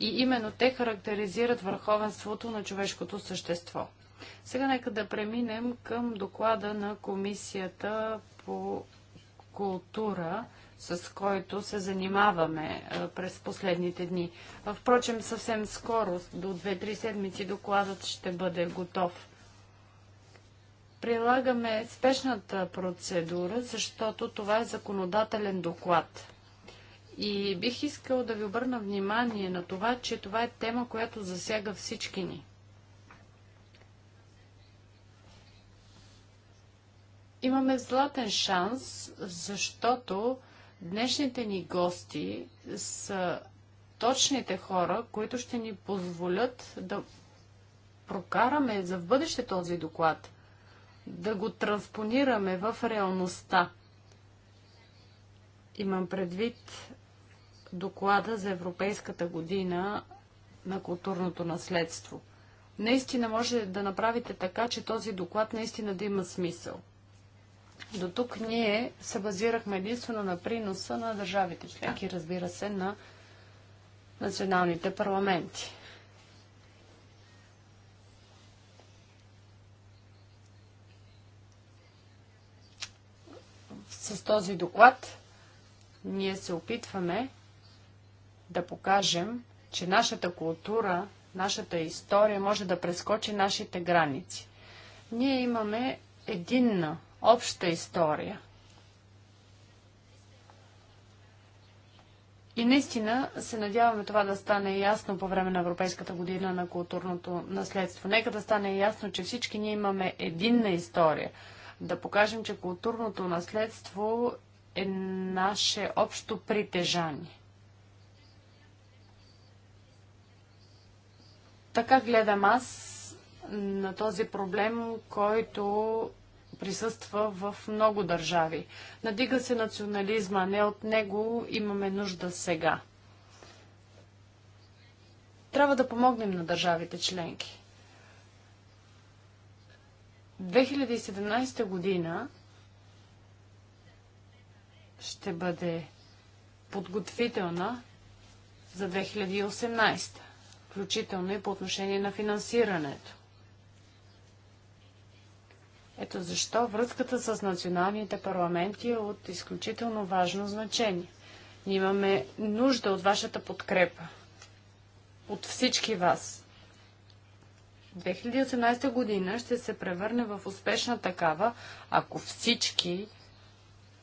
И именно те характеризират върховенството на човешкото същество. Сега нека да преминем към доклада на Комисията по култура, с който се занимаваме е, през последните дни. Впрочем, съвсем скоро, до 2-3 седмици, докладът ще бъде готов прилагаме спешната процедура, защото това е законодателен доклад. И бих искал да ви обърна внимание на това, че това е тема, която засяга всички ни. Имаме златен шанс, защото днешните ни гости са точните хора, които ще ни позволят да прокараме за в бъдеще този доклад – да го транспонираме в реалността. Имам предвид доклада за Европейската година на културното наследство. Наистина може да направите така, че този доклад наистина да има смисъл. До тук ние се базирахме единствено на приноса на държавите членки, разбира се, на националните парламенти. С този доклад ние се опитваме да покажем, че нашата култура, нашата история може да прескочи нашите граници. Ние имаме единна, обща история. И наистина се надяваме това да стане ясно по време на Европейската година на културното наследство. Нека да стане ясно, че всички ние имаме единна история – да покажем, че културното наследство е наше общо притежание. Така гледам аз на този проблем, който присъства в много държави. Надига се национализма, не от него имаме нужда сега. Трябва да помогнем на държавите членки. 2017 година ще бъде подготвителна за 2018, включително и по отношение на финансирането. Ето защо връзката с националните парламенти е от изключително важно значение. Ние имаме нужда от вашата подкрепа. От всички вас. 2018 година ще се превърне в успешна такава, ако всички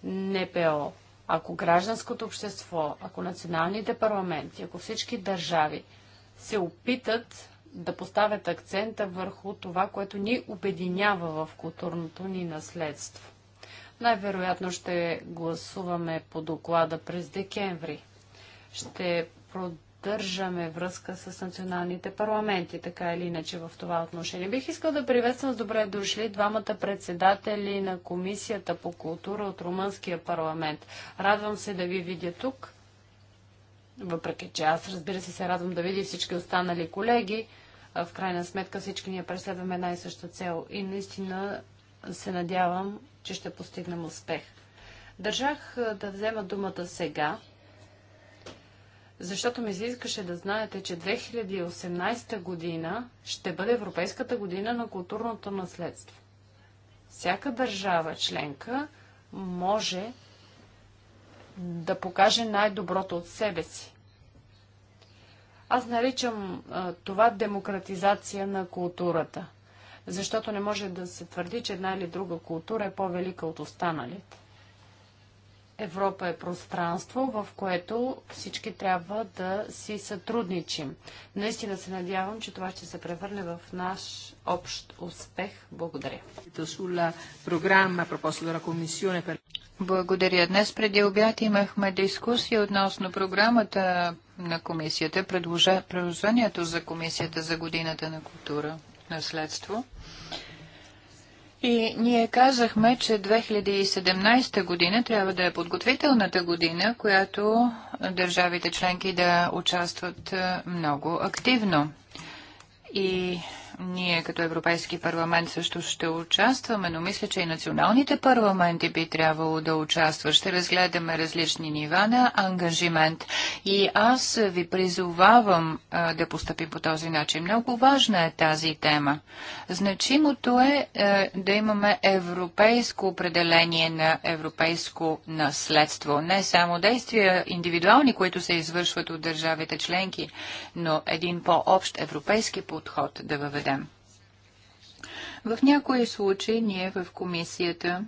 НПО, ако гражданското общество, ако националните парламенти, ако всички държави се опитат да поставят акцента върху това, което ни обединява в културното ни наследство. Най-вероятно ще гласуваме по доклада през декември. Ще продължим поддържаме връзка с националните парламенти, така или иначе в това отношение. Бих искал да приветствам с добре дошли двамата председатели на Комисията по култура от Румънския парламент. Радвам се да ви видя тук, въпреки че аз разбира се се радвам да видя всички останали колеги. В крайна сметка всички ние преследваме една и съща цел и наистина се надявам, че ще постигнем успех. Държах да взема думата сега, защото ми се искаше да знаете, че 2018 година ще бъде Европейската година на културното наследство. Всяка държава членка може да покаже най-доброто от себе си. Аз наричам това демократизация на културата, защото не може да се твърди, че една или друга култура е по-велика от останалите. Европа е пространство, в което всички трябва да си сътрудничим. Наистина се надявам, че това ще се превърне в наш общ успех. Благодаря. Благодаря. Днес преди обяд имахме дискусия относно програмата на комисията, предложението за комисията за годината на култура наследство. следство. И ние казахме, че 2017 година трябва да е подготвителната година, която държавите членки да участват е, много активно. И ние като Европейски парламент също ще участваме, но мисля, че и националните парламенти би трябвало да участват. Ще разгледаме различни нива на ангажимент. И аз ви призовавам а, да поступим по този начин. Много важна е тази тема. Значимото е а, е, да имаме европейско определение на европейско наследство. Не само действия индивидуални, които се извършват от държавите членки, но един по-общ европейски подход да въведем въведем. В някои случаи ние в комисията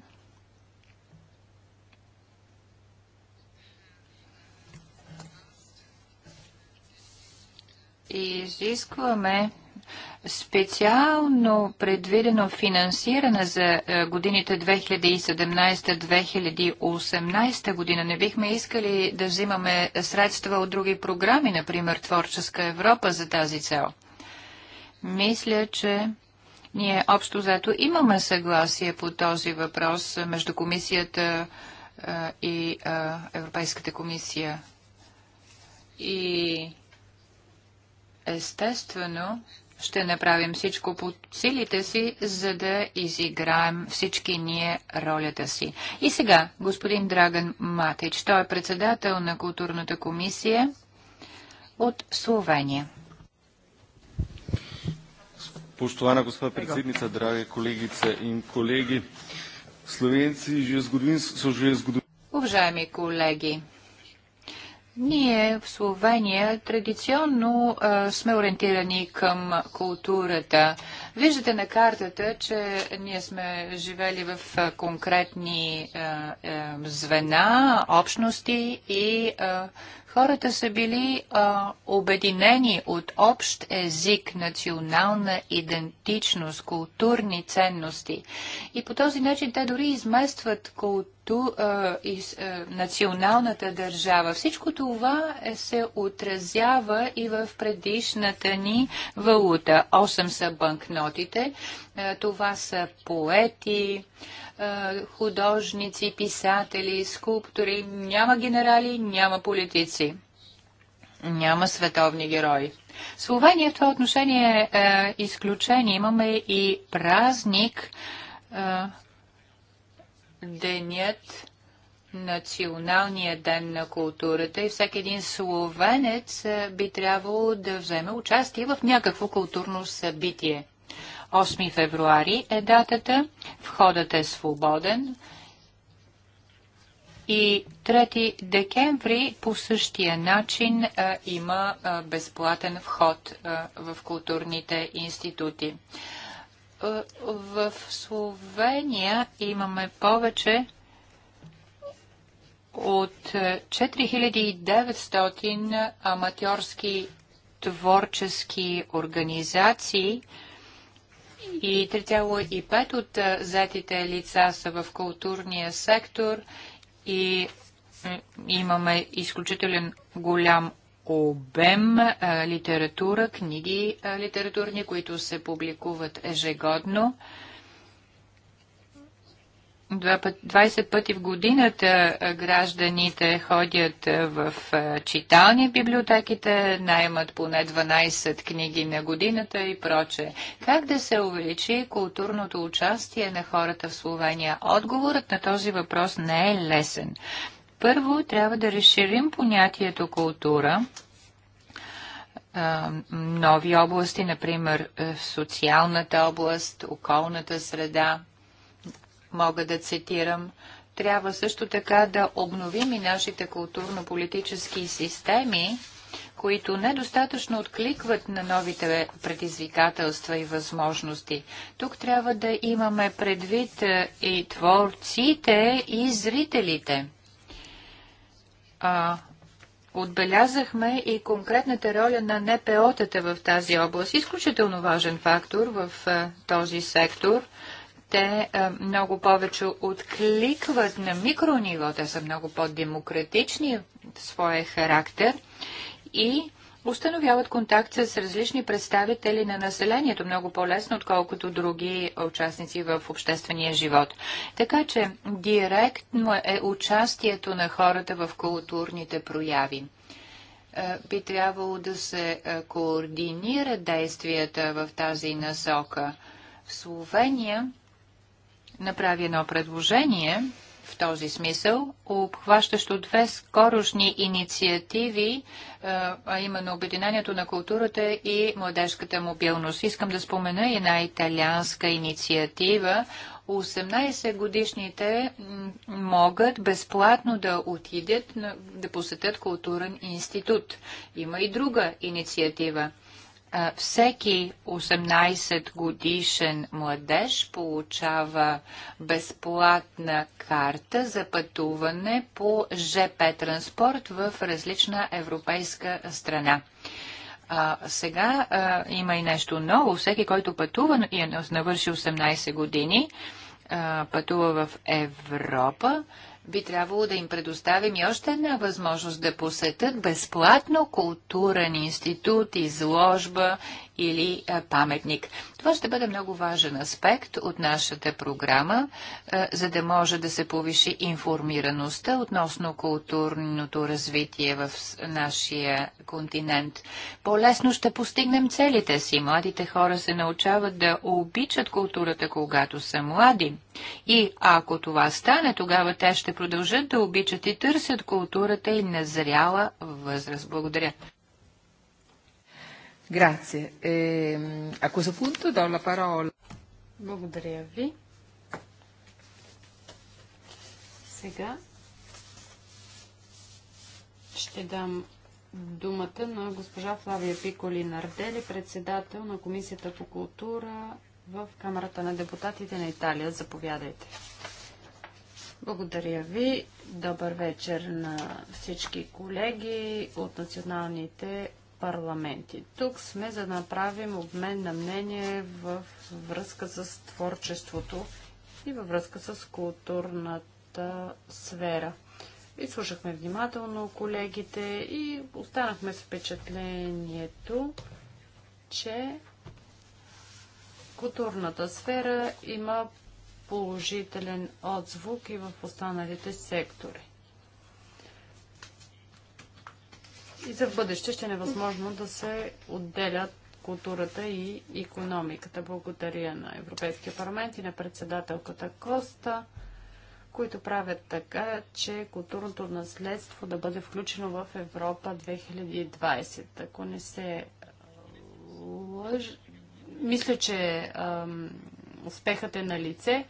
изискваме специално предвидено финансиране за е, годините 2017-2018 година. Не бихме искали да взимаме средства от други програми, например Творческа Европа за тази цел. Мисля, че ние общо заето имаме съгласие по този въпрос между комисията и Европейската комисия. И естествено ще направим всичко по силите си, за да изиграем всички ние ролята си. И сега, господин Драган Матич, той е председател на културната комисия от Словения. Spoštovana gospa predsednica, drage kolegice in kolegi. Slovenci že zgodovin, so že zgodovinsko. Уважаеми колеги, ние в Словения традиционно а, сме ориентирани към културата. Виждате на картата, че ние сме живели в конкретни а, а, звена, общности и а, Хората са били а, обединени от общ език, национална идентичност, културни ценности. И по този начин те дори изместват култу, а, из, а, националната държава. Всичко това е, се отразява и в предишната ни валута. 8 са банкнотите е, това са поети, е, художници, писатели, скулптори. Няма генерали, няма политици. Няма световни герои. Словения в това отношение е, е изключение. Имаме и празник, денят, националния ден на културата и всеки един словенец би трябвало да вземе участие в някакво културно събитие. 8 февруари е датата. Входът е свободен. И 3 декември по същия начин а, има а, безплатен вход а, в културните институти. А, в Словения имаме повече от 4900 аматьорски творчески организации, и 3,5 от заетите лица са в културния сектор и имаме изключителен голям обем литература, книги литературни, които се публикуват ежегодно. 20 пъти в годината гражданите ходят в читални библиотеките, наймат поне 12 книги на годината и прочее. Как да се увеличи културното участие на хората в Словения? Отговорът на този въпрос не е лесен. Първо трябва да разширим понятието култура нови области, например е, социалната област, околната среда – мога да цитирам. Трябва също така да обновим и нашите културно-политически системи, които недостатъчно откликват на новите предизвикателства и възможности. Тук трябва да имаме предвид е, и творците, и зрителите. А, отбелязахме и конкретната роля на НПО-тата в тази област. Изключително важен фактор в а, е, този сектор – те е, много повече откликват на микрониво, те са много по-демократични в своя характер и установяват контакт с различни представители на населението много по-лесно, отколкото други участници в обществения живот. Така че директно е участието на хората в културните прояви е, би трябвало да се е, координират действията в тази насока. В Словения направи едно предложение в този смисъл, обхващащо две скорошни инициативи, е, а именно Обединението на културата и младежката мобилност. Искам да спомена и една италианска инициатива. 18 годишните могат безплатно да отидат да посетят културен институт. Има и друга инициатива всеки 18 годишен младеж получава безплатна карта за пътуване по ЖП транспорт в различна европейска страна. А, сега а, има и нещо ново. Всеки, който пътува и е навърши 18 години, а, пътува в Европа, би трябвало да им предоставим и още една възможност да посетят безплатно културен институт, изложба или паметник. Това ще бъде много важен аспект от нашата програма, за да може да се повиши информираността относно културното развитие в нашия континент. По-лесно ще постигнем целите си. Младите хора се научават да обичат културата, когато са млади. И ако това стане, тогава те ще продължат да обичат и търсят културата и незряла възраст. Благодаря. Grazie. E, a questo punto do la parola. Благодаря ви. Сега ще дам думата на госпожа Флавия Пиколи Нардели, председател на Комисията по култура в Камерата на депутатите на Италия. Заповядайте. Благодаря ви. Добър вечер на всички колеги от националните парламенти. Тук сме за да направим обмен на мнение в връзка с творчеството и във връзка с културната сфера. И слушахме внимателно колегите и останахме с впечатлението, че културната сфера има положителен отзвук и в останалите сектори. и за в бъдеще ще е невъзможно да се отделят културата и економиката. Благодаря на Европейския парламент и на председателката Коста, които правят така, че културното наследство да бъде включено в Европа 2020. Ако не се лъж... Мисля, че ам, успехът е на лице.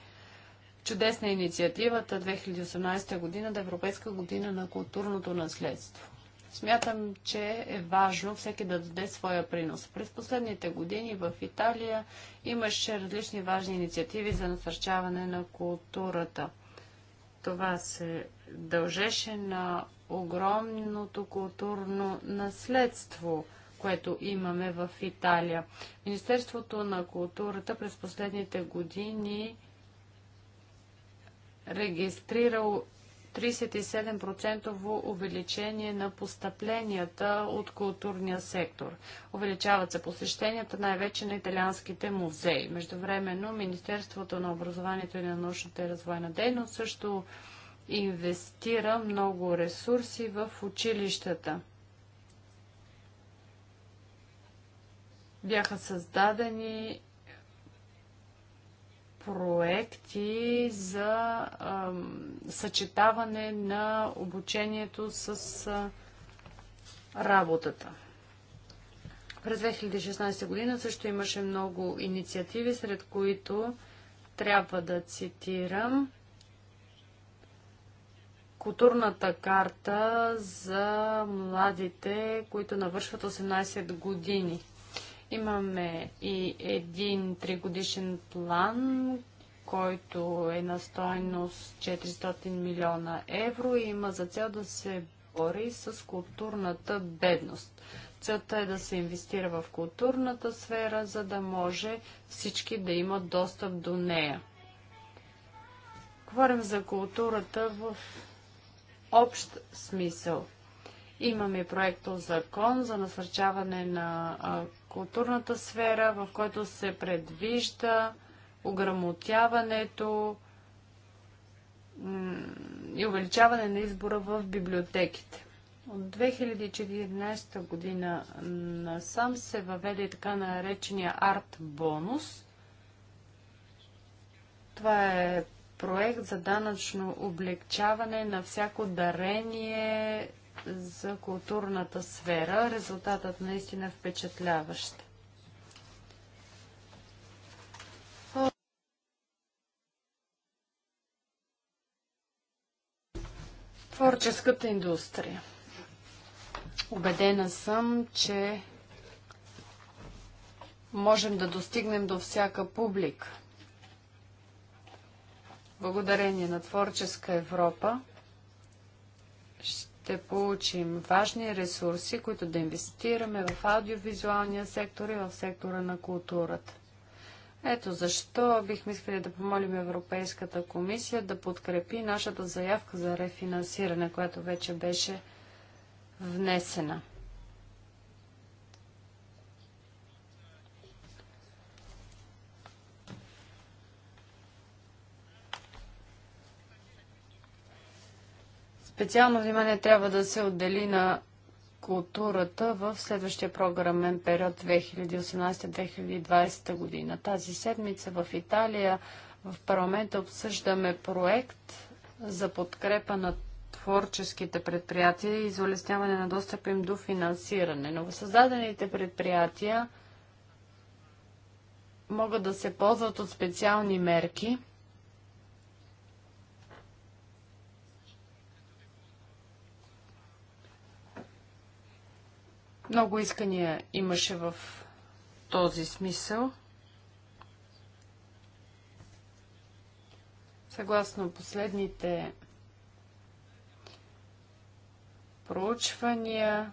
Чудесна инициативата 2018 година да е Европейска година на културното наследство. Смятам, че е важно всеки да даде своя принос. През последните години в Италия имаше различни важни инициативи за насърчаване на културата. Това се дължеше на огромното културно наследство, което имаме в Италия. Министерството на културата през последните години регистрирал 37% увеличение на постъпленията от културния сектор. Увеличават се посещенията най-вече на италианските музеи. Междувременно Министерството на образованието и на научната и развойна дейност също инвестира много ресурси в училищата. Бяха създадени проекти за а, съчетаване на обучението с а, работата. През 2016 година също имаше много инициативи, сред които трябва да цитирам културната карта за младите, които навършват 18 години. Имаме и един тригодишен план, който е на стойност 400 милиона евро и има за цел да се бори с културната бедност. Целта е да се инвестира в културната сфера, за да може всички да имат достъп до нея. Говорим за културата в общ смисъл. Имаме проекто закон за насърчаване на културната сфера, в който се предвижда ограмотяването и увеличаване на избора в библиотеките. От 2014 година насам се въведе така наречения арт бонус. Това е проект за данъчно облегчаване на всяко дарение за културната сфера. Резултатът наистина е впечатляващ. Творческата индустрия. Обедена съм, че можем да достигнем до всяка публика. Благодарение на Творческа Европа ще ще получим важни ресурси, които да инвестираме в аудиовизуалния сектор и в сектора на културата. Ето защо бихме искали да помолим Европейската комисия да подкрепи нашата заявка за рефинансиране, която вече беше внесена. Специално внимание трябва да се отдели на културата в следващия програмен период 2018-2020 година. Тази седмица в Италия в парламента обсъждаме проект за подкрепа на творческите предприятия и за улесняване на достъп им до финансиране. Новосъздадените предприятия могат да се ползват от специални мерки – Много искания имаше в този смисъл. Съгласно последните проучвания,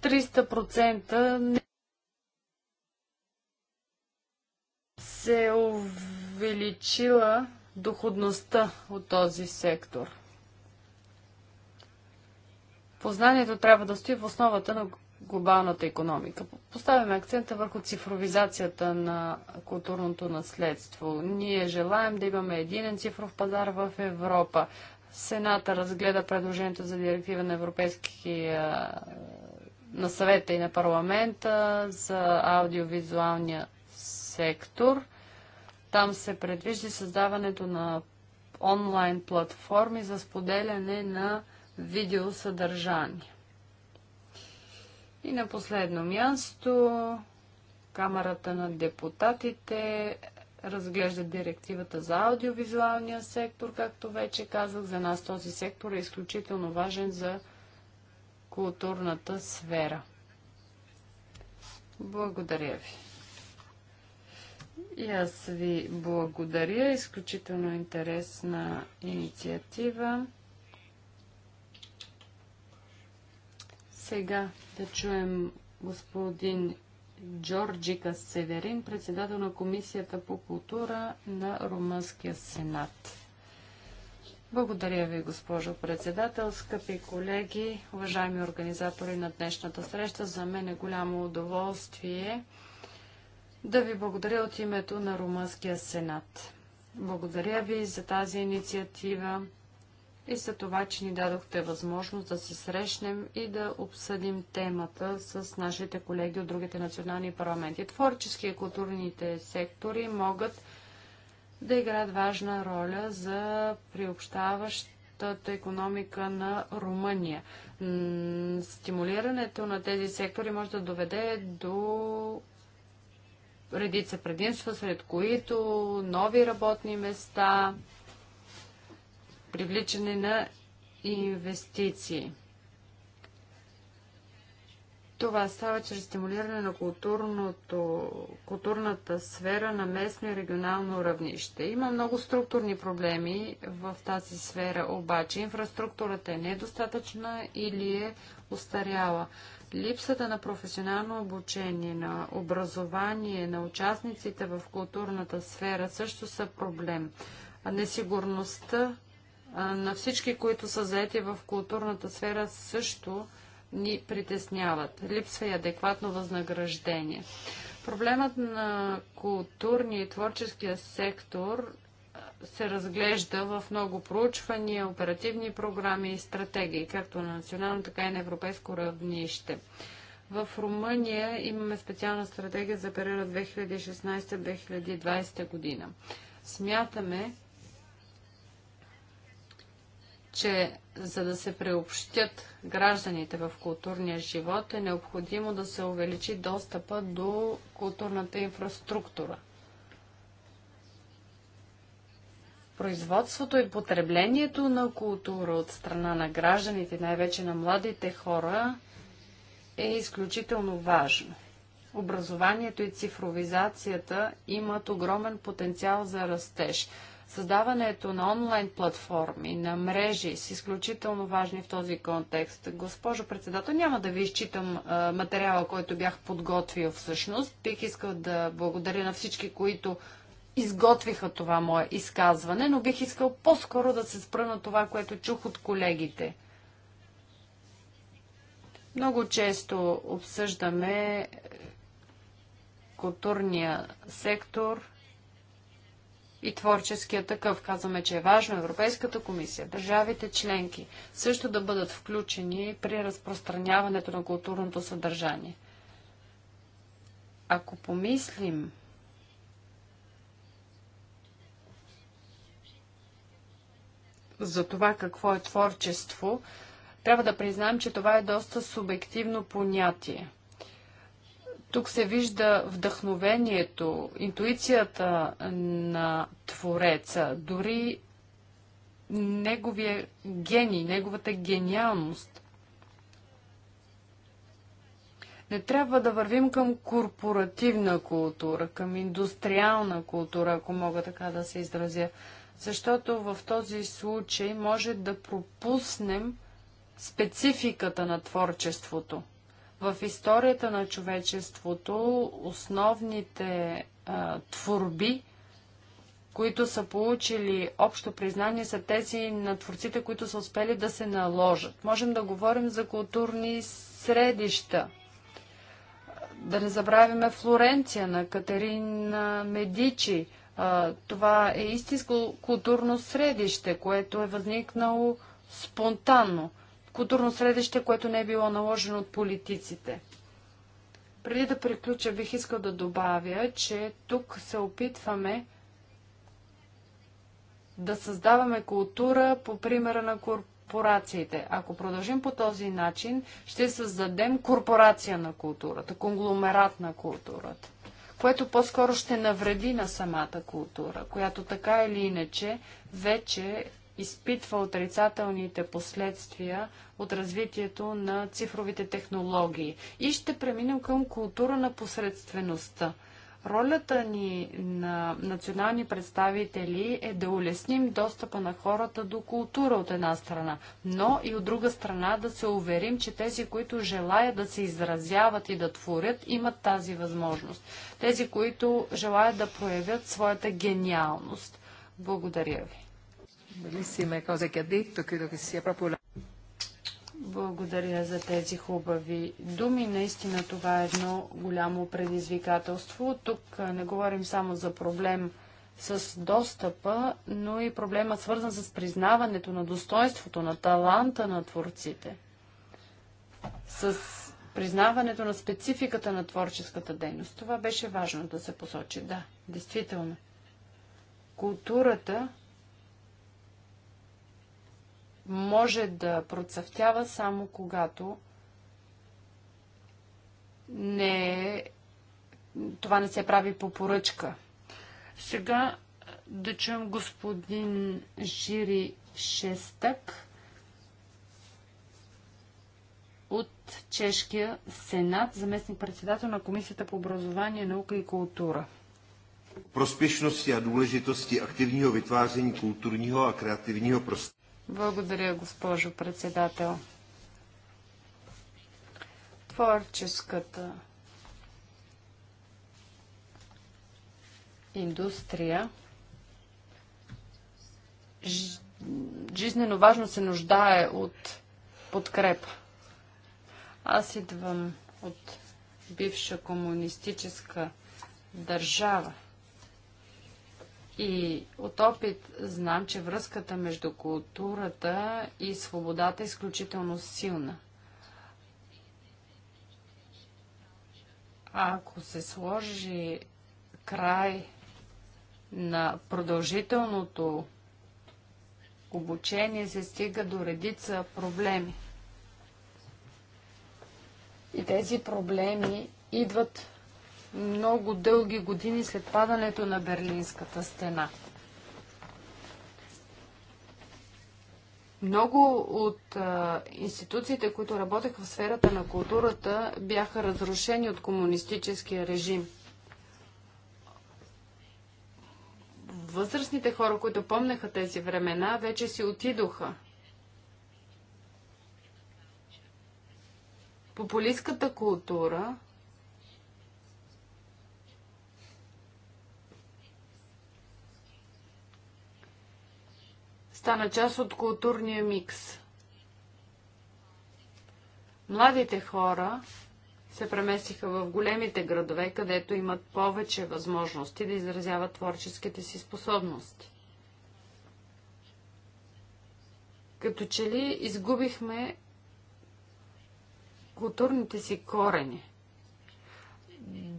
Триста процента се увеличила доходността от този сектор. Познанието трябва да стои в основата на глобалната економика. Поставяме акцента върху цифровизацията на културното наследство. Ние желаем да имаме единен цифров пазар в Европа. Сената разгледа предложението за директива на Европейския на съвета и на парламента за аудиовизуалния сектор – там се предвижда създаването на онлайн платформи за споделяне на видеосъдържание. И на последно място, Камерата на депутатите разглежда директивата за аудиовизуалния сектор, както вече казах. За нас този сектор е изключително важен за културната сфера. Благодаря ви. И аз ви благодаря. Изключително интересна инициатива. Сега да чуем господин Джорджика Северин, председател на Комисията по култура на Румънския сенат. Благодаря ви, госпожо председател, скъпи колеги, уважаеми организатори на днешната среща. За мен е голямо удоволствие да ви благодаря от името на Румънския сенат. Благодаря ви за тази инициатива и за това, че ни дадохте възможност да се срещнем и да обсъдим темата с нашите колеги от другите национални парламенти. Творчески и културните сектори могат да играят важна роля за приобщаващата економика на Румъния. Стимулирането на тези сектори може да доведе до редица предимства, сред които нови работни места, привличане на инвестиции. Това става чрез стимулиране на културната сфера на местно и регионално равнище. Има много структурни проблеми в тази сфера, обаче инфраструктурата е недостатъчна или е устаряла. Липсата на професионално обучение, на образование на участниците в културната сфера също са проблем. Несигурността на всички, които са заети в културната сфера, също е ни притесняват. Липсва и адекватно възнаграждение. Проблемът на културния и творческия сектор се разглежда в много проучвания, оперативни програми и стратегии, както на национално, така и на европейско равнище. В Румъния имаме специална стратегия за периода 2016-2020 година. Смятаме, че за да се приобщят гражданите в културния живот е необходимо да се увеличи достъпа до културната инфраструктура. Производството и потреблението на култура от страна на гражданите, най-вече на младите хора, е изключително важно. Образованието и цифровизацията имат огромен потенциал за растеж. Създаването на онлайн платформи, на мрежи са изключително важни в този контекст. Госпожо председател, няма да ви изчитам а, материала, който бях подготвил всъщност. Бих искал да благодаря на всички, които изготвиха това мое изказване, но бих искал по-скоро да се спра на това, което чух от колегите. Много често обсъждаме културния сектор – и творческия такъв. Казваме, че е важно Европейската комисия, държавите членки също да бъдат включени при разпространяването на културното съдържание. Ако помислим за това какво е творчество, трябва да признаем, че това е доста субективно понятие – тук се вижда вдъхновението, интуицията на Твореца, дори неговия гений, неговата гениалност. Не трябва да вървим към корпоративна култура, към индустриална култура, ако мога така да се изразя, защото в този случай може да пропуснем спецификата на творчеството – в историята на човечеството основните а, творби, които са получили общо признание, са тези на творците, които са успели да се наложат. Можем да говорим за културни средища. Да не забравяме Флоренция на Катерин Медичи. А, това е истинско културно средище, което е възникнало спонтанно културно средище, което не е било наложено от политиците. Преди да приключа, бих искал да добавя, че тук се опитваме да създаваме култура по примера на корпорациите. Ако продължим по този начин, ще създадем корпорация на културата, конгломерат на културата, което по-скоро ще навреди на самата култура, която така или иначе вече изпитва отрицателните последствия от развитието на цифровите технологии. И ще преминем към култура на посредствеността. Ролята ни на национални представители е да улесним достъпа на хората до култура от една страна, но и от друга страна да се уверим, че тези, които желаят да се изразяват и да творят, имат тази възможност. Тези, които желаят да проявят своята гениалност. Благодаря ви bellissime cose che ha detto, credo che sia Благодаря за тези хубави думи. Наистина това е едно голямо предизвикателство. Тук не говорим само за проблем с достъпа, но и проблема свързан с признаването на достоинството, на таланта на творците. С признаването на спецификата на творческата дейност. Това беше важно да се посочи. Да, действително. Културата може да процъфтява само когато не е- това не се прави по поръчка. Сега да чуем господин Жири Шестък от Чешкия Сенат, заместник-председател на Комисията по образование, наука и култура. и a důležitosti aktivního vytváření културния, и креативния prostředí. Благодаря, госпожо председател. Творческата индустрия жизнено важно се нуждае от подкрепа. Аз идвам от бивша комунистическа държава. И от опит знам, че връзката между културата и свободата е изключително силна. Ако се сложи край на продължителното обучение, се стига до редица проблеми. И тези проблеми идват много дълги години след падането на Берлинската стена. Много от а, институциите, които работеха в сферата на културата, бяха разрушени от комунистическия режим. Възрастните хора, които помнеха тези времена, вече си отидоха. Популистската култура стана част от културния микс. Младите хора се преместиха в големите градове, където имат повече възможности да изразяват творческите си способности. Като че ли изгубихме културните си корени.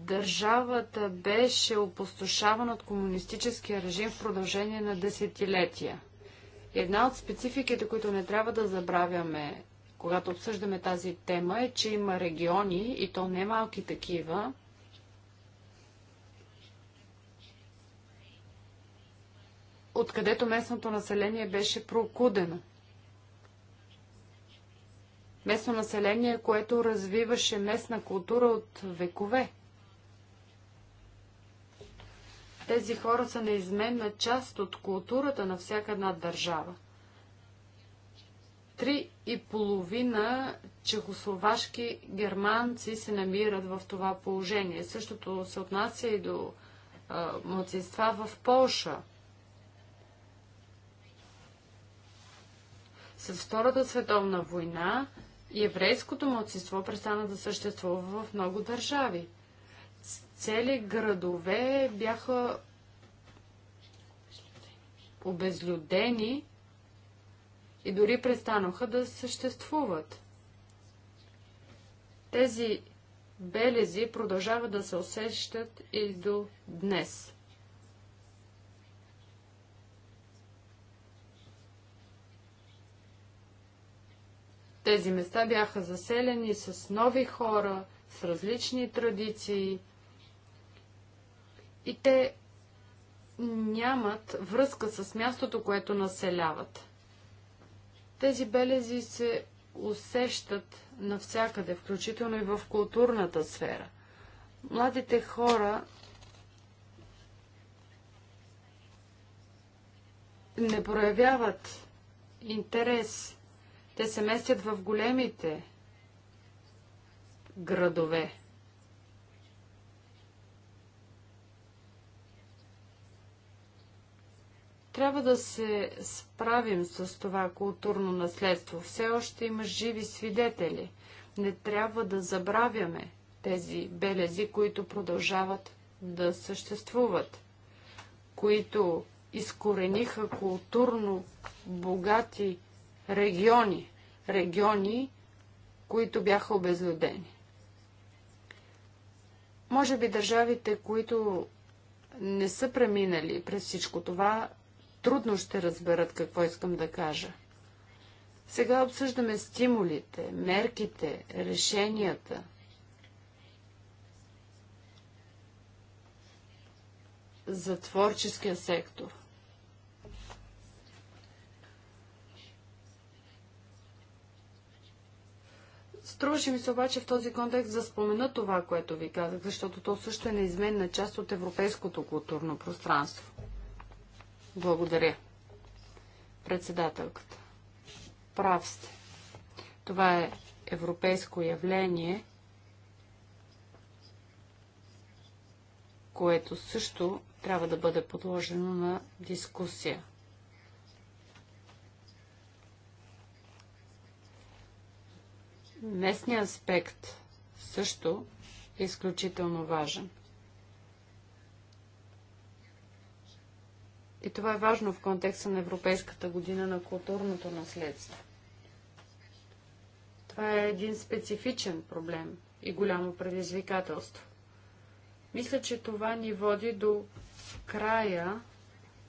Държавата беше опустошавана от комунистическия режим в продължение на десетилетия – Една от спецификите, които не трябва да забравяме, когато обсъждаме тази тема, е, че има региони, и то не малки такива, откъдето местното население беше прокудено. Местно население, което развиваше местна култура от векове. Тези хора са неизменна част от културата на всяка една държава. Три и половина чехословашки германци се намират в това положение. Същото се отнася и до а, младсинства в Полша. След Втората световна война еврейското младсинство престана да съществува в много държави – Цели градове бяха обезлюдени и дори престанаха да съществуват. Тези белези продължават да се усещат и до днес. Тези места бяха заселени с нови хора, с различни традиции – и те нямат връзка с мястото, което населяват. Тези белези се усещат навсякъде, включително и в културната сфера. Младите хора не проявяват интерес. Те се местят в големите градове. Трябва да се справим с това културно наследство. Все още има живи свидетели. Не трябва да забравяме тези белези, които продължават да съществуват, които изкорениха културно богати региони, региони, които бяха обезлюдени. Може би държавите, които не са преминали през всичко това, трудно ще разберат какво искам да кажа. Сега обсъждаме стимулите, мерките, решенията. за творческия сектор. Струваше ми се обаче в този контекст да спомена това, което ви казах, защото то също е неизменна част от европейското културно пространство. Благодаря. Председателката. Прав сте. Това е европейско явление, което също трябва да бъде подложено на дискусия. Местният аспект също е изключително важен – И това е важно в контекста на Европейската година на културното наследство. Това е един специфичен проблем и голямо предизвикателство. Мисля, че това ни води до края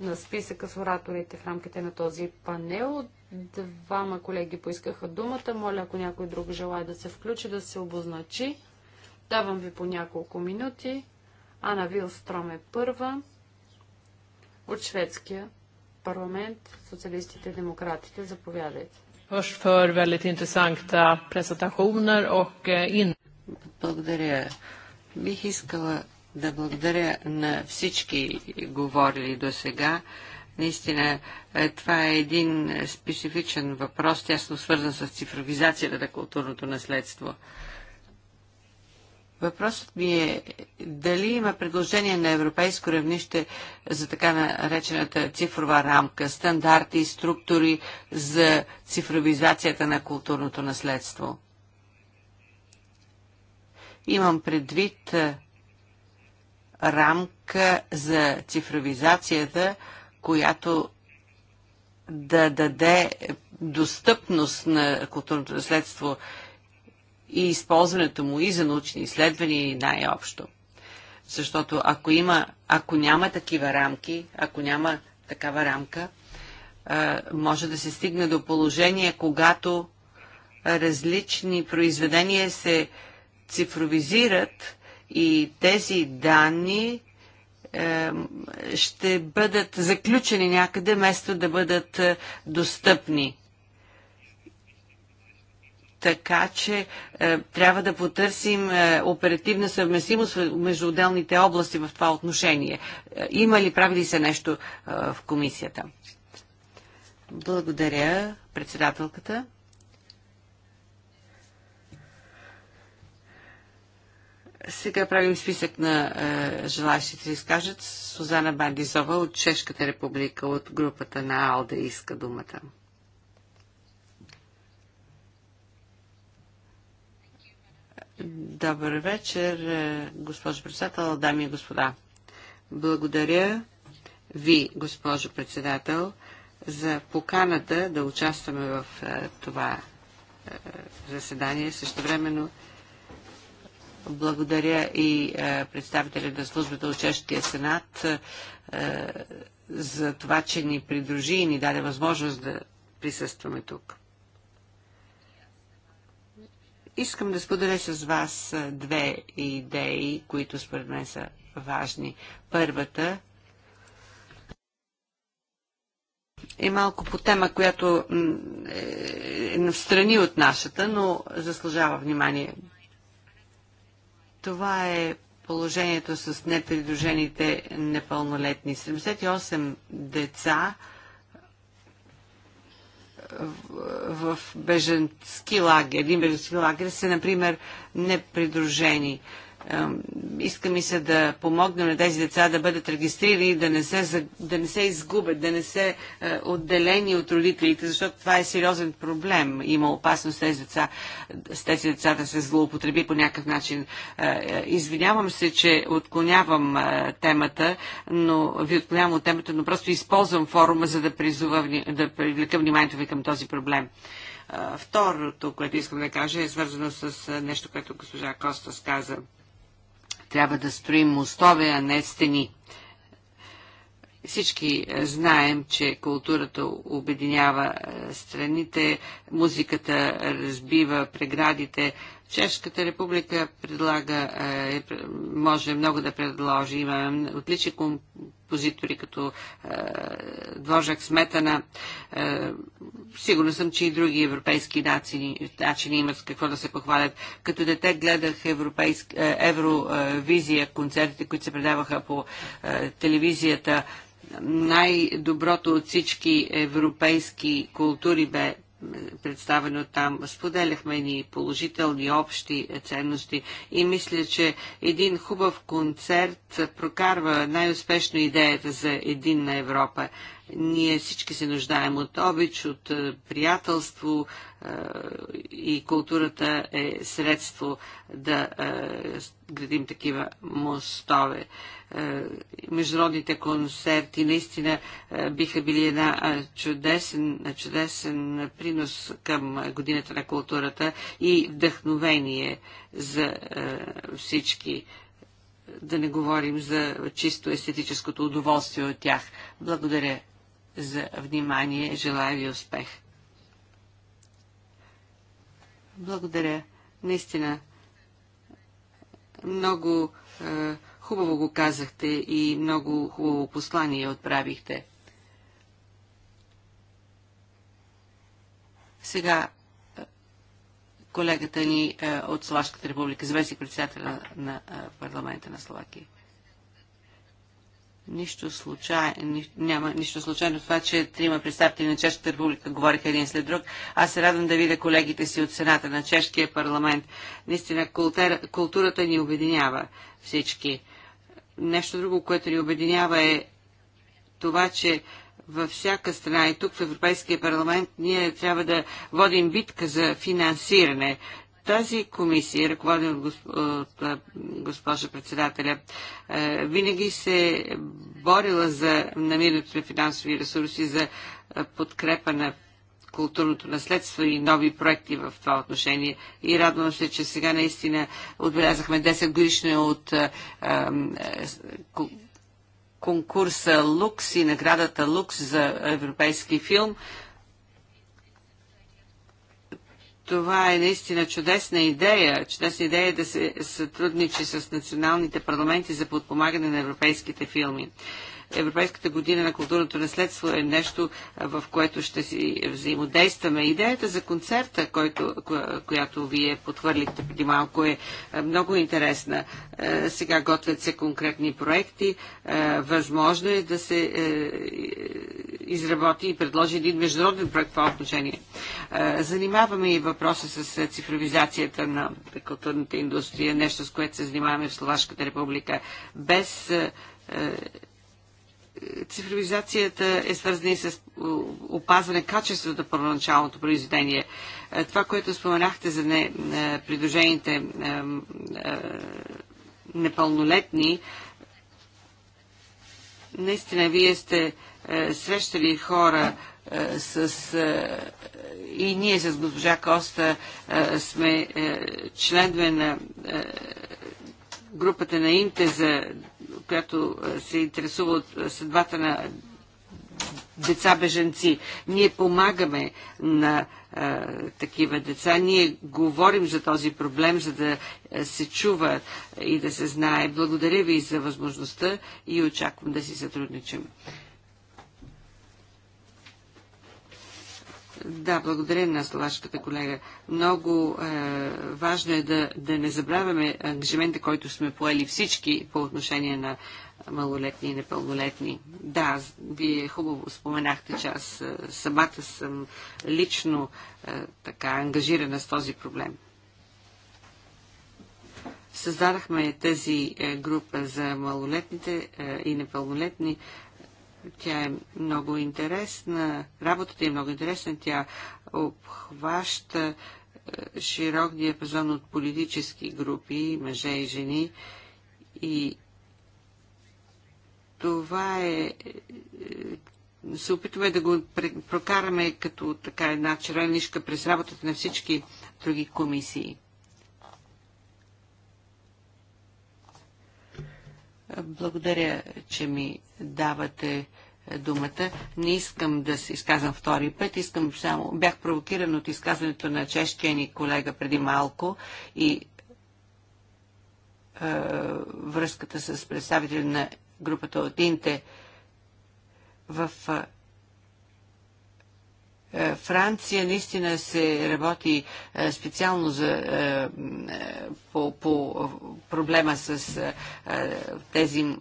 на списъка с ораторите в рамките на този панел. Двама колеги поискаха думата. Моля, ако някой друг желая да се включи, да се обозначи. Давам ви по няколко минути. Ана Вилстром е първа. От шведския парламент, социалистите и демократите, заповядайте. Eh, благодаря. Бих искала да благодаря на всички говорили до сега. Наистина, е, това е един специфичен въпрос, тясно свързан с цифровизацията на културното наследство. Въпросът ми е дали има предложение на европейско равнище за така наречената цифрова рамка, стандарти и структури за цифровизацията на културното наследство. Имам предвид рамка за цифровизацията, която да даде достъпност на културното наследство и използването му и за научни изследвания и най-общо. Защото ако, има, ако няма такива рамки, ако няма такава рамка, може да се стигне до положение, когато различни произведения се цифровизират и тези данни е, ще бъдат заключени някъде, вместо да бъдат е, достъпни така че е, трябва да потърсим е, оперативна съвместимост между отделните области в това отношение. Е, има ли, прави ли се нещо е, в комисията? Благодаря, председателката. Сега правим списък на е, желащите да изкажат. Сузана Бандизова от Чешката република, от групата на АЛДА иска думата. Добър вечер, е, госпожо председател, дами и господа. Благодаря ви, госпожо председател, за поканата да участваме в е, това е, заседание. Също времено благодаря и представителя на службата от Чешкия сенат за това, че ни придружи и ни даде възможност да присъстваме тук. Искам да споделя с вас две идеи, които според мен са важни. Първата е малко по тема, която е, е настрани от нашата, но заслужава внимание. Това е положението с непридружените непълнолетни. 78 деца в беженски лагер, един беженски лагер са, например, непридружени иска ми се да помогнем на тези деца да бъдат регистрирани, да не се, да не се изгубят, да не се е, отделени от родителите, защото това е сериозен проблем. Има опасност тези деца, с тези деца да се злоупотреби по някакъв начин. Е, е, извинявам се, че отклонявам темата, но ви отклонявам от темата, но просто използвам форума, за да, призува, да привлека вниманието ви към този проблем. Второто, което искам да кажа, е свързано с нещо, което госпожа Костас каза. Трябва да строим мостове, а не стени. Всички е, знаем, че културата обединява е, страните, музиката разбива преградите, Чешката република предлага, е, е, може много да предложи. Има отлични композитори, като е, Дворжак Сметана. Е, сигурно съм, че и други европейски начини, начини имат какво да се похвалят. Като дете гледах е, Евровизия, концертите, които се предаваха по е, телевизията. Най-доброто от всички европейски култури бе представено там. Споделяхме ни положителни общи ценности и мисля, че един хубав концерт прокарва най-успешно идеята за един на Европа. Ние всички се нуждаем от обич, от е, приятелство е, и културата е средство да е, градим такива мостове. Международните концерти наистина биха били една чудесен, чудесен принос към годината на културата и вдъхновение за всички да не говорим за чисто естетическото удоволствие от тях. Благодаря за внимание. Желая ви успех! Благодаря. Наистина, много е, хубаво го казахте и много хубаво послание отправихте. Сега е, колегата ни е, от Словашката република, заместник председател на, на е, парламента на Словакия. Нищо случайно, няма нищо случайно това, че трима представители на Чешката република говориха един след друг. Аз се радвам да видя колегите си от Сената на Чешкия парламент. Наистина, култура, културата ни обединява всички. Нещо друго, което ни обединява е това, че във всяка страна и тук в Европейския парламент ние трябва да водим битка за финансиране тази комисия, ръководена от, госпожа председателя, е, винаги се борила за намирането на финансови ресурси, за подкрепа на културното наследство и нови проекти в това отношение. И радвам се, че сега наистина отбелязахме 10 годишни е от конкурса Лукс и наградата Лукс за европейски филм това е наистина чудесна идея. Чудесна идея е да се сътрудничи с националните парламенти за подпомагане на европейските филми. Европейската година на културното наследство е нещо, в което ще си взаимодействаме. Идеята за концерта, който, която вие подхвърлихте преди малко, е много интересна. Сега готвят се конкретни проекти. Възможно е да се е, изработи и предложи един международен проект в това отношение. Занимаваме и въпроса с е, цифровизацията на културната индустрия, нещо с което се занимаваме в Словашката република. Без е, цифровизацията е свързана и с е, опазване качеството на първоначалното произведение. Е, това, което споменахте за не, е, придружените непълнолетни, наистина вие сте срещали хора с... И ние с госпожа Коста сме членове на групата на Инте за която е, се интересува от е, съдбата на деца беженци. Ние помагаме на а, е, такива деца. Ние говорим за този проблем, за да се чува и да се знае. Благодаря ви за възможността и очаквам да си сътрудничим. Да, благодаря на словашката колега. Много е, важно е да, да не забравяме ангажимента, който сме поели всички по отношение на малолетни и непълнолетни. Да, вие хубаво споменахте, че аз е, самата съм лично е, така ангажирана с този проблем. Създадахме тази е, група за малолетните е, и непълнолетни тя е много интересна, работата е много интересна, тя обхваща е, широк диапазон от политически групи, мъже и жени. И това е, е се опитваме да го прокараме като така една червена през работата на всички други комисии. Благодаря, че ми давате думата. Не искам да се изказвам втори път, искам само... Бях провокиран от изказването на чешкия ни колега преди малко и е, връзката с представители на групата от Инте в е, е, Франция наистина се работи е, специално за, е, по, по проблема с тези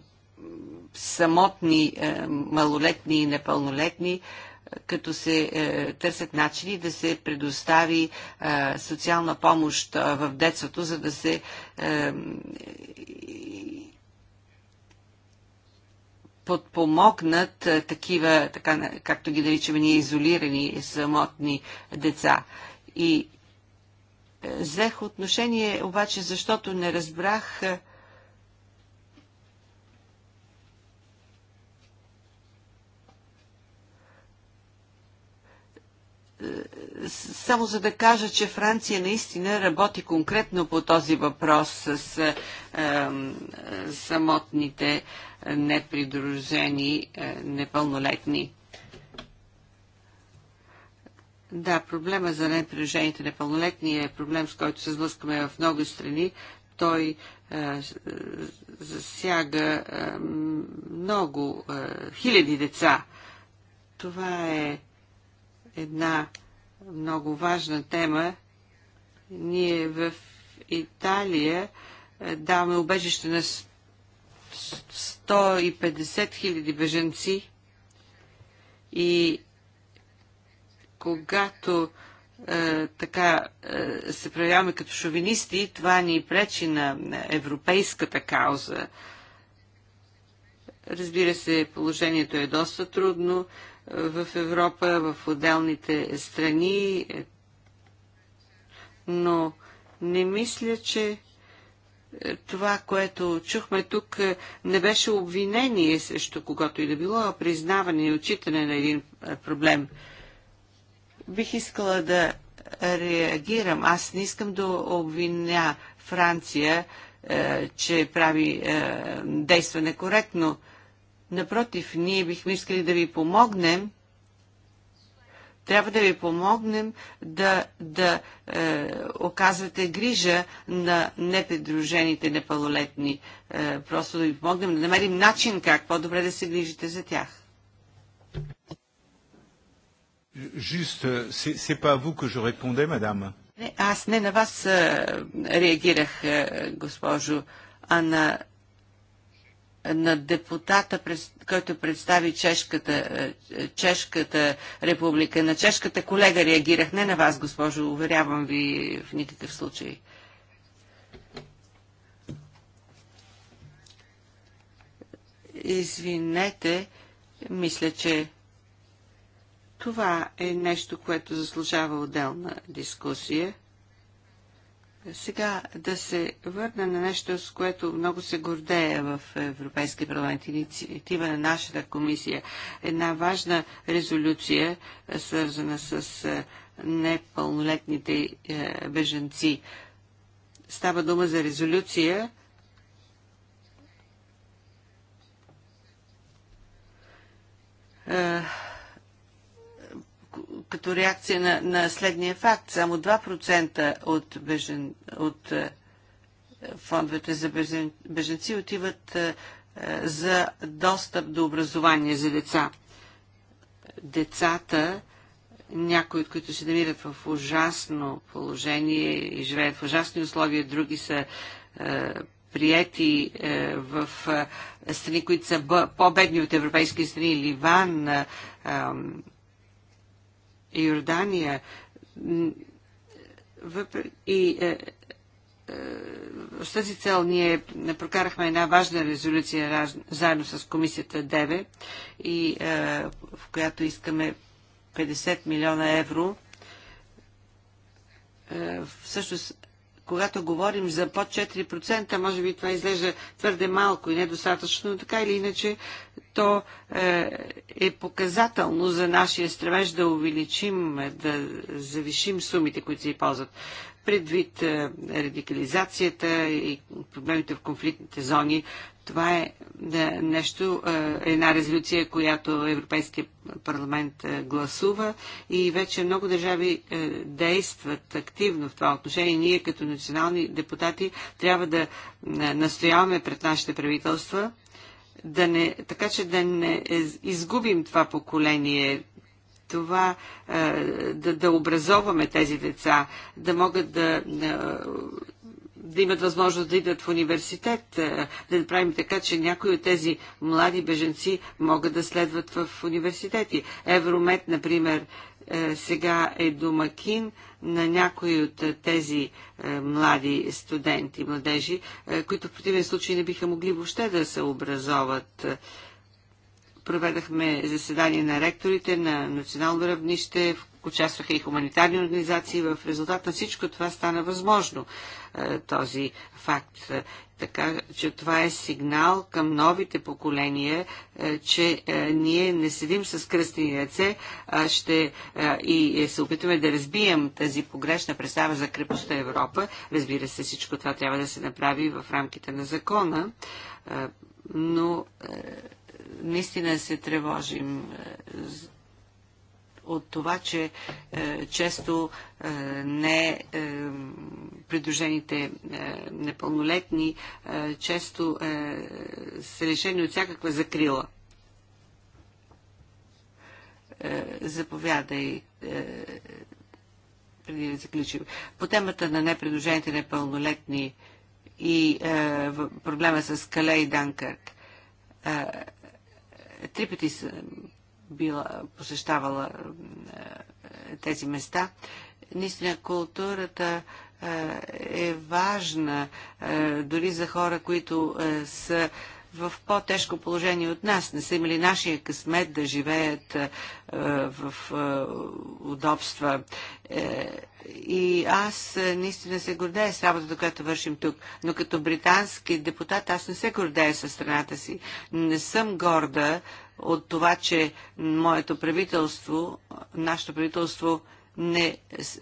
самотни малолетни и непълнолетни като се търсят начини да се предостави социална помощ в детството, за да се подпомогнат такива, така, както ги наричаме ние, изолирани, самотни деца. И е, взех отношение, обаче, защото не разбрах е, само за да кажа, че Франция наистина работи конкретно по този въпрос с е, е, самотните непридружени е, непълнолетни. Да, проблема за непридружените непълнолетни е проблем, с който се сблъскаме в много страни. Той е, засяга е, много е, хиляди деца. Това е една много важна тема. Ние в Италия е, даваме убежище на 150 хиляди беженци и когато е, така е, се проявяваме като шовинисти, това ни пречи на, на европейската кауза. Разбира се, положението е доста трудно в Европа, в отделните страни, но не мисля, че е, това, което чухме тук, е, не беше обвинение срещу когато и да било, а признаване и отчитане на един е, проблем. Бих искала да реагирам. Аз не искам да обвиня Франция, че прави действа некоректно. коректно Напротив, ние бихме искали да ви помогнем трябва да ви помогнем да, да е, оказвате грижа на непридружените непълнолетни. Е, просто да ви помогнем да намерим начин как по-добре да се грижите за тях. Juste, c'est pas à vous que je répondais, madame. аз не на вас е, реагирах, е, госпожо, а на на депутата, който представи Чешката, е, Чешката република. На Чешката колега реагирах, не на вас, госпожо, уверявам ви в никакъв случай. Извинете, мисля, че това е нещо, което заслужава отделна дискусия. Сега да се върна на нещо, с което много се гордея в Европейския парламент. Инициатива на нашата комисия. Една важна резолюция, е свързана с е, непълнолетните е, беженци. Става дума за резолюция, като реакция на, на следния факт. Само 2% от, бежен, от е, фондовете за бежен, беженци отиват е, е, за достъп до образование за деца. Децата, някои от които се намират в ужасно положение и живеят в ужасни условия, други са е, прияти в страни, които са по-бедни от европейски страни, Ливан, Йордания и е, е, с тази цел ние прокарахме една важна резолюция заедно с комисията ДЕВЕ, и, е, в която искаме 50 милиона евро всъщност когато говорим за под 4%, може би това изглежда твърде малко и недостатъчно, но така или иначе то е, е показателно за нашия стремеж да увеличим, е, да завишим сумите, които се ползват предвид е, радикализацията и проблемите в конфликтните зони. Това е, е нещо, е, една резолюция, която Европейския парламент гласува и вече много държави действат активно в това отношение. Ние като национални депутати трябва да настояваме пред нашите правителства да не, така че да не изгубим това поколение, това е, да, да образоваме тези деца, да могат да е, да имат възможност да идат в университет, е, да направим така, че някои от тези млади беженци могат да следват в университети. Евромет, например, сега е домакин на някои от тези млади студенти, младежи, които в противен случай не биха могли въобще да се образоват проведахме заседание на ректорите на национално равнище, участваха и хуманитарни организации. В резултат на всичко това стана възможно е, този факт. Е, така че това е сигнал към новите поколения, е, че ние не седим с кръстени ръце а ще, и се опитваме да разбием тази погрешна представа за крепостта Европа. Разбира се, всичко това трябва да се направи в рамките на закона, но наистина се тревожим е, от това, че е, често е, не придружените непълнолетни често са решени от всякаква закрила. заповядай. преди да заключим. По темата на непредложените непълнолетни и е, проблема с Кале и Данкърк. Е, Три пъти съм била, посещавала е, тези места. Наистина културата е, е важна е, дори за хора, които са в по-тежко положение от нас, не са имали нашия късмет да живеят е, в е, удобства. Е, и аз наистина се гордея с работата, която вършим тук. Но като британски депутат аз не се гордея със страната си. Не съм горда от това, че моето правителство, нашето правителство не,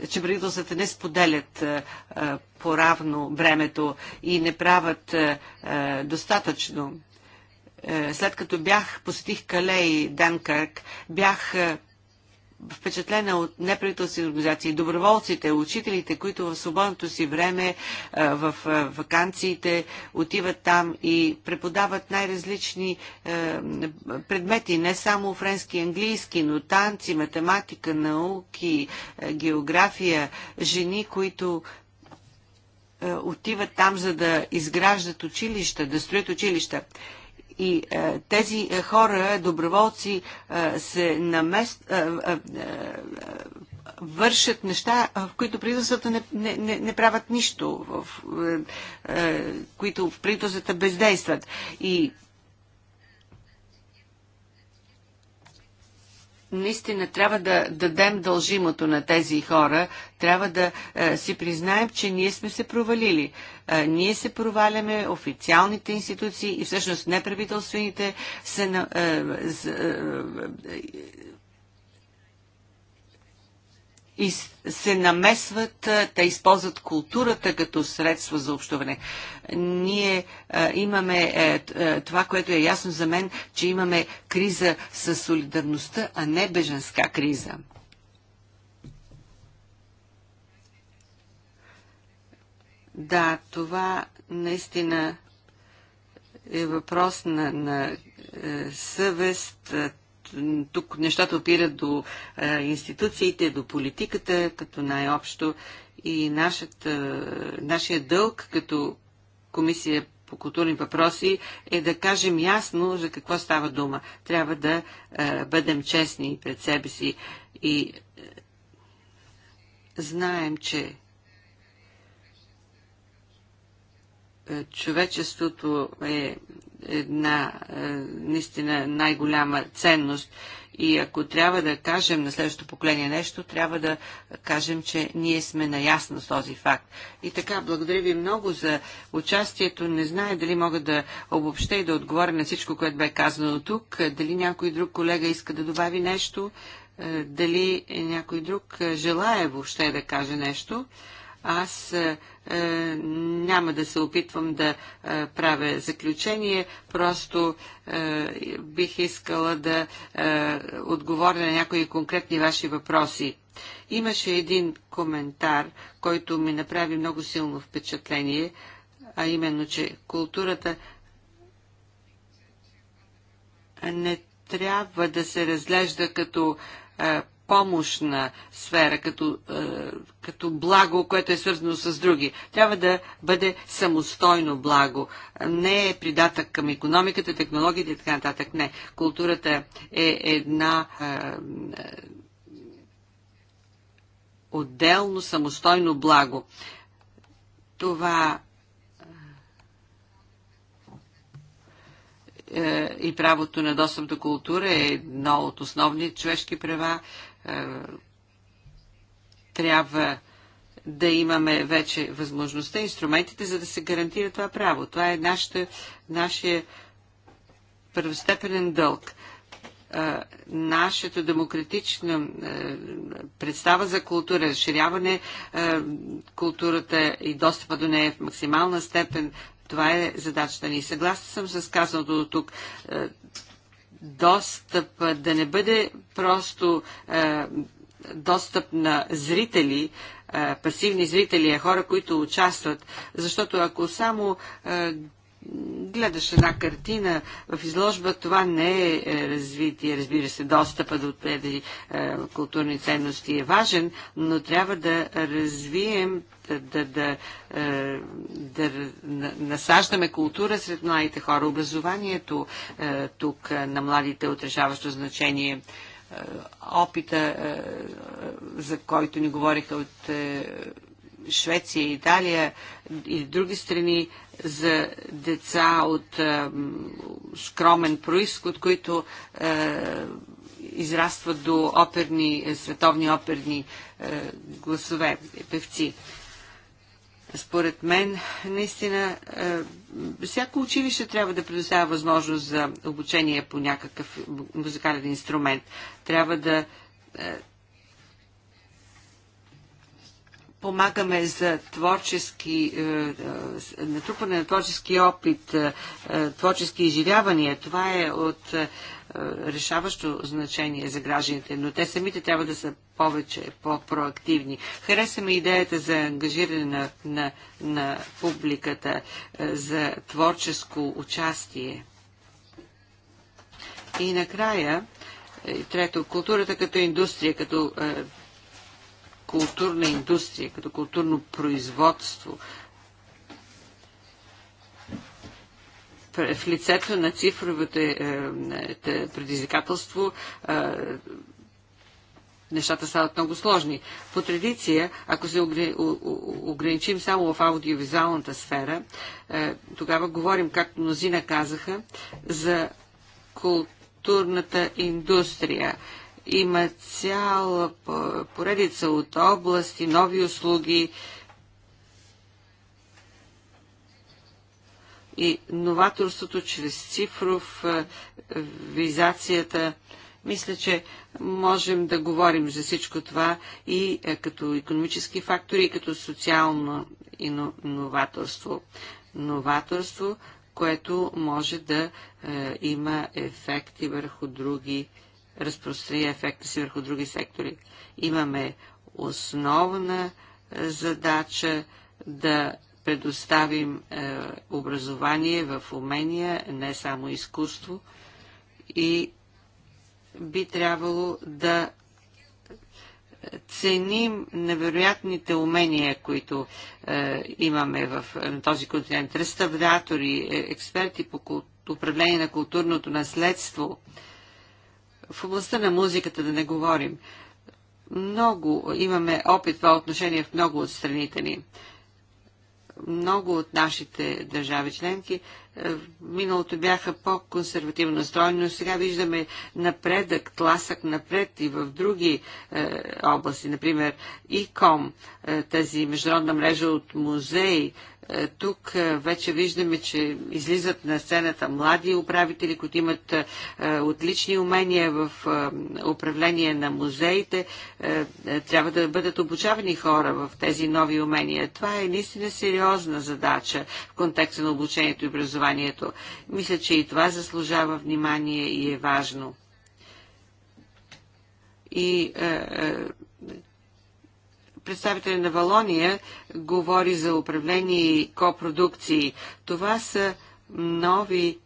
че правителствата не споделят по-равно бремето и не правят достатъчно. Е, след като бях, посетих Калей и Данкърк, бях впечатлена от неправителствени организации, доброволците, учителите, които в свободното си време, е, в е, вакансиите, отиват там и преподават най-различни е, предмети, не само френски и английски, но танци, математика, науки, география, жени, които отиват там, за да изграждат училища, да строят училища и е, тези е, хора, доброволци, е, се намест, вършат неща, в които правителствата не, не, не, не правят нищо, в, в, в които правителствата бездействат. И наистина трябва да дадем дължимото на тези хора, трябва да е, си признаем, че ние сме се провалили ние се проваляме, официалните институции и всъщност неправителствените се на, и се намесват, те използват културата като средство за общуване. Ние а, имаме е, е, това, което е ясно за мен, че имаме криза със солидарността, а не беженска криза. Да, това наистина е въпрос на, на е, съвест. Е, тук нещата опират до е, институциите, до политиката, като най-общо. И нашата, нашия дълг като комисия по културни въпроси е да кажем ясно за какво става дума. Трябва да е, бъдем честни пред себе си и е, знаем, че Е, човечеството е една е, наистина най-голяма ценност. И ако трябва да кажем на следващото поколение нещо, трябва да кажем, че ние сме наясно с този факт. И така, благодаря ви много за участието. Не зная дали мога да обобща и да отговоря на всичко, което бе казано тук. Дали някой друг колега иска да добави нещо? Е, дали някой друг желая въобще да каже нещо? Аз е, е, няма да се опитвам да е, правя заключение, просто е, бих искала да е, отговоря на някои конкретни ваши въпроси. Имаше един коментар, който ми направи много силно впечатление, а именно, че културата не трябва да се разглежда като е, помощна сфера, като, е, като благо, което е свързано с други. Трябва да бъде самостойно благо. Не е придатък към економиката, технологията и така нататък. Не. Културата е една е, е, отделно, самостойно благо. Това и правото на достъп до култура е едно от основни човешки права. Е, трябва да имаме вече възможността, инструментите, за да се гарантира това право. Това е нашата, нашия първостепенен дълг. Е, Нашето демократично е, представа за култура, разширяване културата и достъпа до нея в максимална степен, това е задачата ни. Съгласна съм с казаното до тук достъп да не бъде просто е, достъп на зрители, е, пасивни зрители, а хора, които участват. Защото ако само е, гледаш една картина в изложба, това не е, е развитие. Разбира се, достъпа до тези е, културни ценности е важен, но трябва да развием, да, да, да, е, да насаждаме култура сред младите хора. Образованието тук на младите е отрешаващо значение опита, за който ни говориха от Швеция, Италия и други страни за деца от е, скромен происход, които е, израстват до оперни, е, световни оперни е, гласове, певци. Според мен, наистина, е, всяко училище трябва да предоставя възможност за обучение по някакъв музикален инструмент. Трябва да е, помагаме за творчески, е, е, натрупване на творчески опит, е, творчески изживявания. Това е от решаващо значение за гражданите, но те самите трябва да са повече по-проактивни. Хареса ми идеята за ангажиране на, на, на публиката, за творческо участие. И накрая, трето, културата като индустрия, като културна индустрия, като културно производство. В лицето на цифровото е, е, предизвикателство е, нещата стават много сложни. По традиция, ако се ограничим само в аудиовизуалната сфера, тогава говорим, както мнозина казаха, за културната индустрия има цяла поредица от области, нови услуги и новаторството чрез цифров е, визацията. Мисля, че можем да говорим за всичко това и е, като економически фактори, и като социално иноваторство. Новаторство, което може да е, има ефекти върху други разпространи ефекта си върху други сектори. Имаме основна е, задача да предоставим е, образование в умения, не само изкуство и би трябвало да е, ценим невероятните умения, които е, имаме в, е, на този континент. Реставратори, експерти по култ, управление на културното наследство, е, в областта на музиката да не говорим. Много имаме опит това отношение в много от страните ни. Много от нашите държави членки в е, миналото бяха по-консервативно настроени, но сега виждаме напредък, тласък напред и в други е, области. Например, ИКОМ, е, тази международна мрежа от музеи, е, тук е, вече виждаме, че излизат на сцената млади управители, които имат е, отлични умения в управление на музеите. Трябва да бъдат обучавани хора в тези нови умения. Това е наистина сериозна задача в контекста на обучението и образованието. Мисля, че и това заслужава внимание и е важно. И е, е, представители на Валония говори за управление и копродукции. Това са нови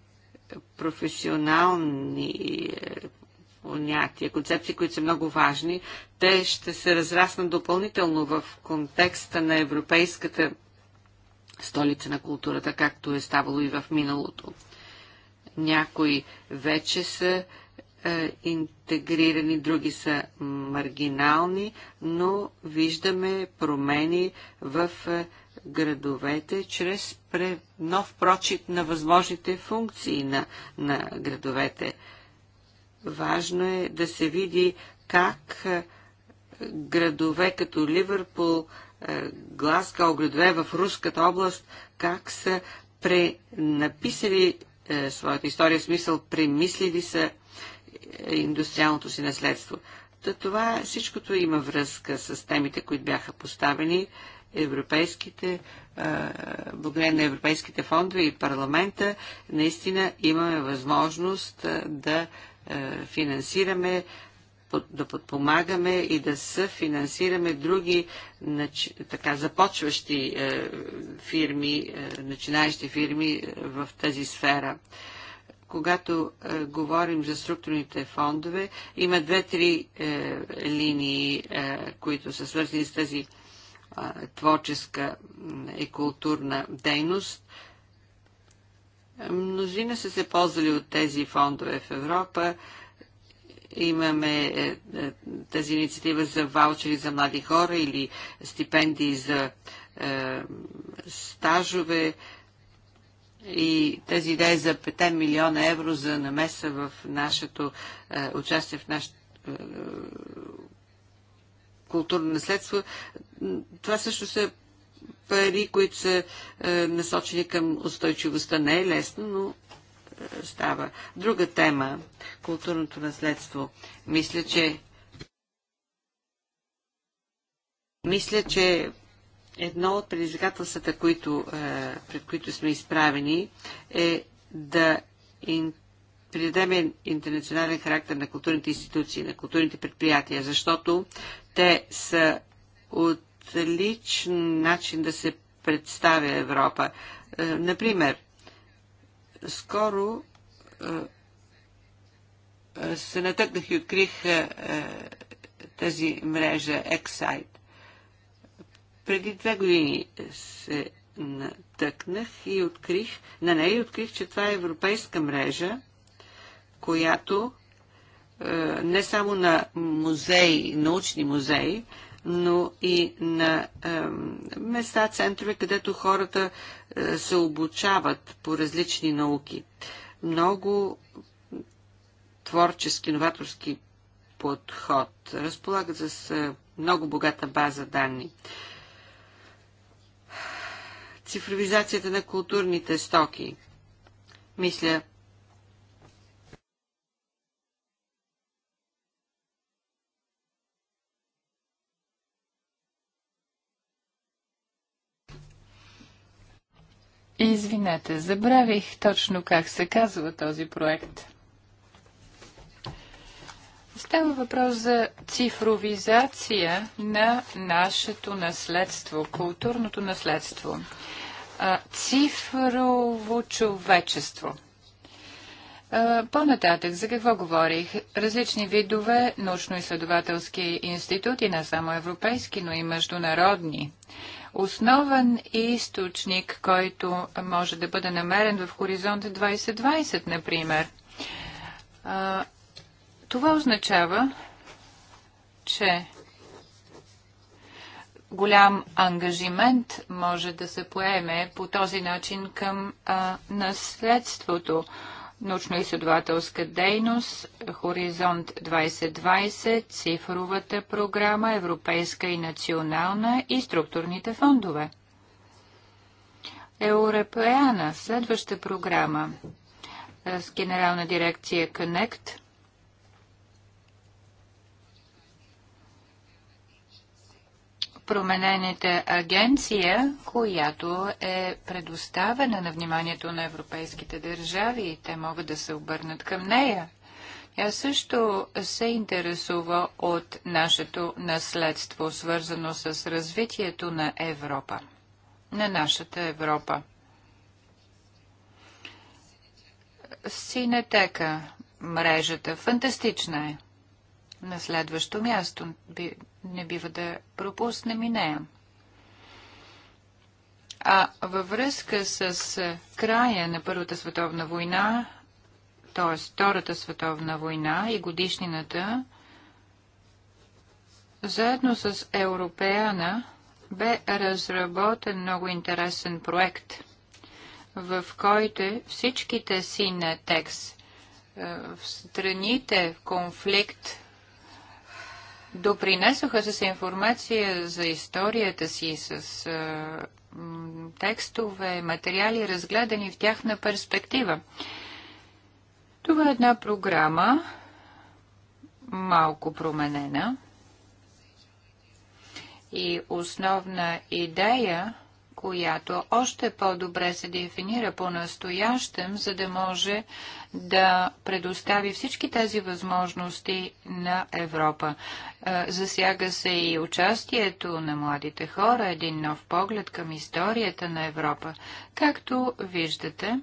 професионални е, понятия, концепции, които са много важни. Те ще се разраснат допълнително в контекста на европейската столица на културата, както е ставало и в миналото. Някои вече са е, интегрирани, други са маргинални, но виждаме промени в е, градовете чрез нов прочит на възможните функции на, на градовете. Важно е да се види как е, градове като Ливърпул, Глазгал, градове в Руската област, как са пренаписали своята история, в смисъл премислили са индустриалното си наследство. Та това всичкото има връзка с темите, които бяха поставени. Европейските, благодарение на европейските фондове и парламента, наистина имаме възможност да финансираме да подпомагаме и да съфинансираме други така започващи фирми, начинаещи фирми в тази сфера когато е, говорим за структурните фондове, има две-три е, линии, е, които са свързани с тази е, творческа и културна дейност. Мнозина са се ползвали от тези фондове в Европа. Имаме е, е, тази инициатива за ваучери за млади хора или стипендии за е, стажове. Е, и тази идея за 5 милиона евро за намеса в нашето е, участие в нашето е, културно наследство, това също са пари, които са е, насочени към устойчивостта. Не е лесно, но е, става. Друга тема културното наследство. Мисля, че мисля, че Едно от предизвикателствата, които, е, пред които сме изправени, е да придадем интернационален характер на културните институции, на културните предприятия, защото те са отличен начин да се представя Европа. Е, например, скоро е, се натъкнах и открих тази мрежа Excite преди две години се натъкнах и открих, на нея и открих, че това е европейска мрежа, която е, не само на музеи, научни музеи, но и на е, места, центрове, където хората е, се обучават по различни науки. Много творчески, новаторски подход. Разполагат с е, много богата база данни. Е, цифровизацията на културните стоки. Мисля, Извинете, забравих точно как се казва този проект. Става въпрос за цифровизация на нашето наследство, културното наследство цифрово човечество. По-нататък, за какво говорих? Различни видове научно-изследователски институти, не само европейски, но и международни. Основен източник, който може да бъде намерен в хоризонт 2020, например. Това означава, че голям ангажимент може да се поеме по този начин към а, наследството. Научно-изследователска дейност, Хоризонт 2020, цифровата програма, европейска и национална и структурните фондове. Европеана, следваща програма с генерална дирекция Connect – променените агенция, която е предоставена на вниманието на европейските държави и те могат да се обърнат към нея. Тя също се интересува от нашето наследство, свързано с развитието на Европа, на нашата Европа. Синетека, мрежата, фантастична е на следващо място. Не бива да пропуснем и нея. А във връзка с края на Първата световна война, т.е. Втората световна война и годишнината, заедно с Европеана бе разработен много интересен проект, в който всичките си на текст в страните в конфликт допринесоха с информация за историята си, с текстове, материали, разгледани в тяхна перспектива. Това е една програма, малко променена. И основна идея която още по-добре се дефинира по-настоящем, за да може да предостави всички тези възможности на Европа. Е, засяга се и участието на младите хора, един нов поглед към историята на Европа. Както виждате,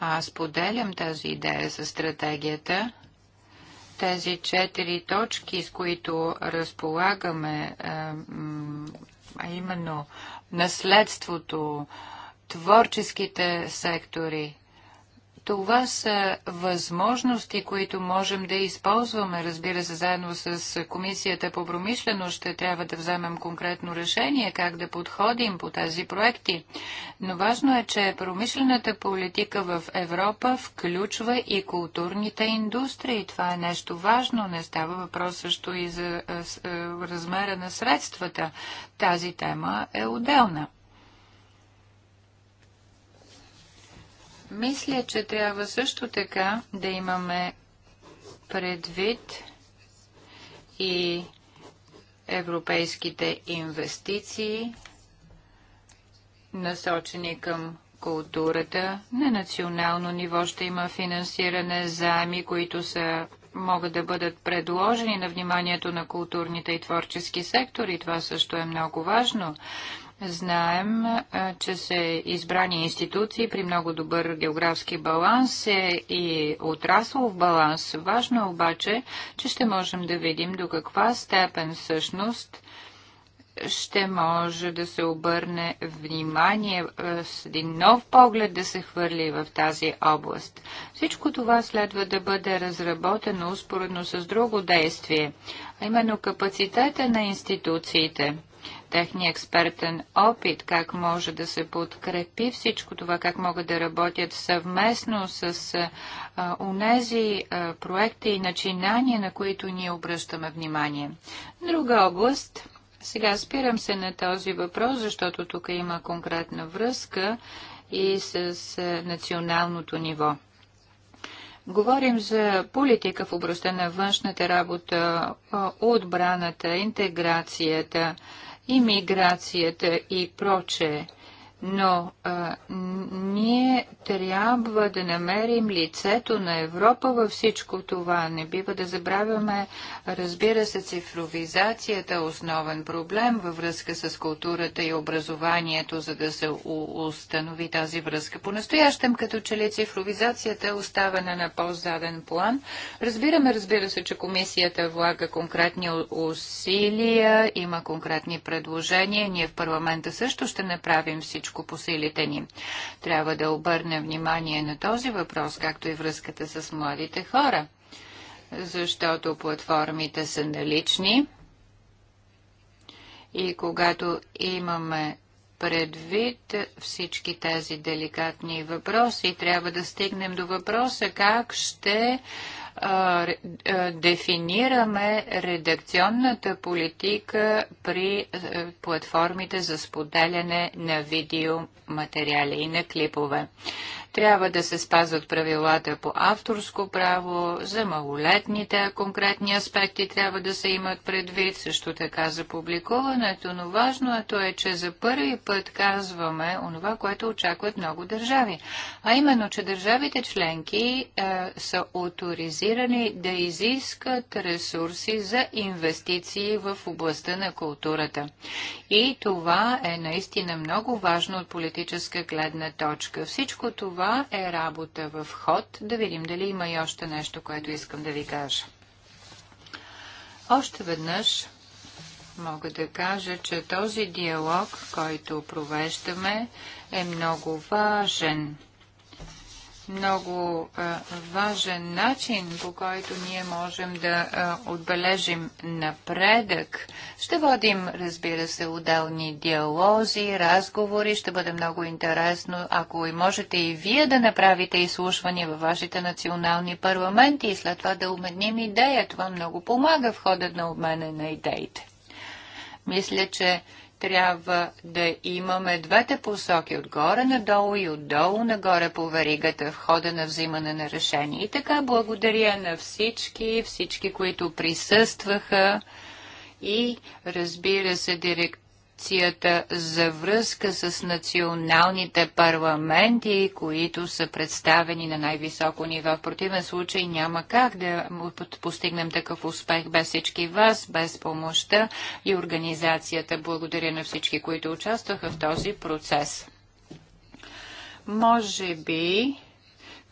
аз поделям тази идея за стратегията тези четири точки, с които разполагаме, е, а именно наследството, творческите сектори, това са възможности, които можем да използваме. Разбира се, заедно с Комисията по промишлено ще трябва да вземем конкретно решение как да подходим по тези проекти. Но важно е, че промишлената политика в Европа включва и културните индустрии. Това е нещо важно. Не става въпрос също и за размера на средствата. Тази тема е отделна. Мисля, че трябва също така да имаме предвид и европейските инвестиции, насочени към културата. На национално ниво ще има финансиране заеми, които са могат да бъдат предложени на вниманието на културните и творчески сектори. Това също е много важно. Знаем, че са избрани институции при много добър географски баланс е и отраслов баланс. Важно е обаче, че ще можем да видим до каква степен всъщност ще може да се обърне внимание с един нов поглед да се хвърли в тази област. Всичко това следва да бъде разработено успоредно с друго действие, а именно капацитета на институциите – техния експертен опит, как може да се подкрепи всичко това, как могат да работят съвместно с а, унези а, проекти и начинания, на които ние обръщаме внимание. Друга област. Сега спирам се на този въпрос, защото тук има конкретна връзка и с националното ниво. Говорим за политика в областта на външната работа, отбраната, интеграцията имиграцията и прочее но а, ние трябва да намерим лицето на Европа във всичко това. Не бива да забравяме, разбира се, цифровизацията е основен проблем във връзка с културата и образованието, за да се установи тази връзка. По-настоящем, като че ли цифровизацията е оставена на по-заден план, разбираме, разбира се, че комисията влага конкретни усилия, има конкретни предложения. Ние в парламента също ще направим всичко всичко по силите ни. Трябва да обърнем внимание на този въпрос, както и връзката с младите хора, защото платформите са налични и когато имаме предвид всички тези деликатни въпроси, трябва да стигнем до въпроса как ще дефинираме редакционната политика при платформите за споделяне на видеоматериали и на клипове. Трябва да се спазват правилата по авторско право, за малолетните конкретни аспекти трябва да се имат предвид, също така за публикуването, но важното е, е, че за първи път казваме онова, което очакват много държави, а именно, че държавите членки е, са авторизирани да изискат ресурси за инвестиции в областта на културата. И това е наистина много важно от политическа гледна точка. Всичко това това е работа в ход. Да видим дали има и още нещо, което искам да ви кажа. Още веднъж мога да кажа, че този диалог, който провеждаме, е много важен много важен начин, по който ние можем да отбележим напредък. Ще водим, разбира се, отделни диалози, разговори. Ще бъде много интересно, ако и можете и вие да направите изслушвания във вашите национални парламенти и след това да обменим идея. Това много помага в хода на обмена на идеите. Мисля, че трябва да имаме двете посоки, отгоре надолу и отдолу нагоре по веригата в хода на взимане на решение. И така благодаря на всички, всички, които присъстваха и разбира се, директ концепцията за връзка с националните парламенти, които са представени на най-високо ниво. В противен случай няма как да постигнем такъв успех без всички вас, без помощта и организацията. Благодаря на всички, които участваха в този процес. Може би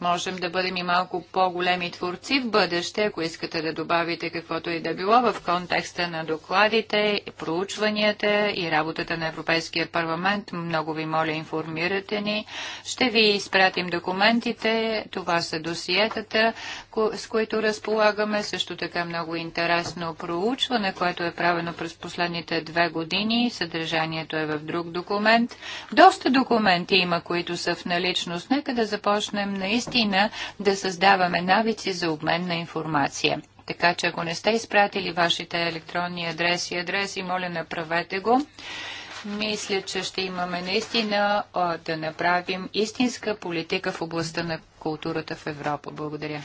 можем да бъдем и малко по-големи творци в бъдеще, ако искате да добавите каквото и да било в контекста на докладите, проучванията и работата на Европейския парламент. Много ви моля, информирате ни. Ще ви изпратим документите. Това са досиетата, с които разполагаме. Също така много интересно проучване, което е правено през последните две години. Съдържанието е в друг документ. Доста документи има, които са в наличност. Нека да започнем наистина наистина да създаваме навици за обмен на информация. Така че ако не сте изпратили вашите електронни адреси и адреси, моля направете го. Мисля, че ще имаме наистина да направим истинска политика в областта на културата в Европа. Благодаря.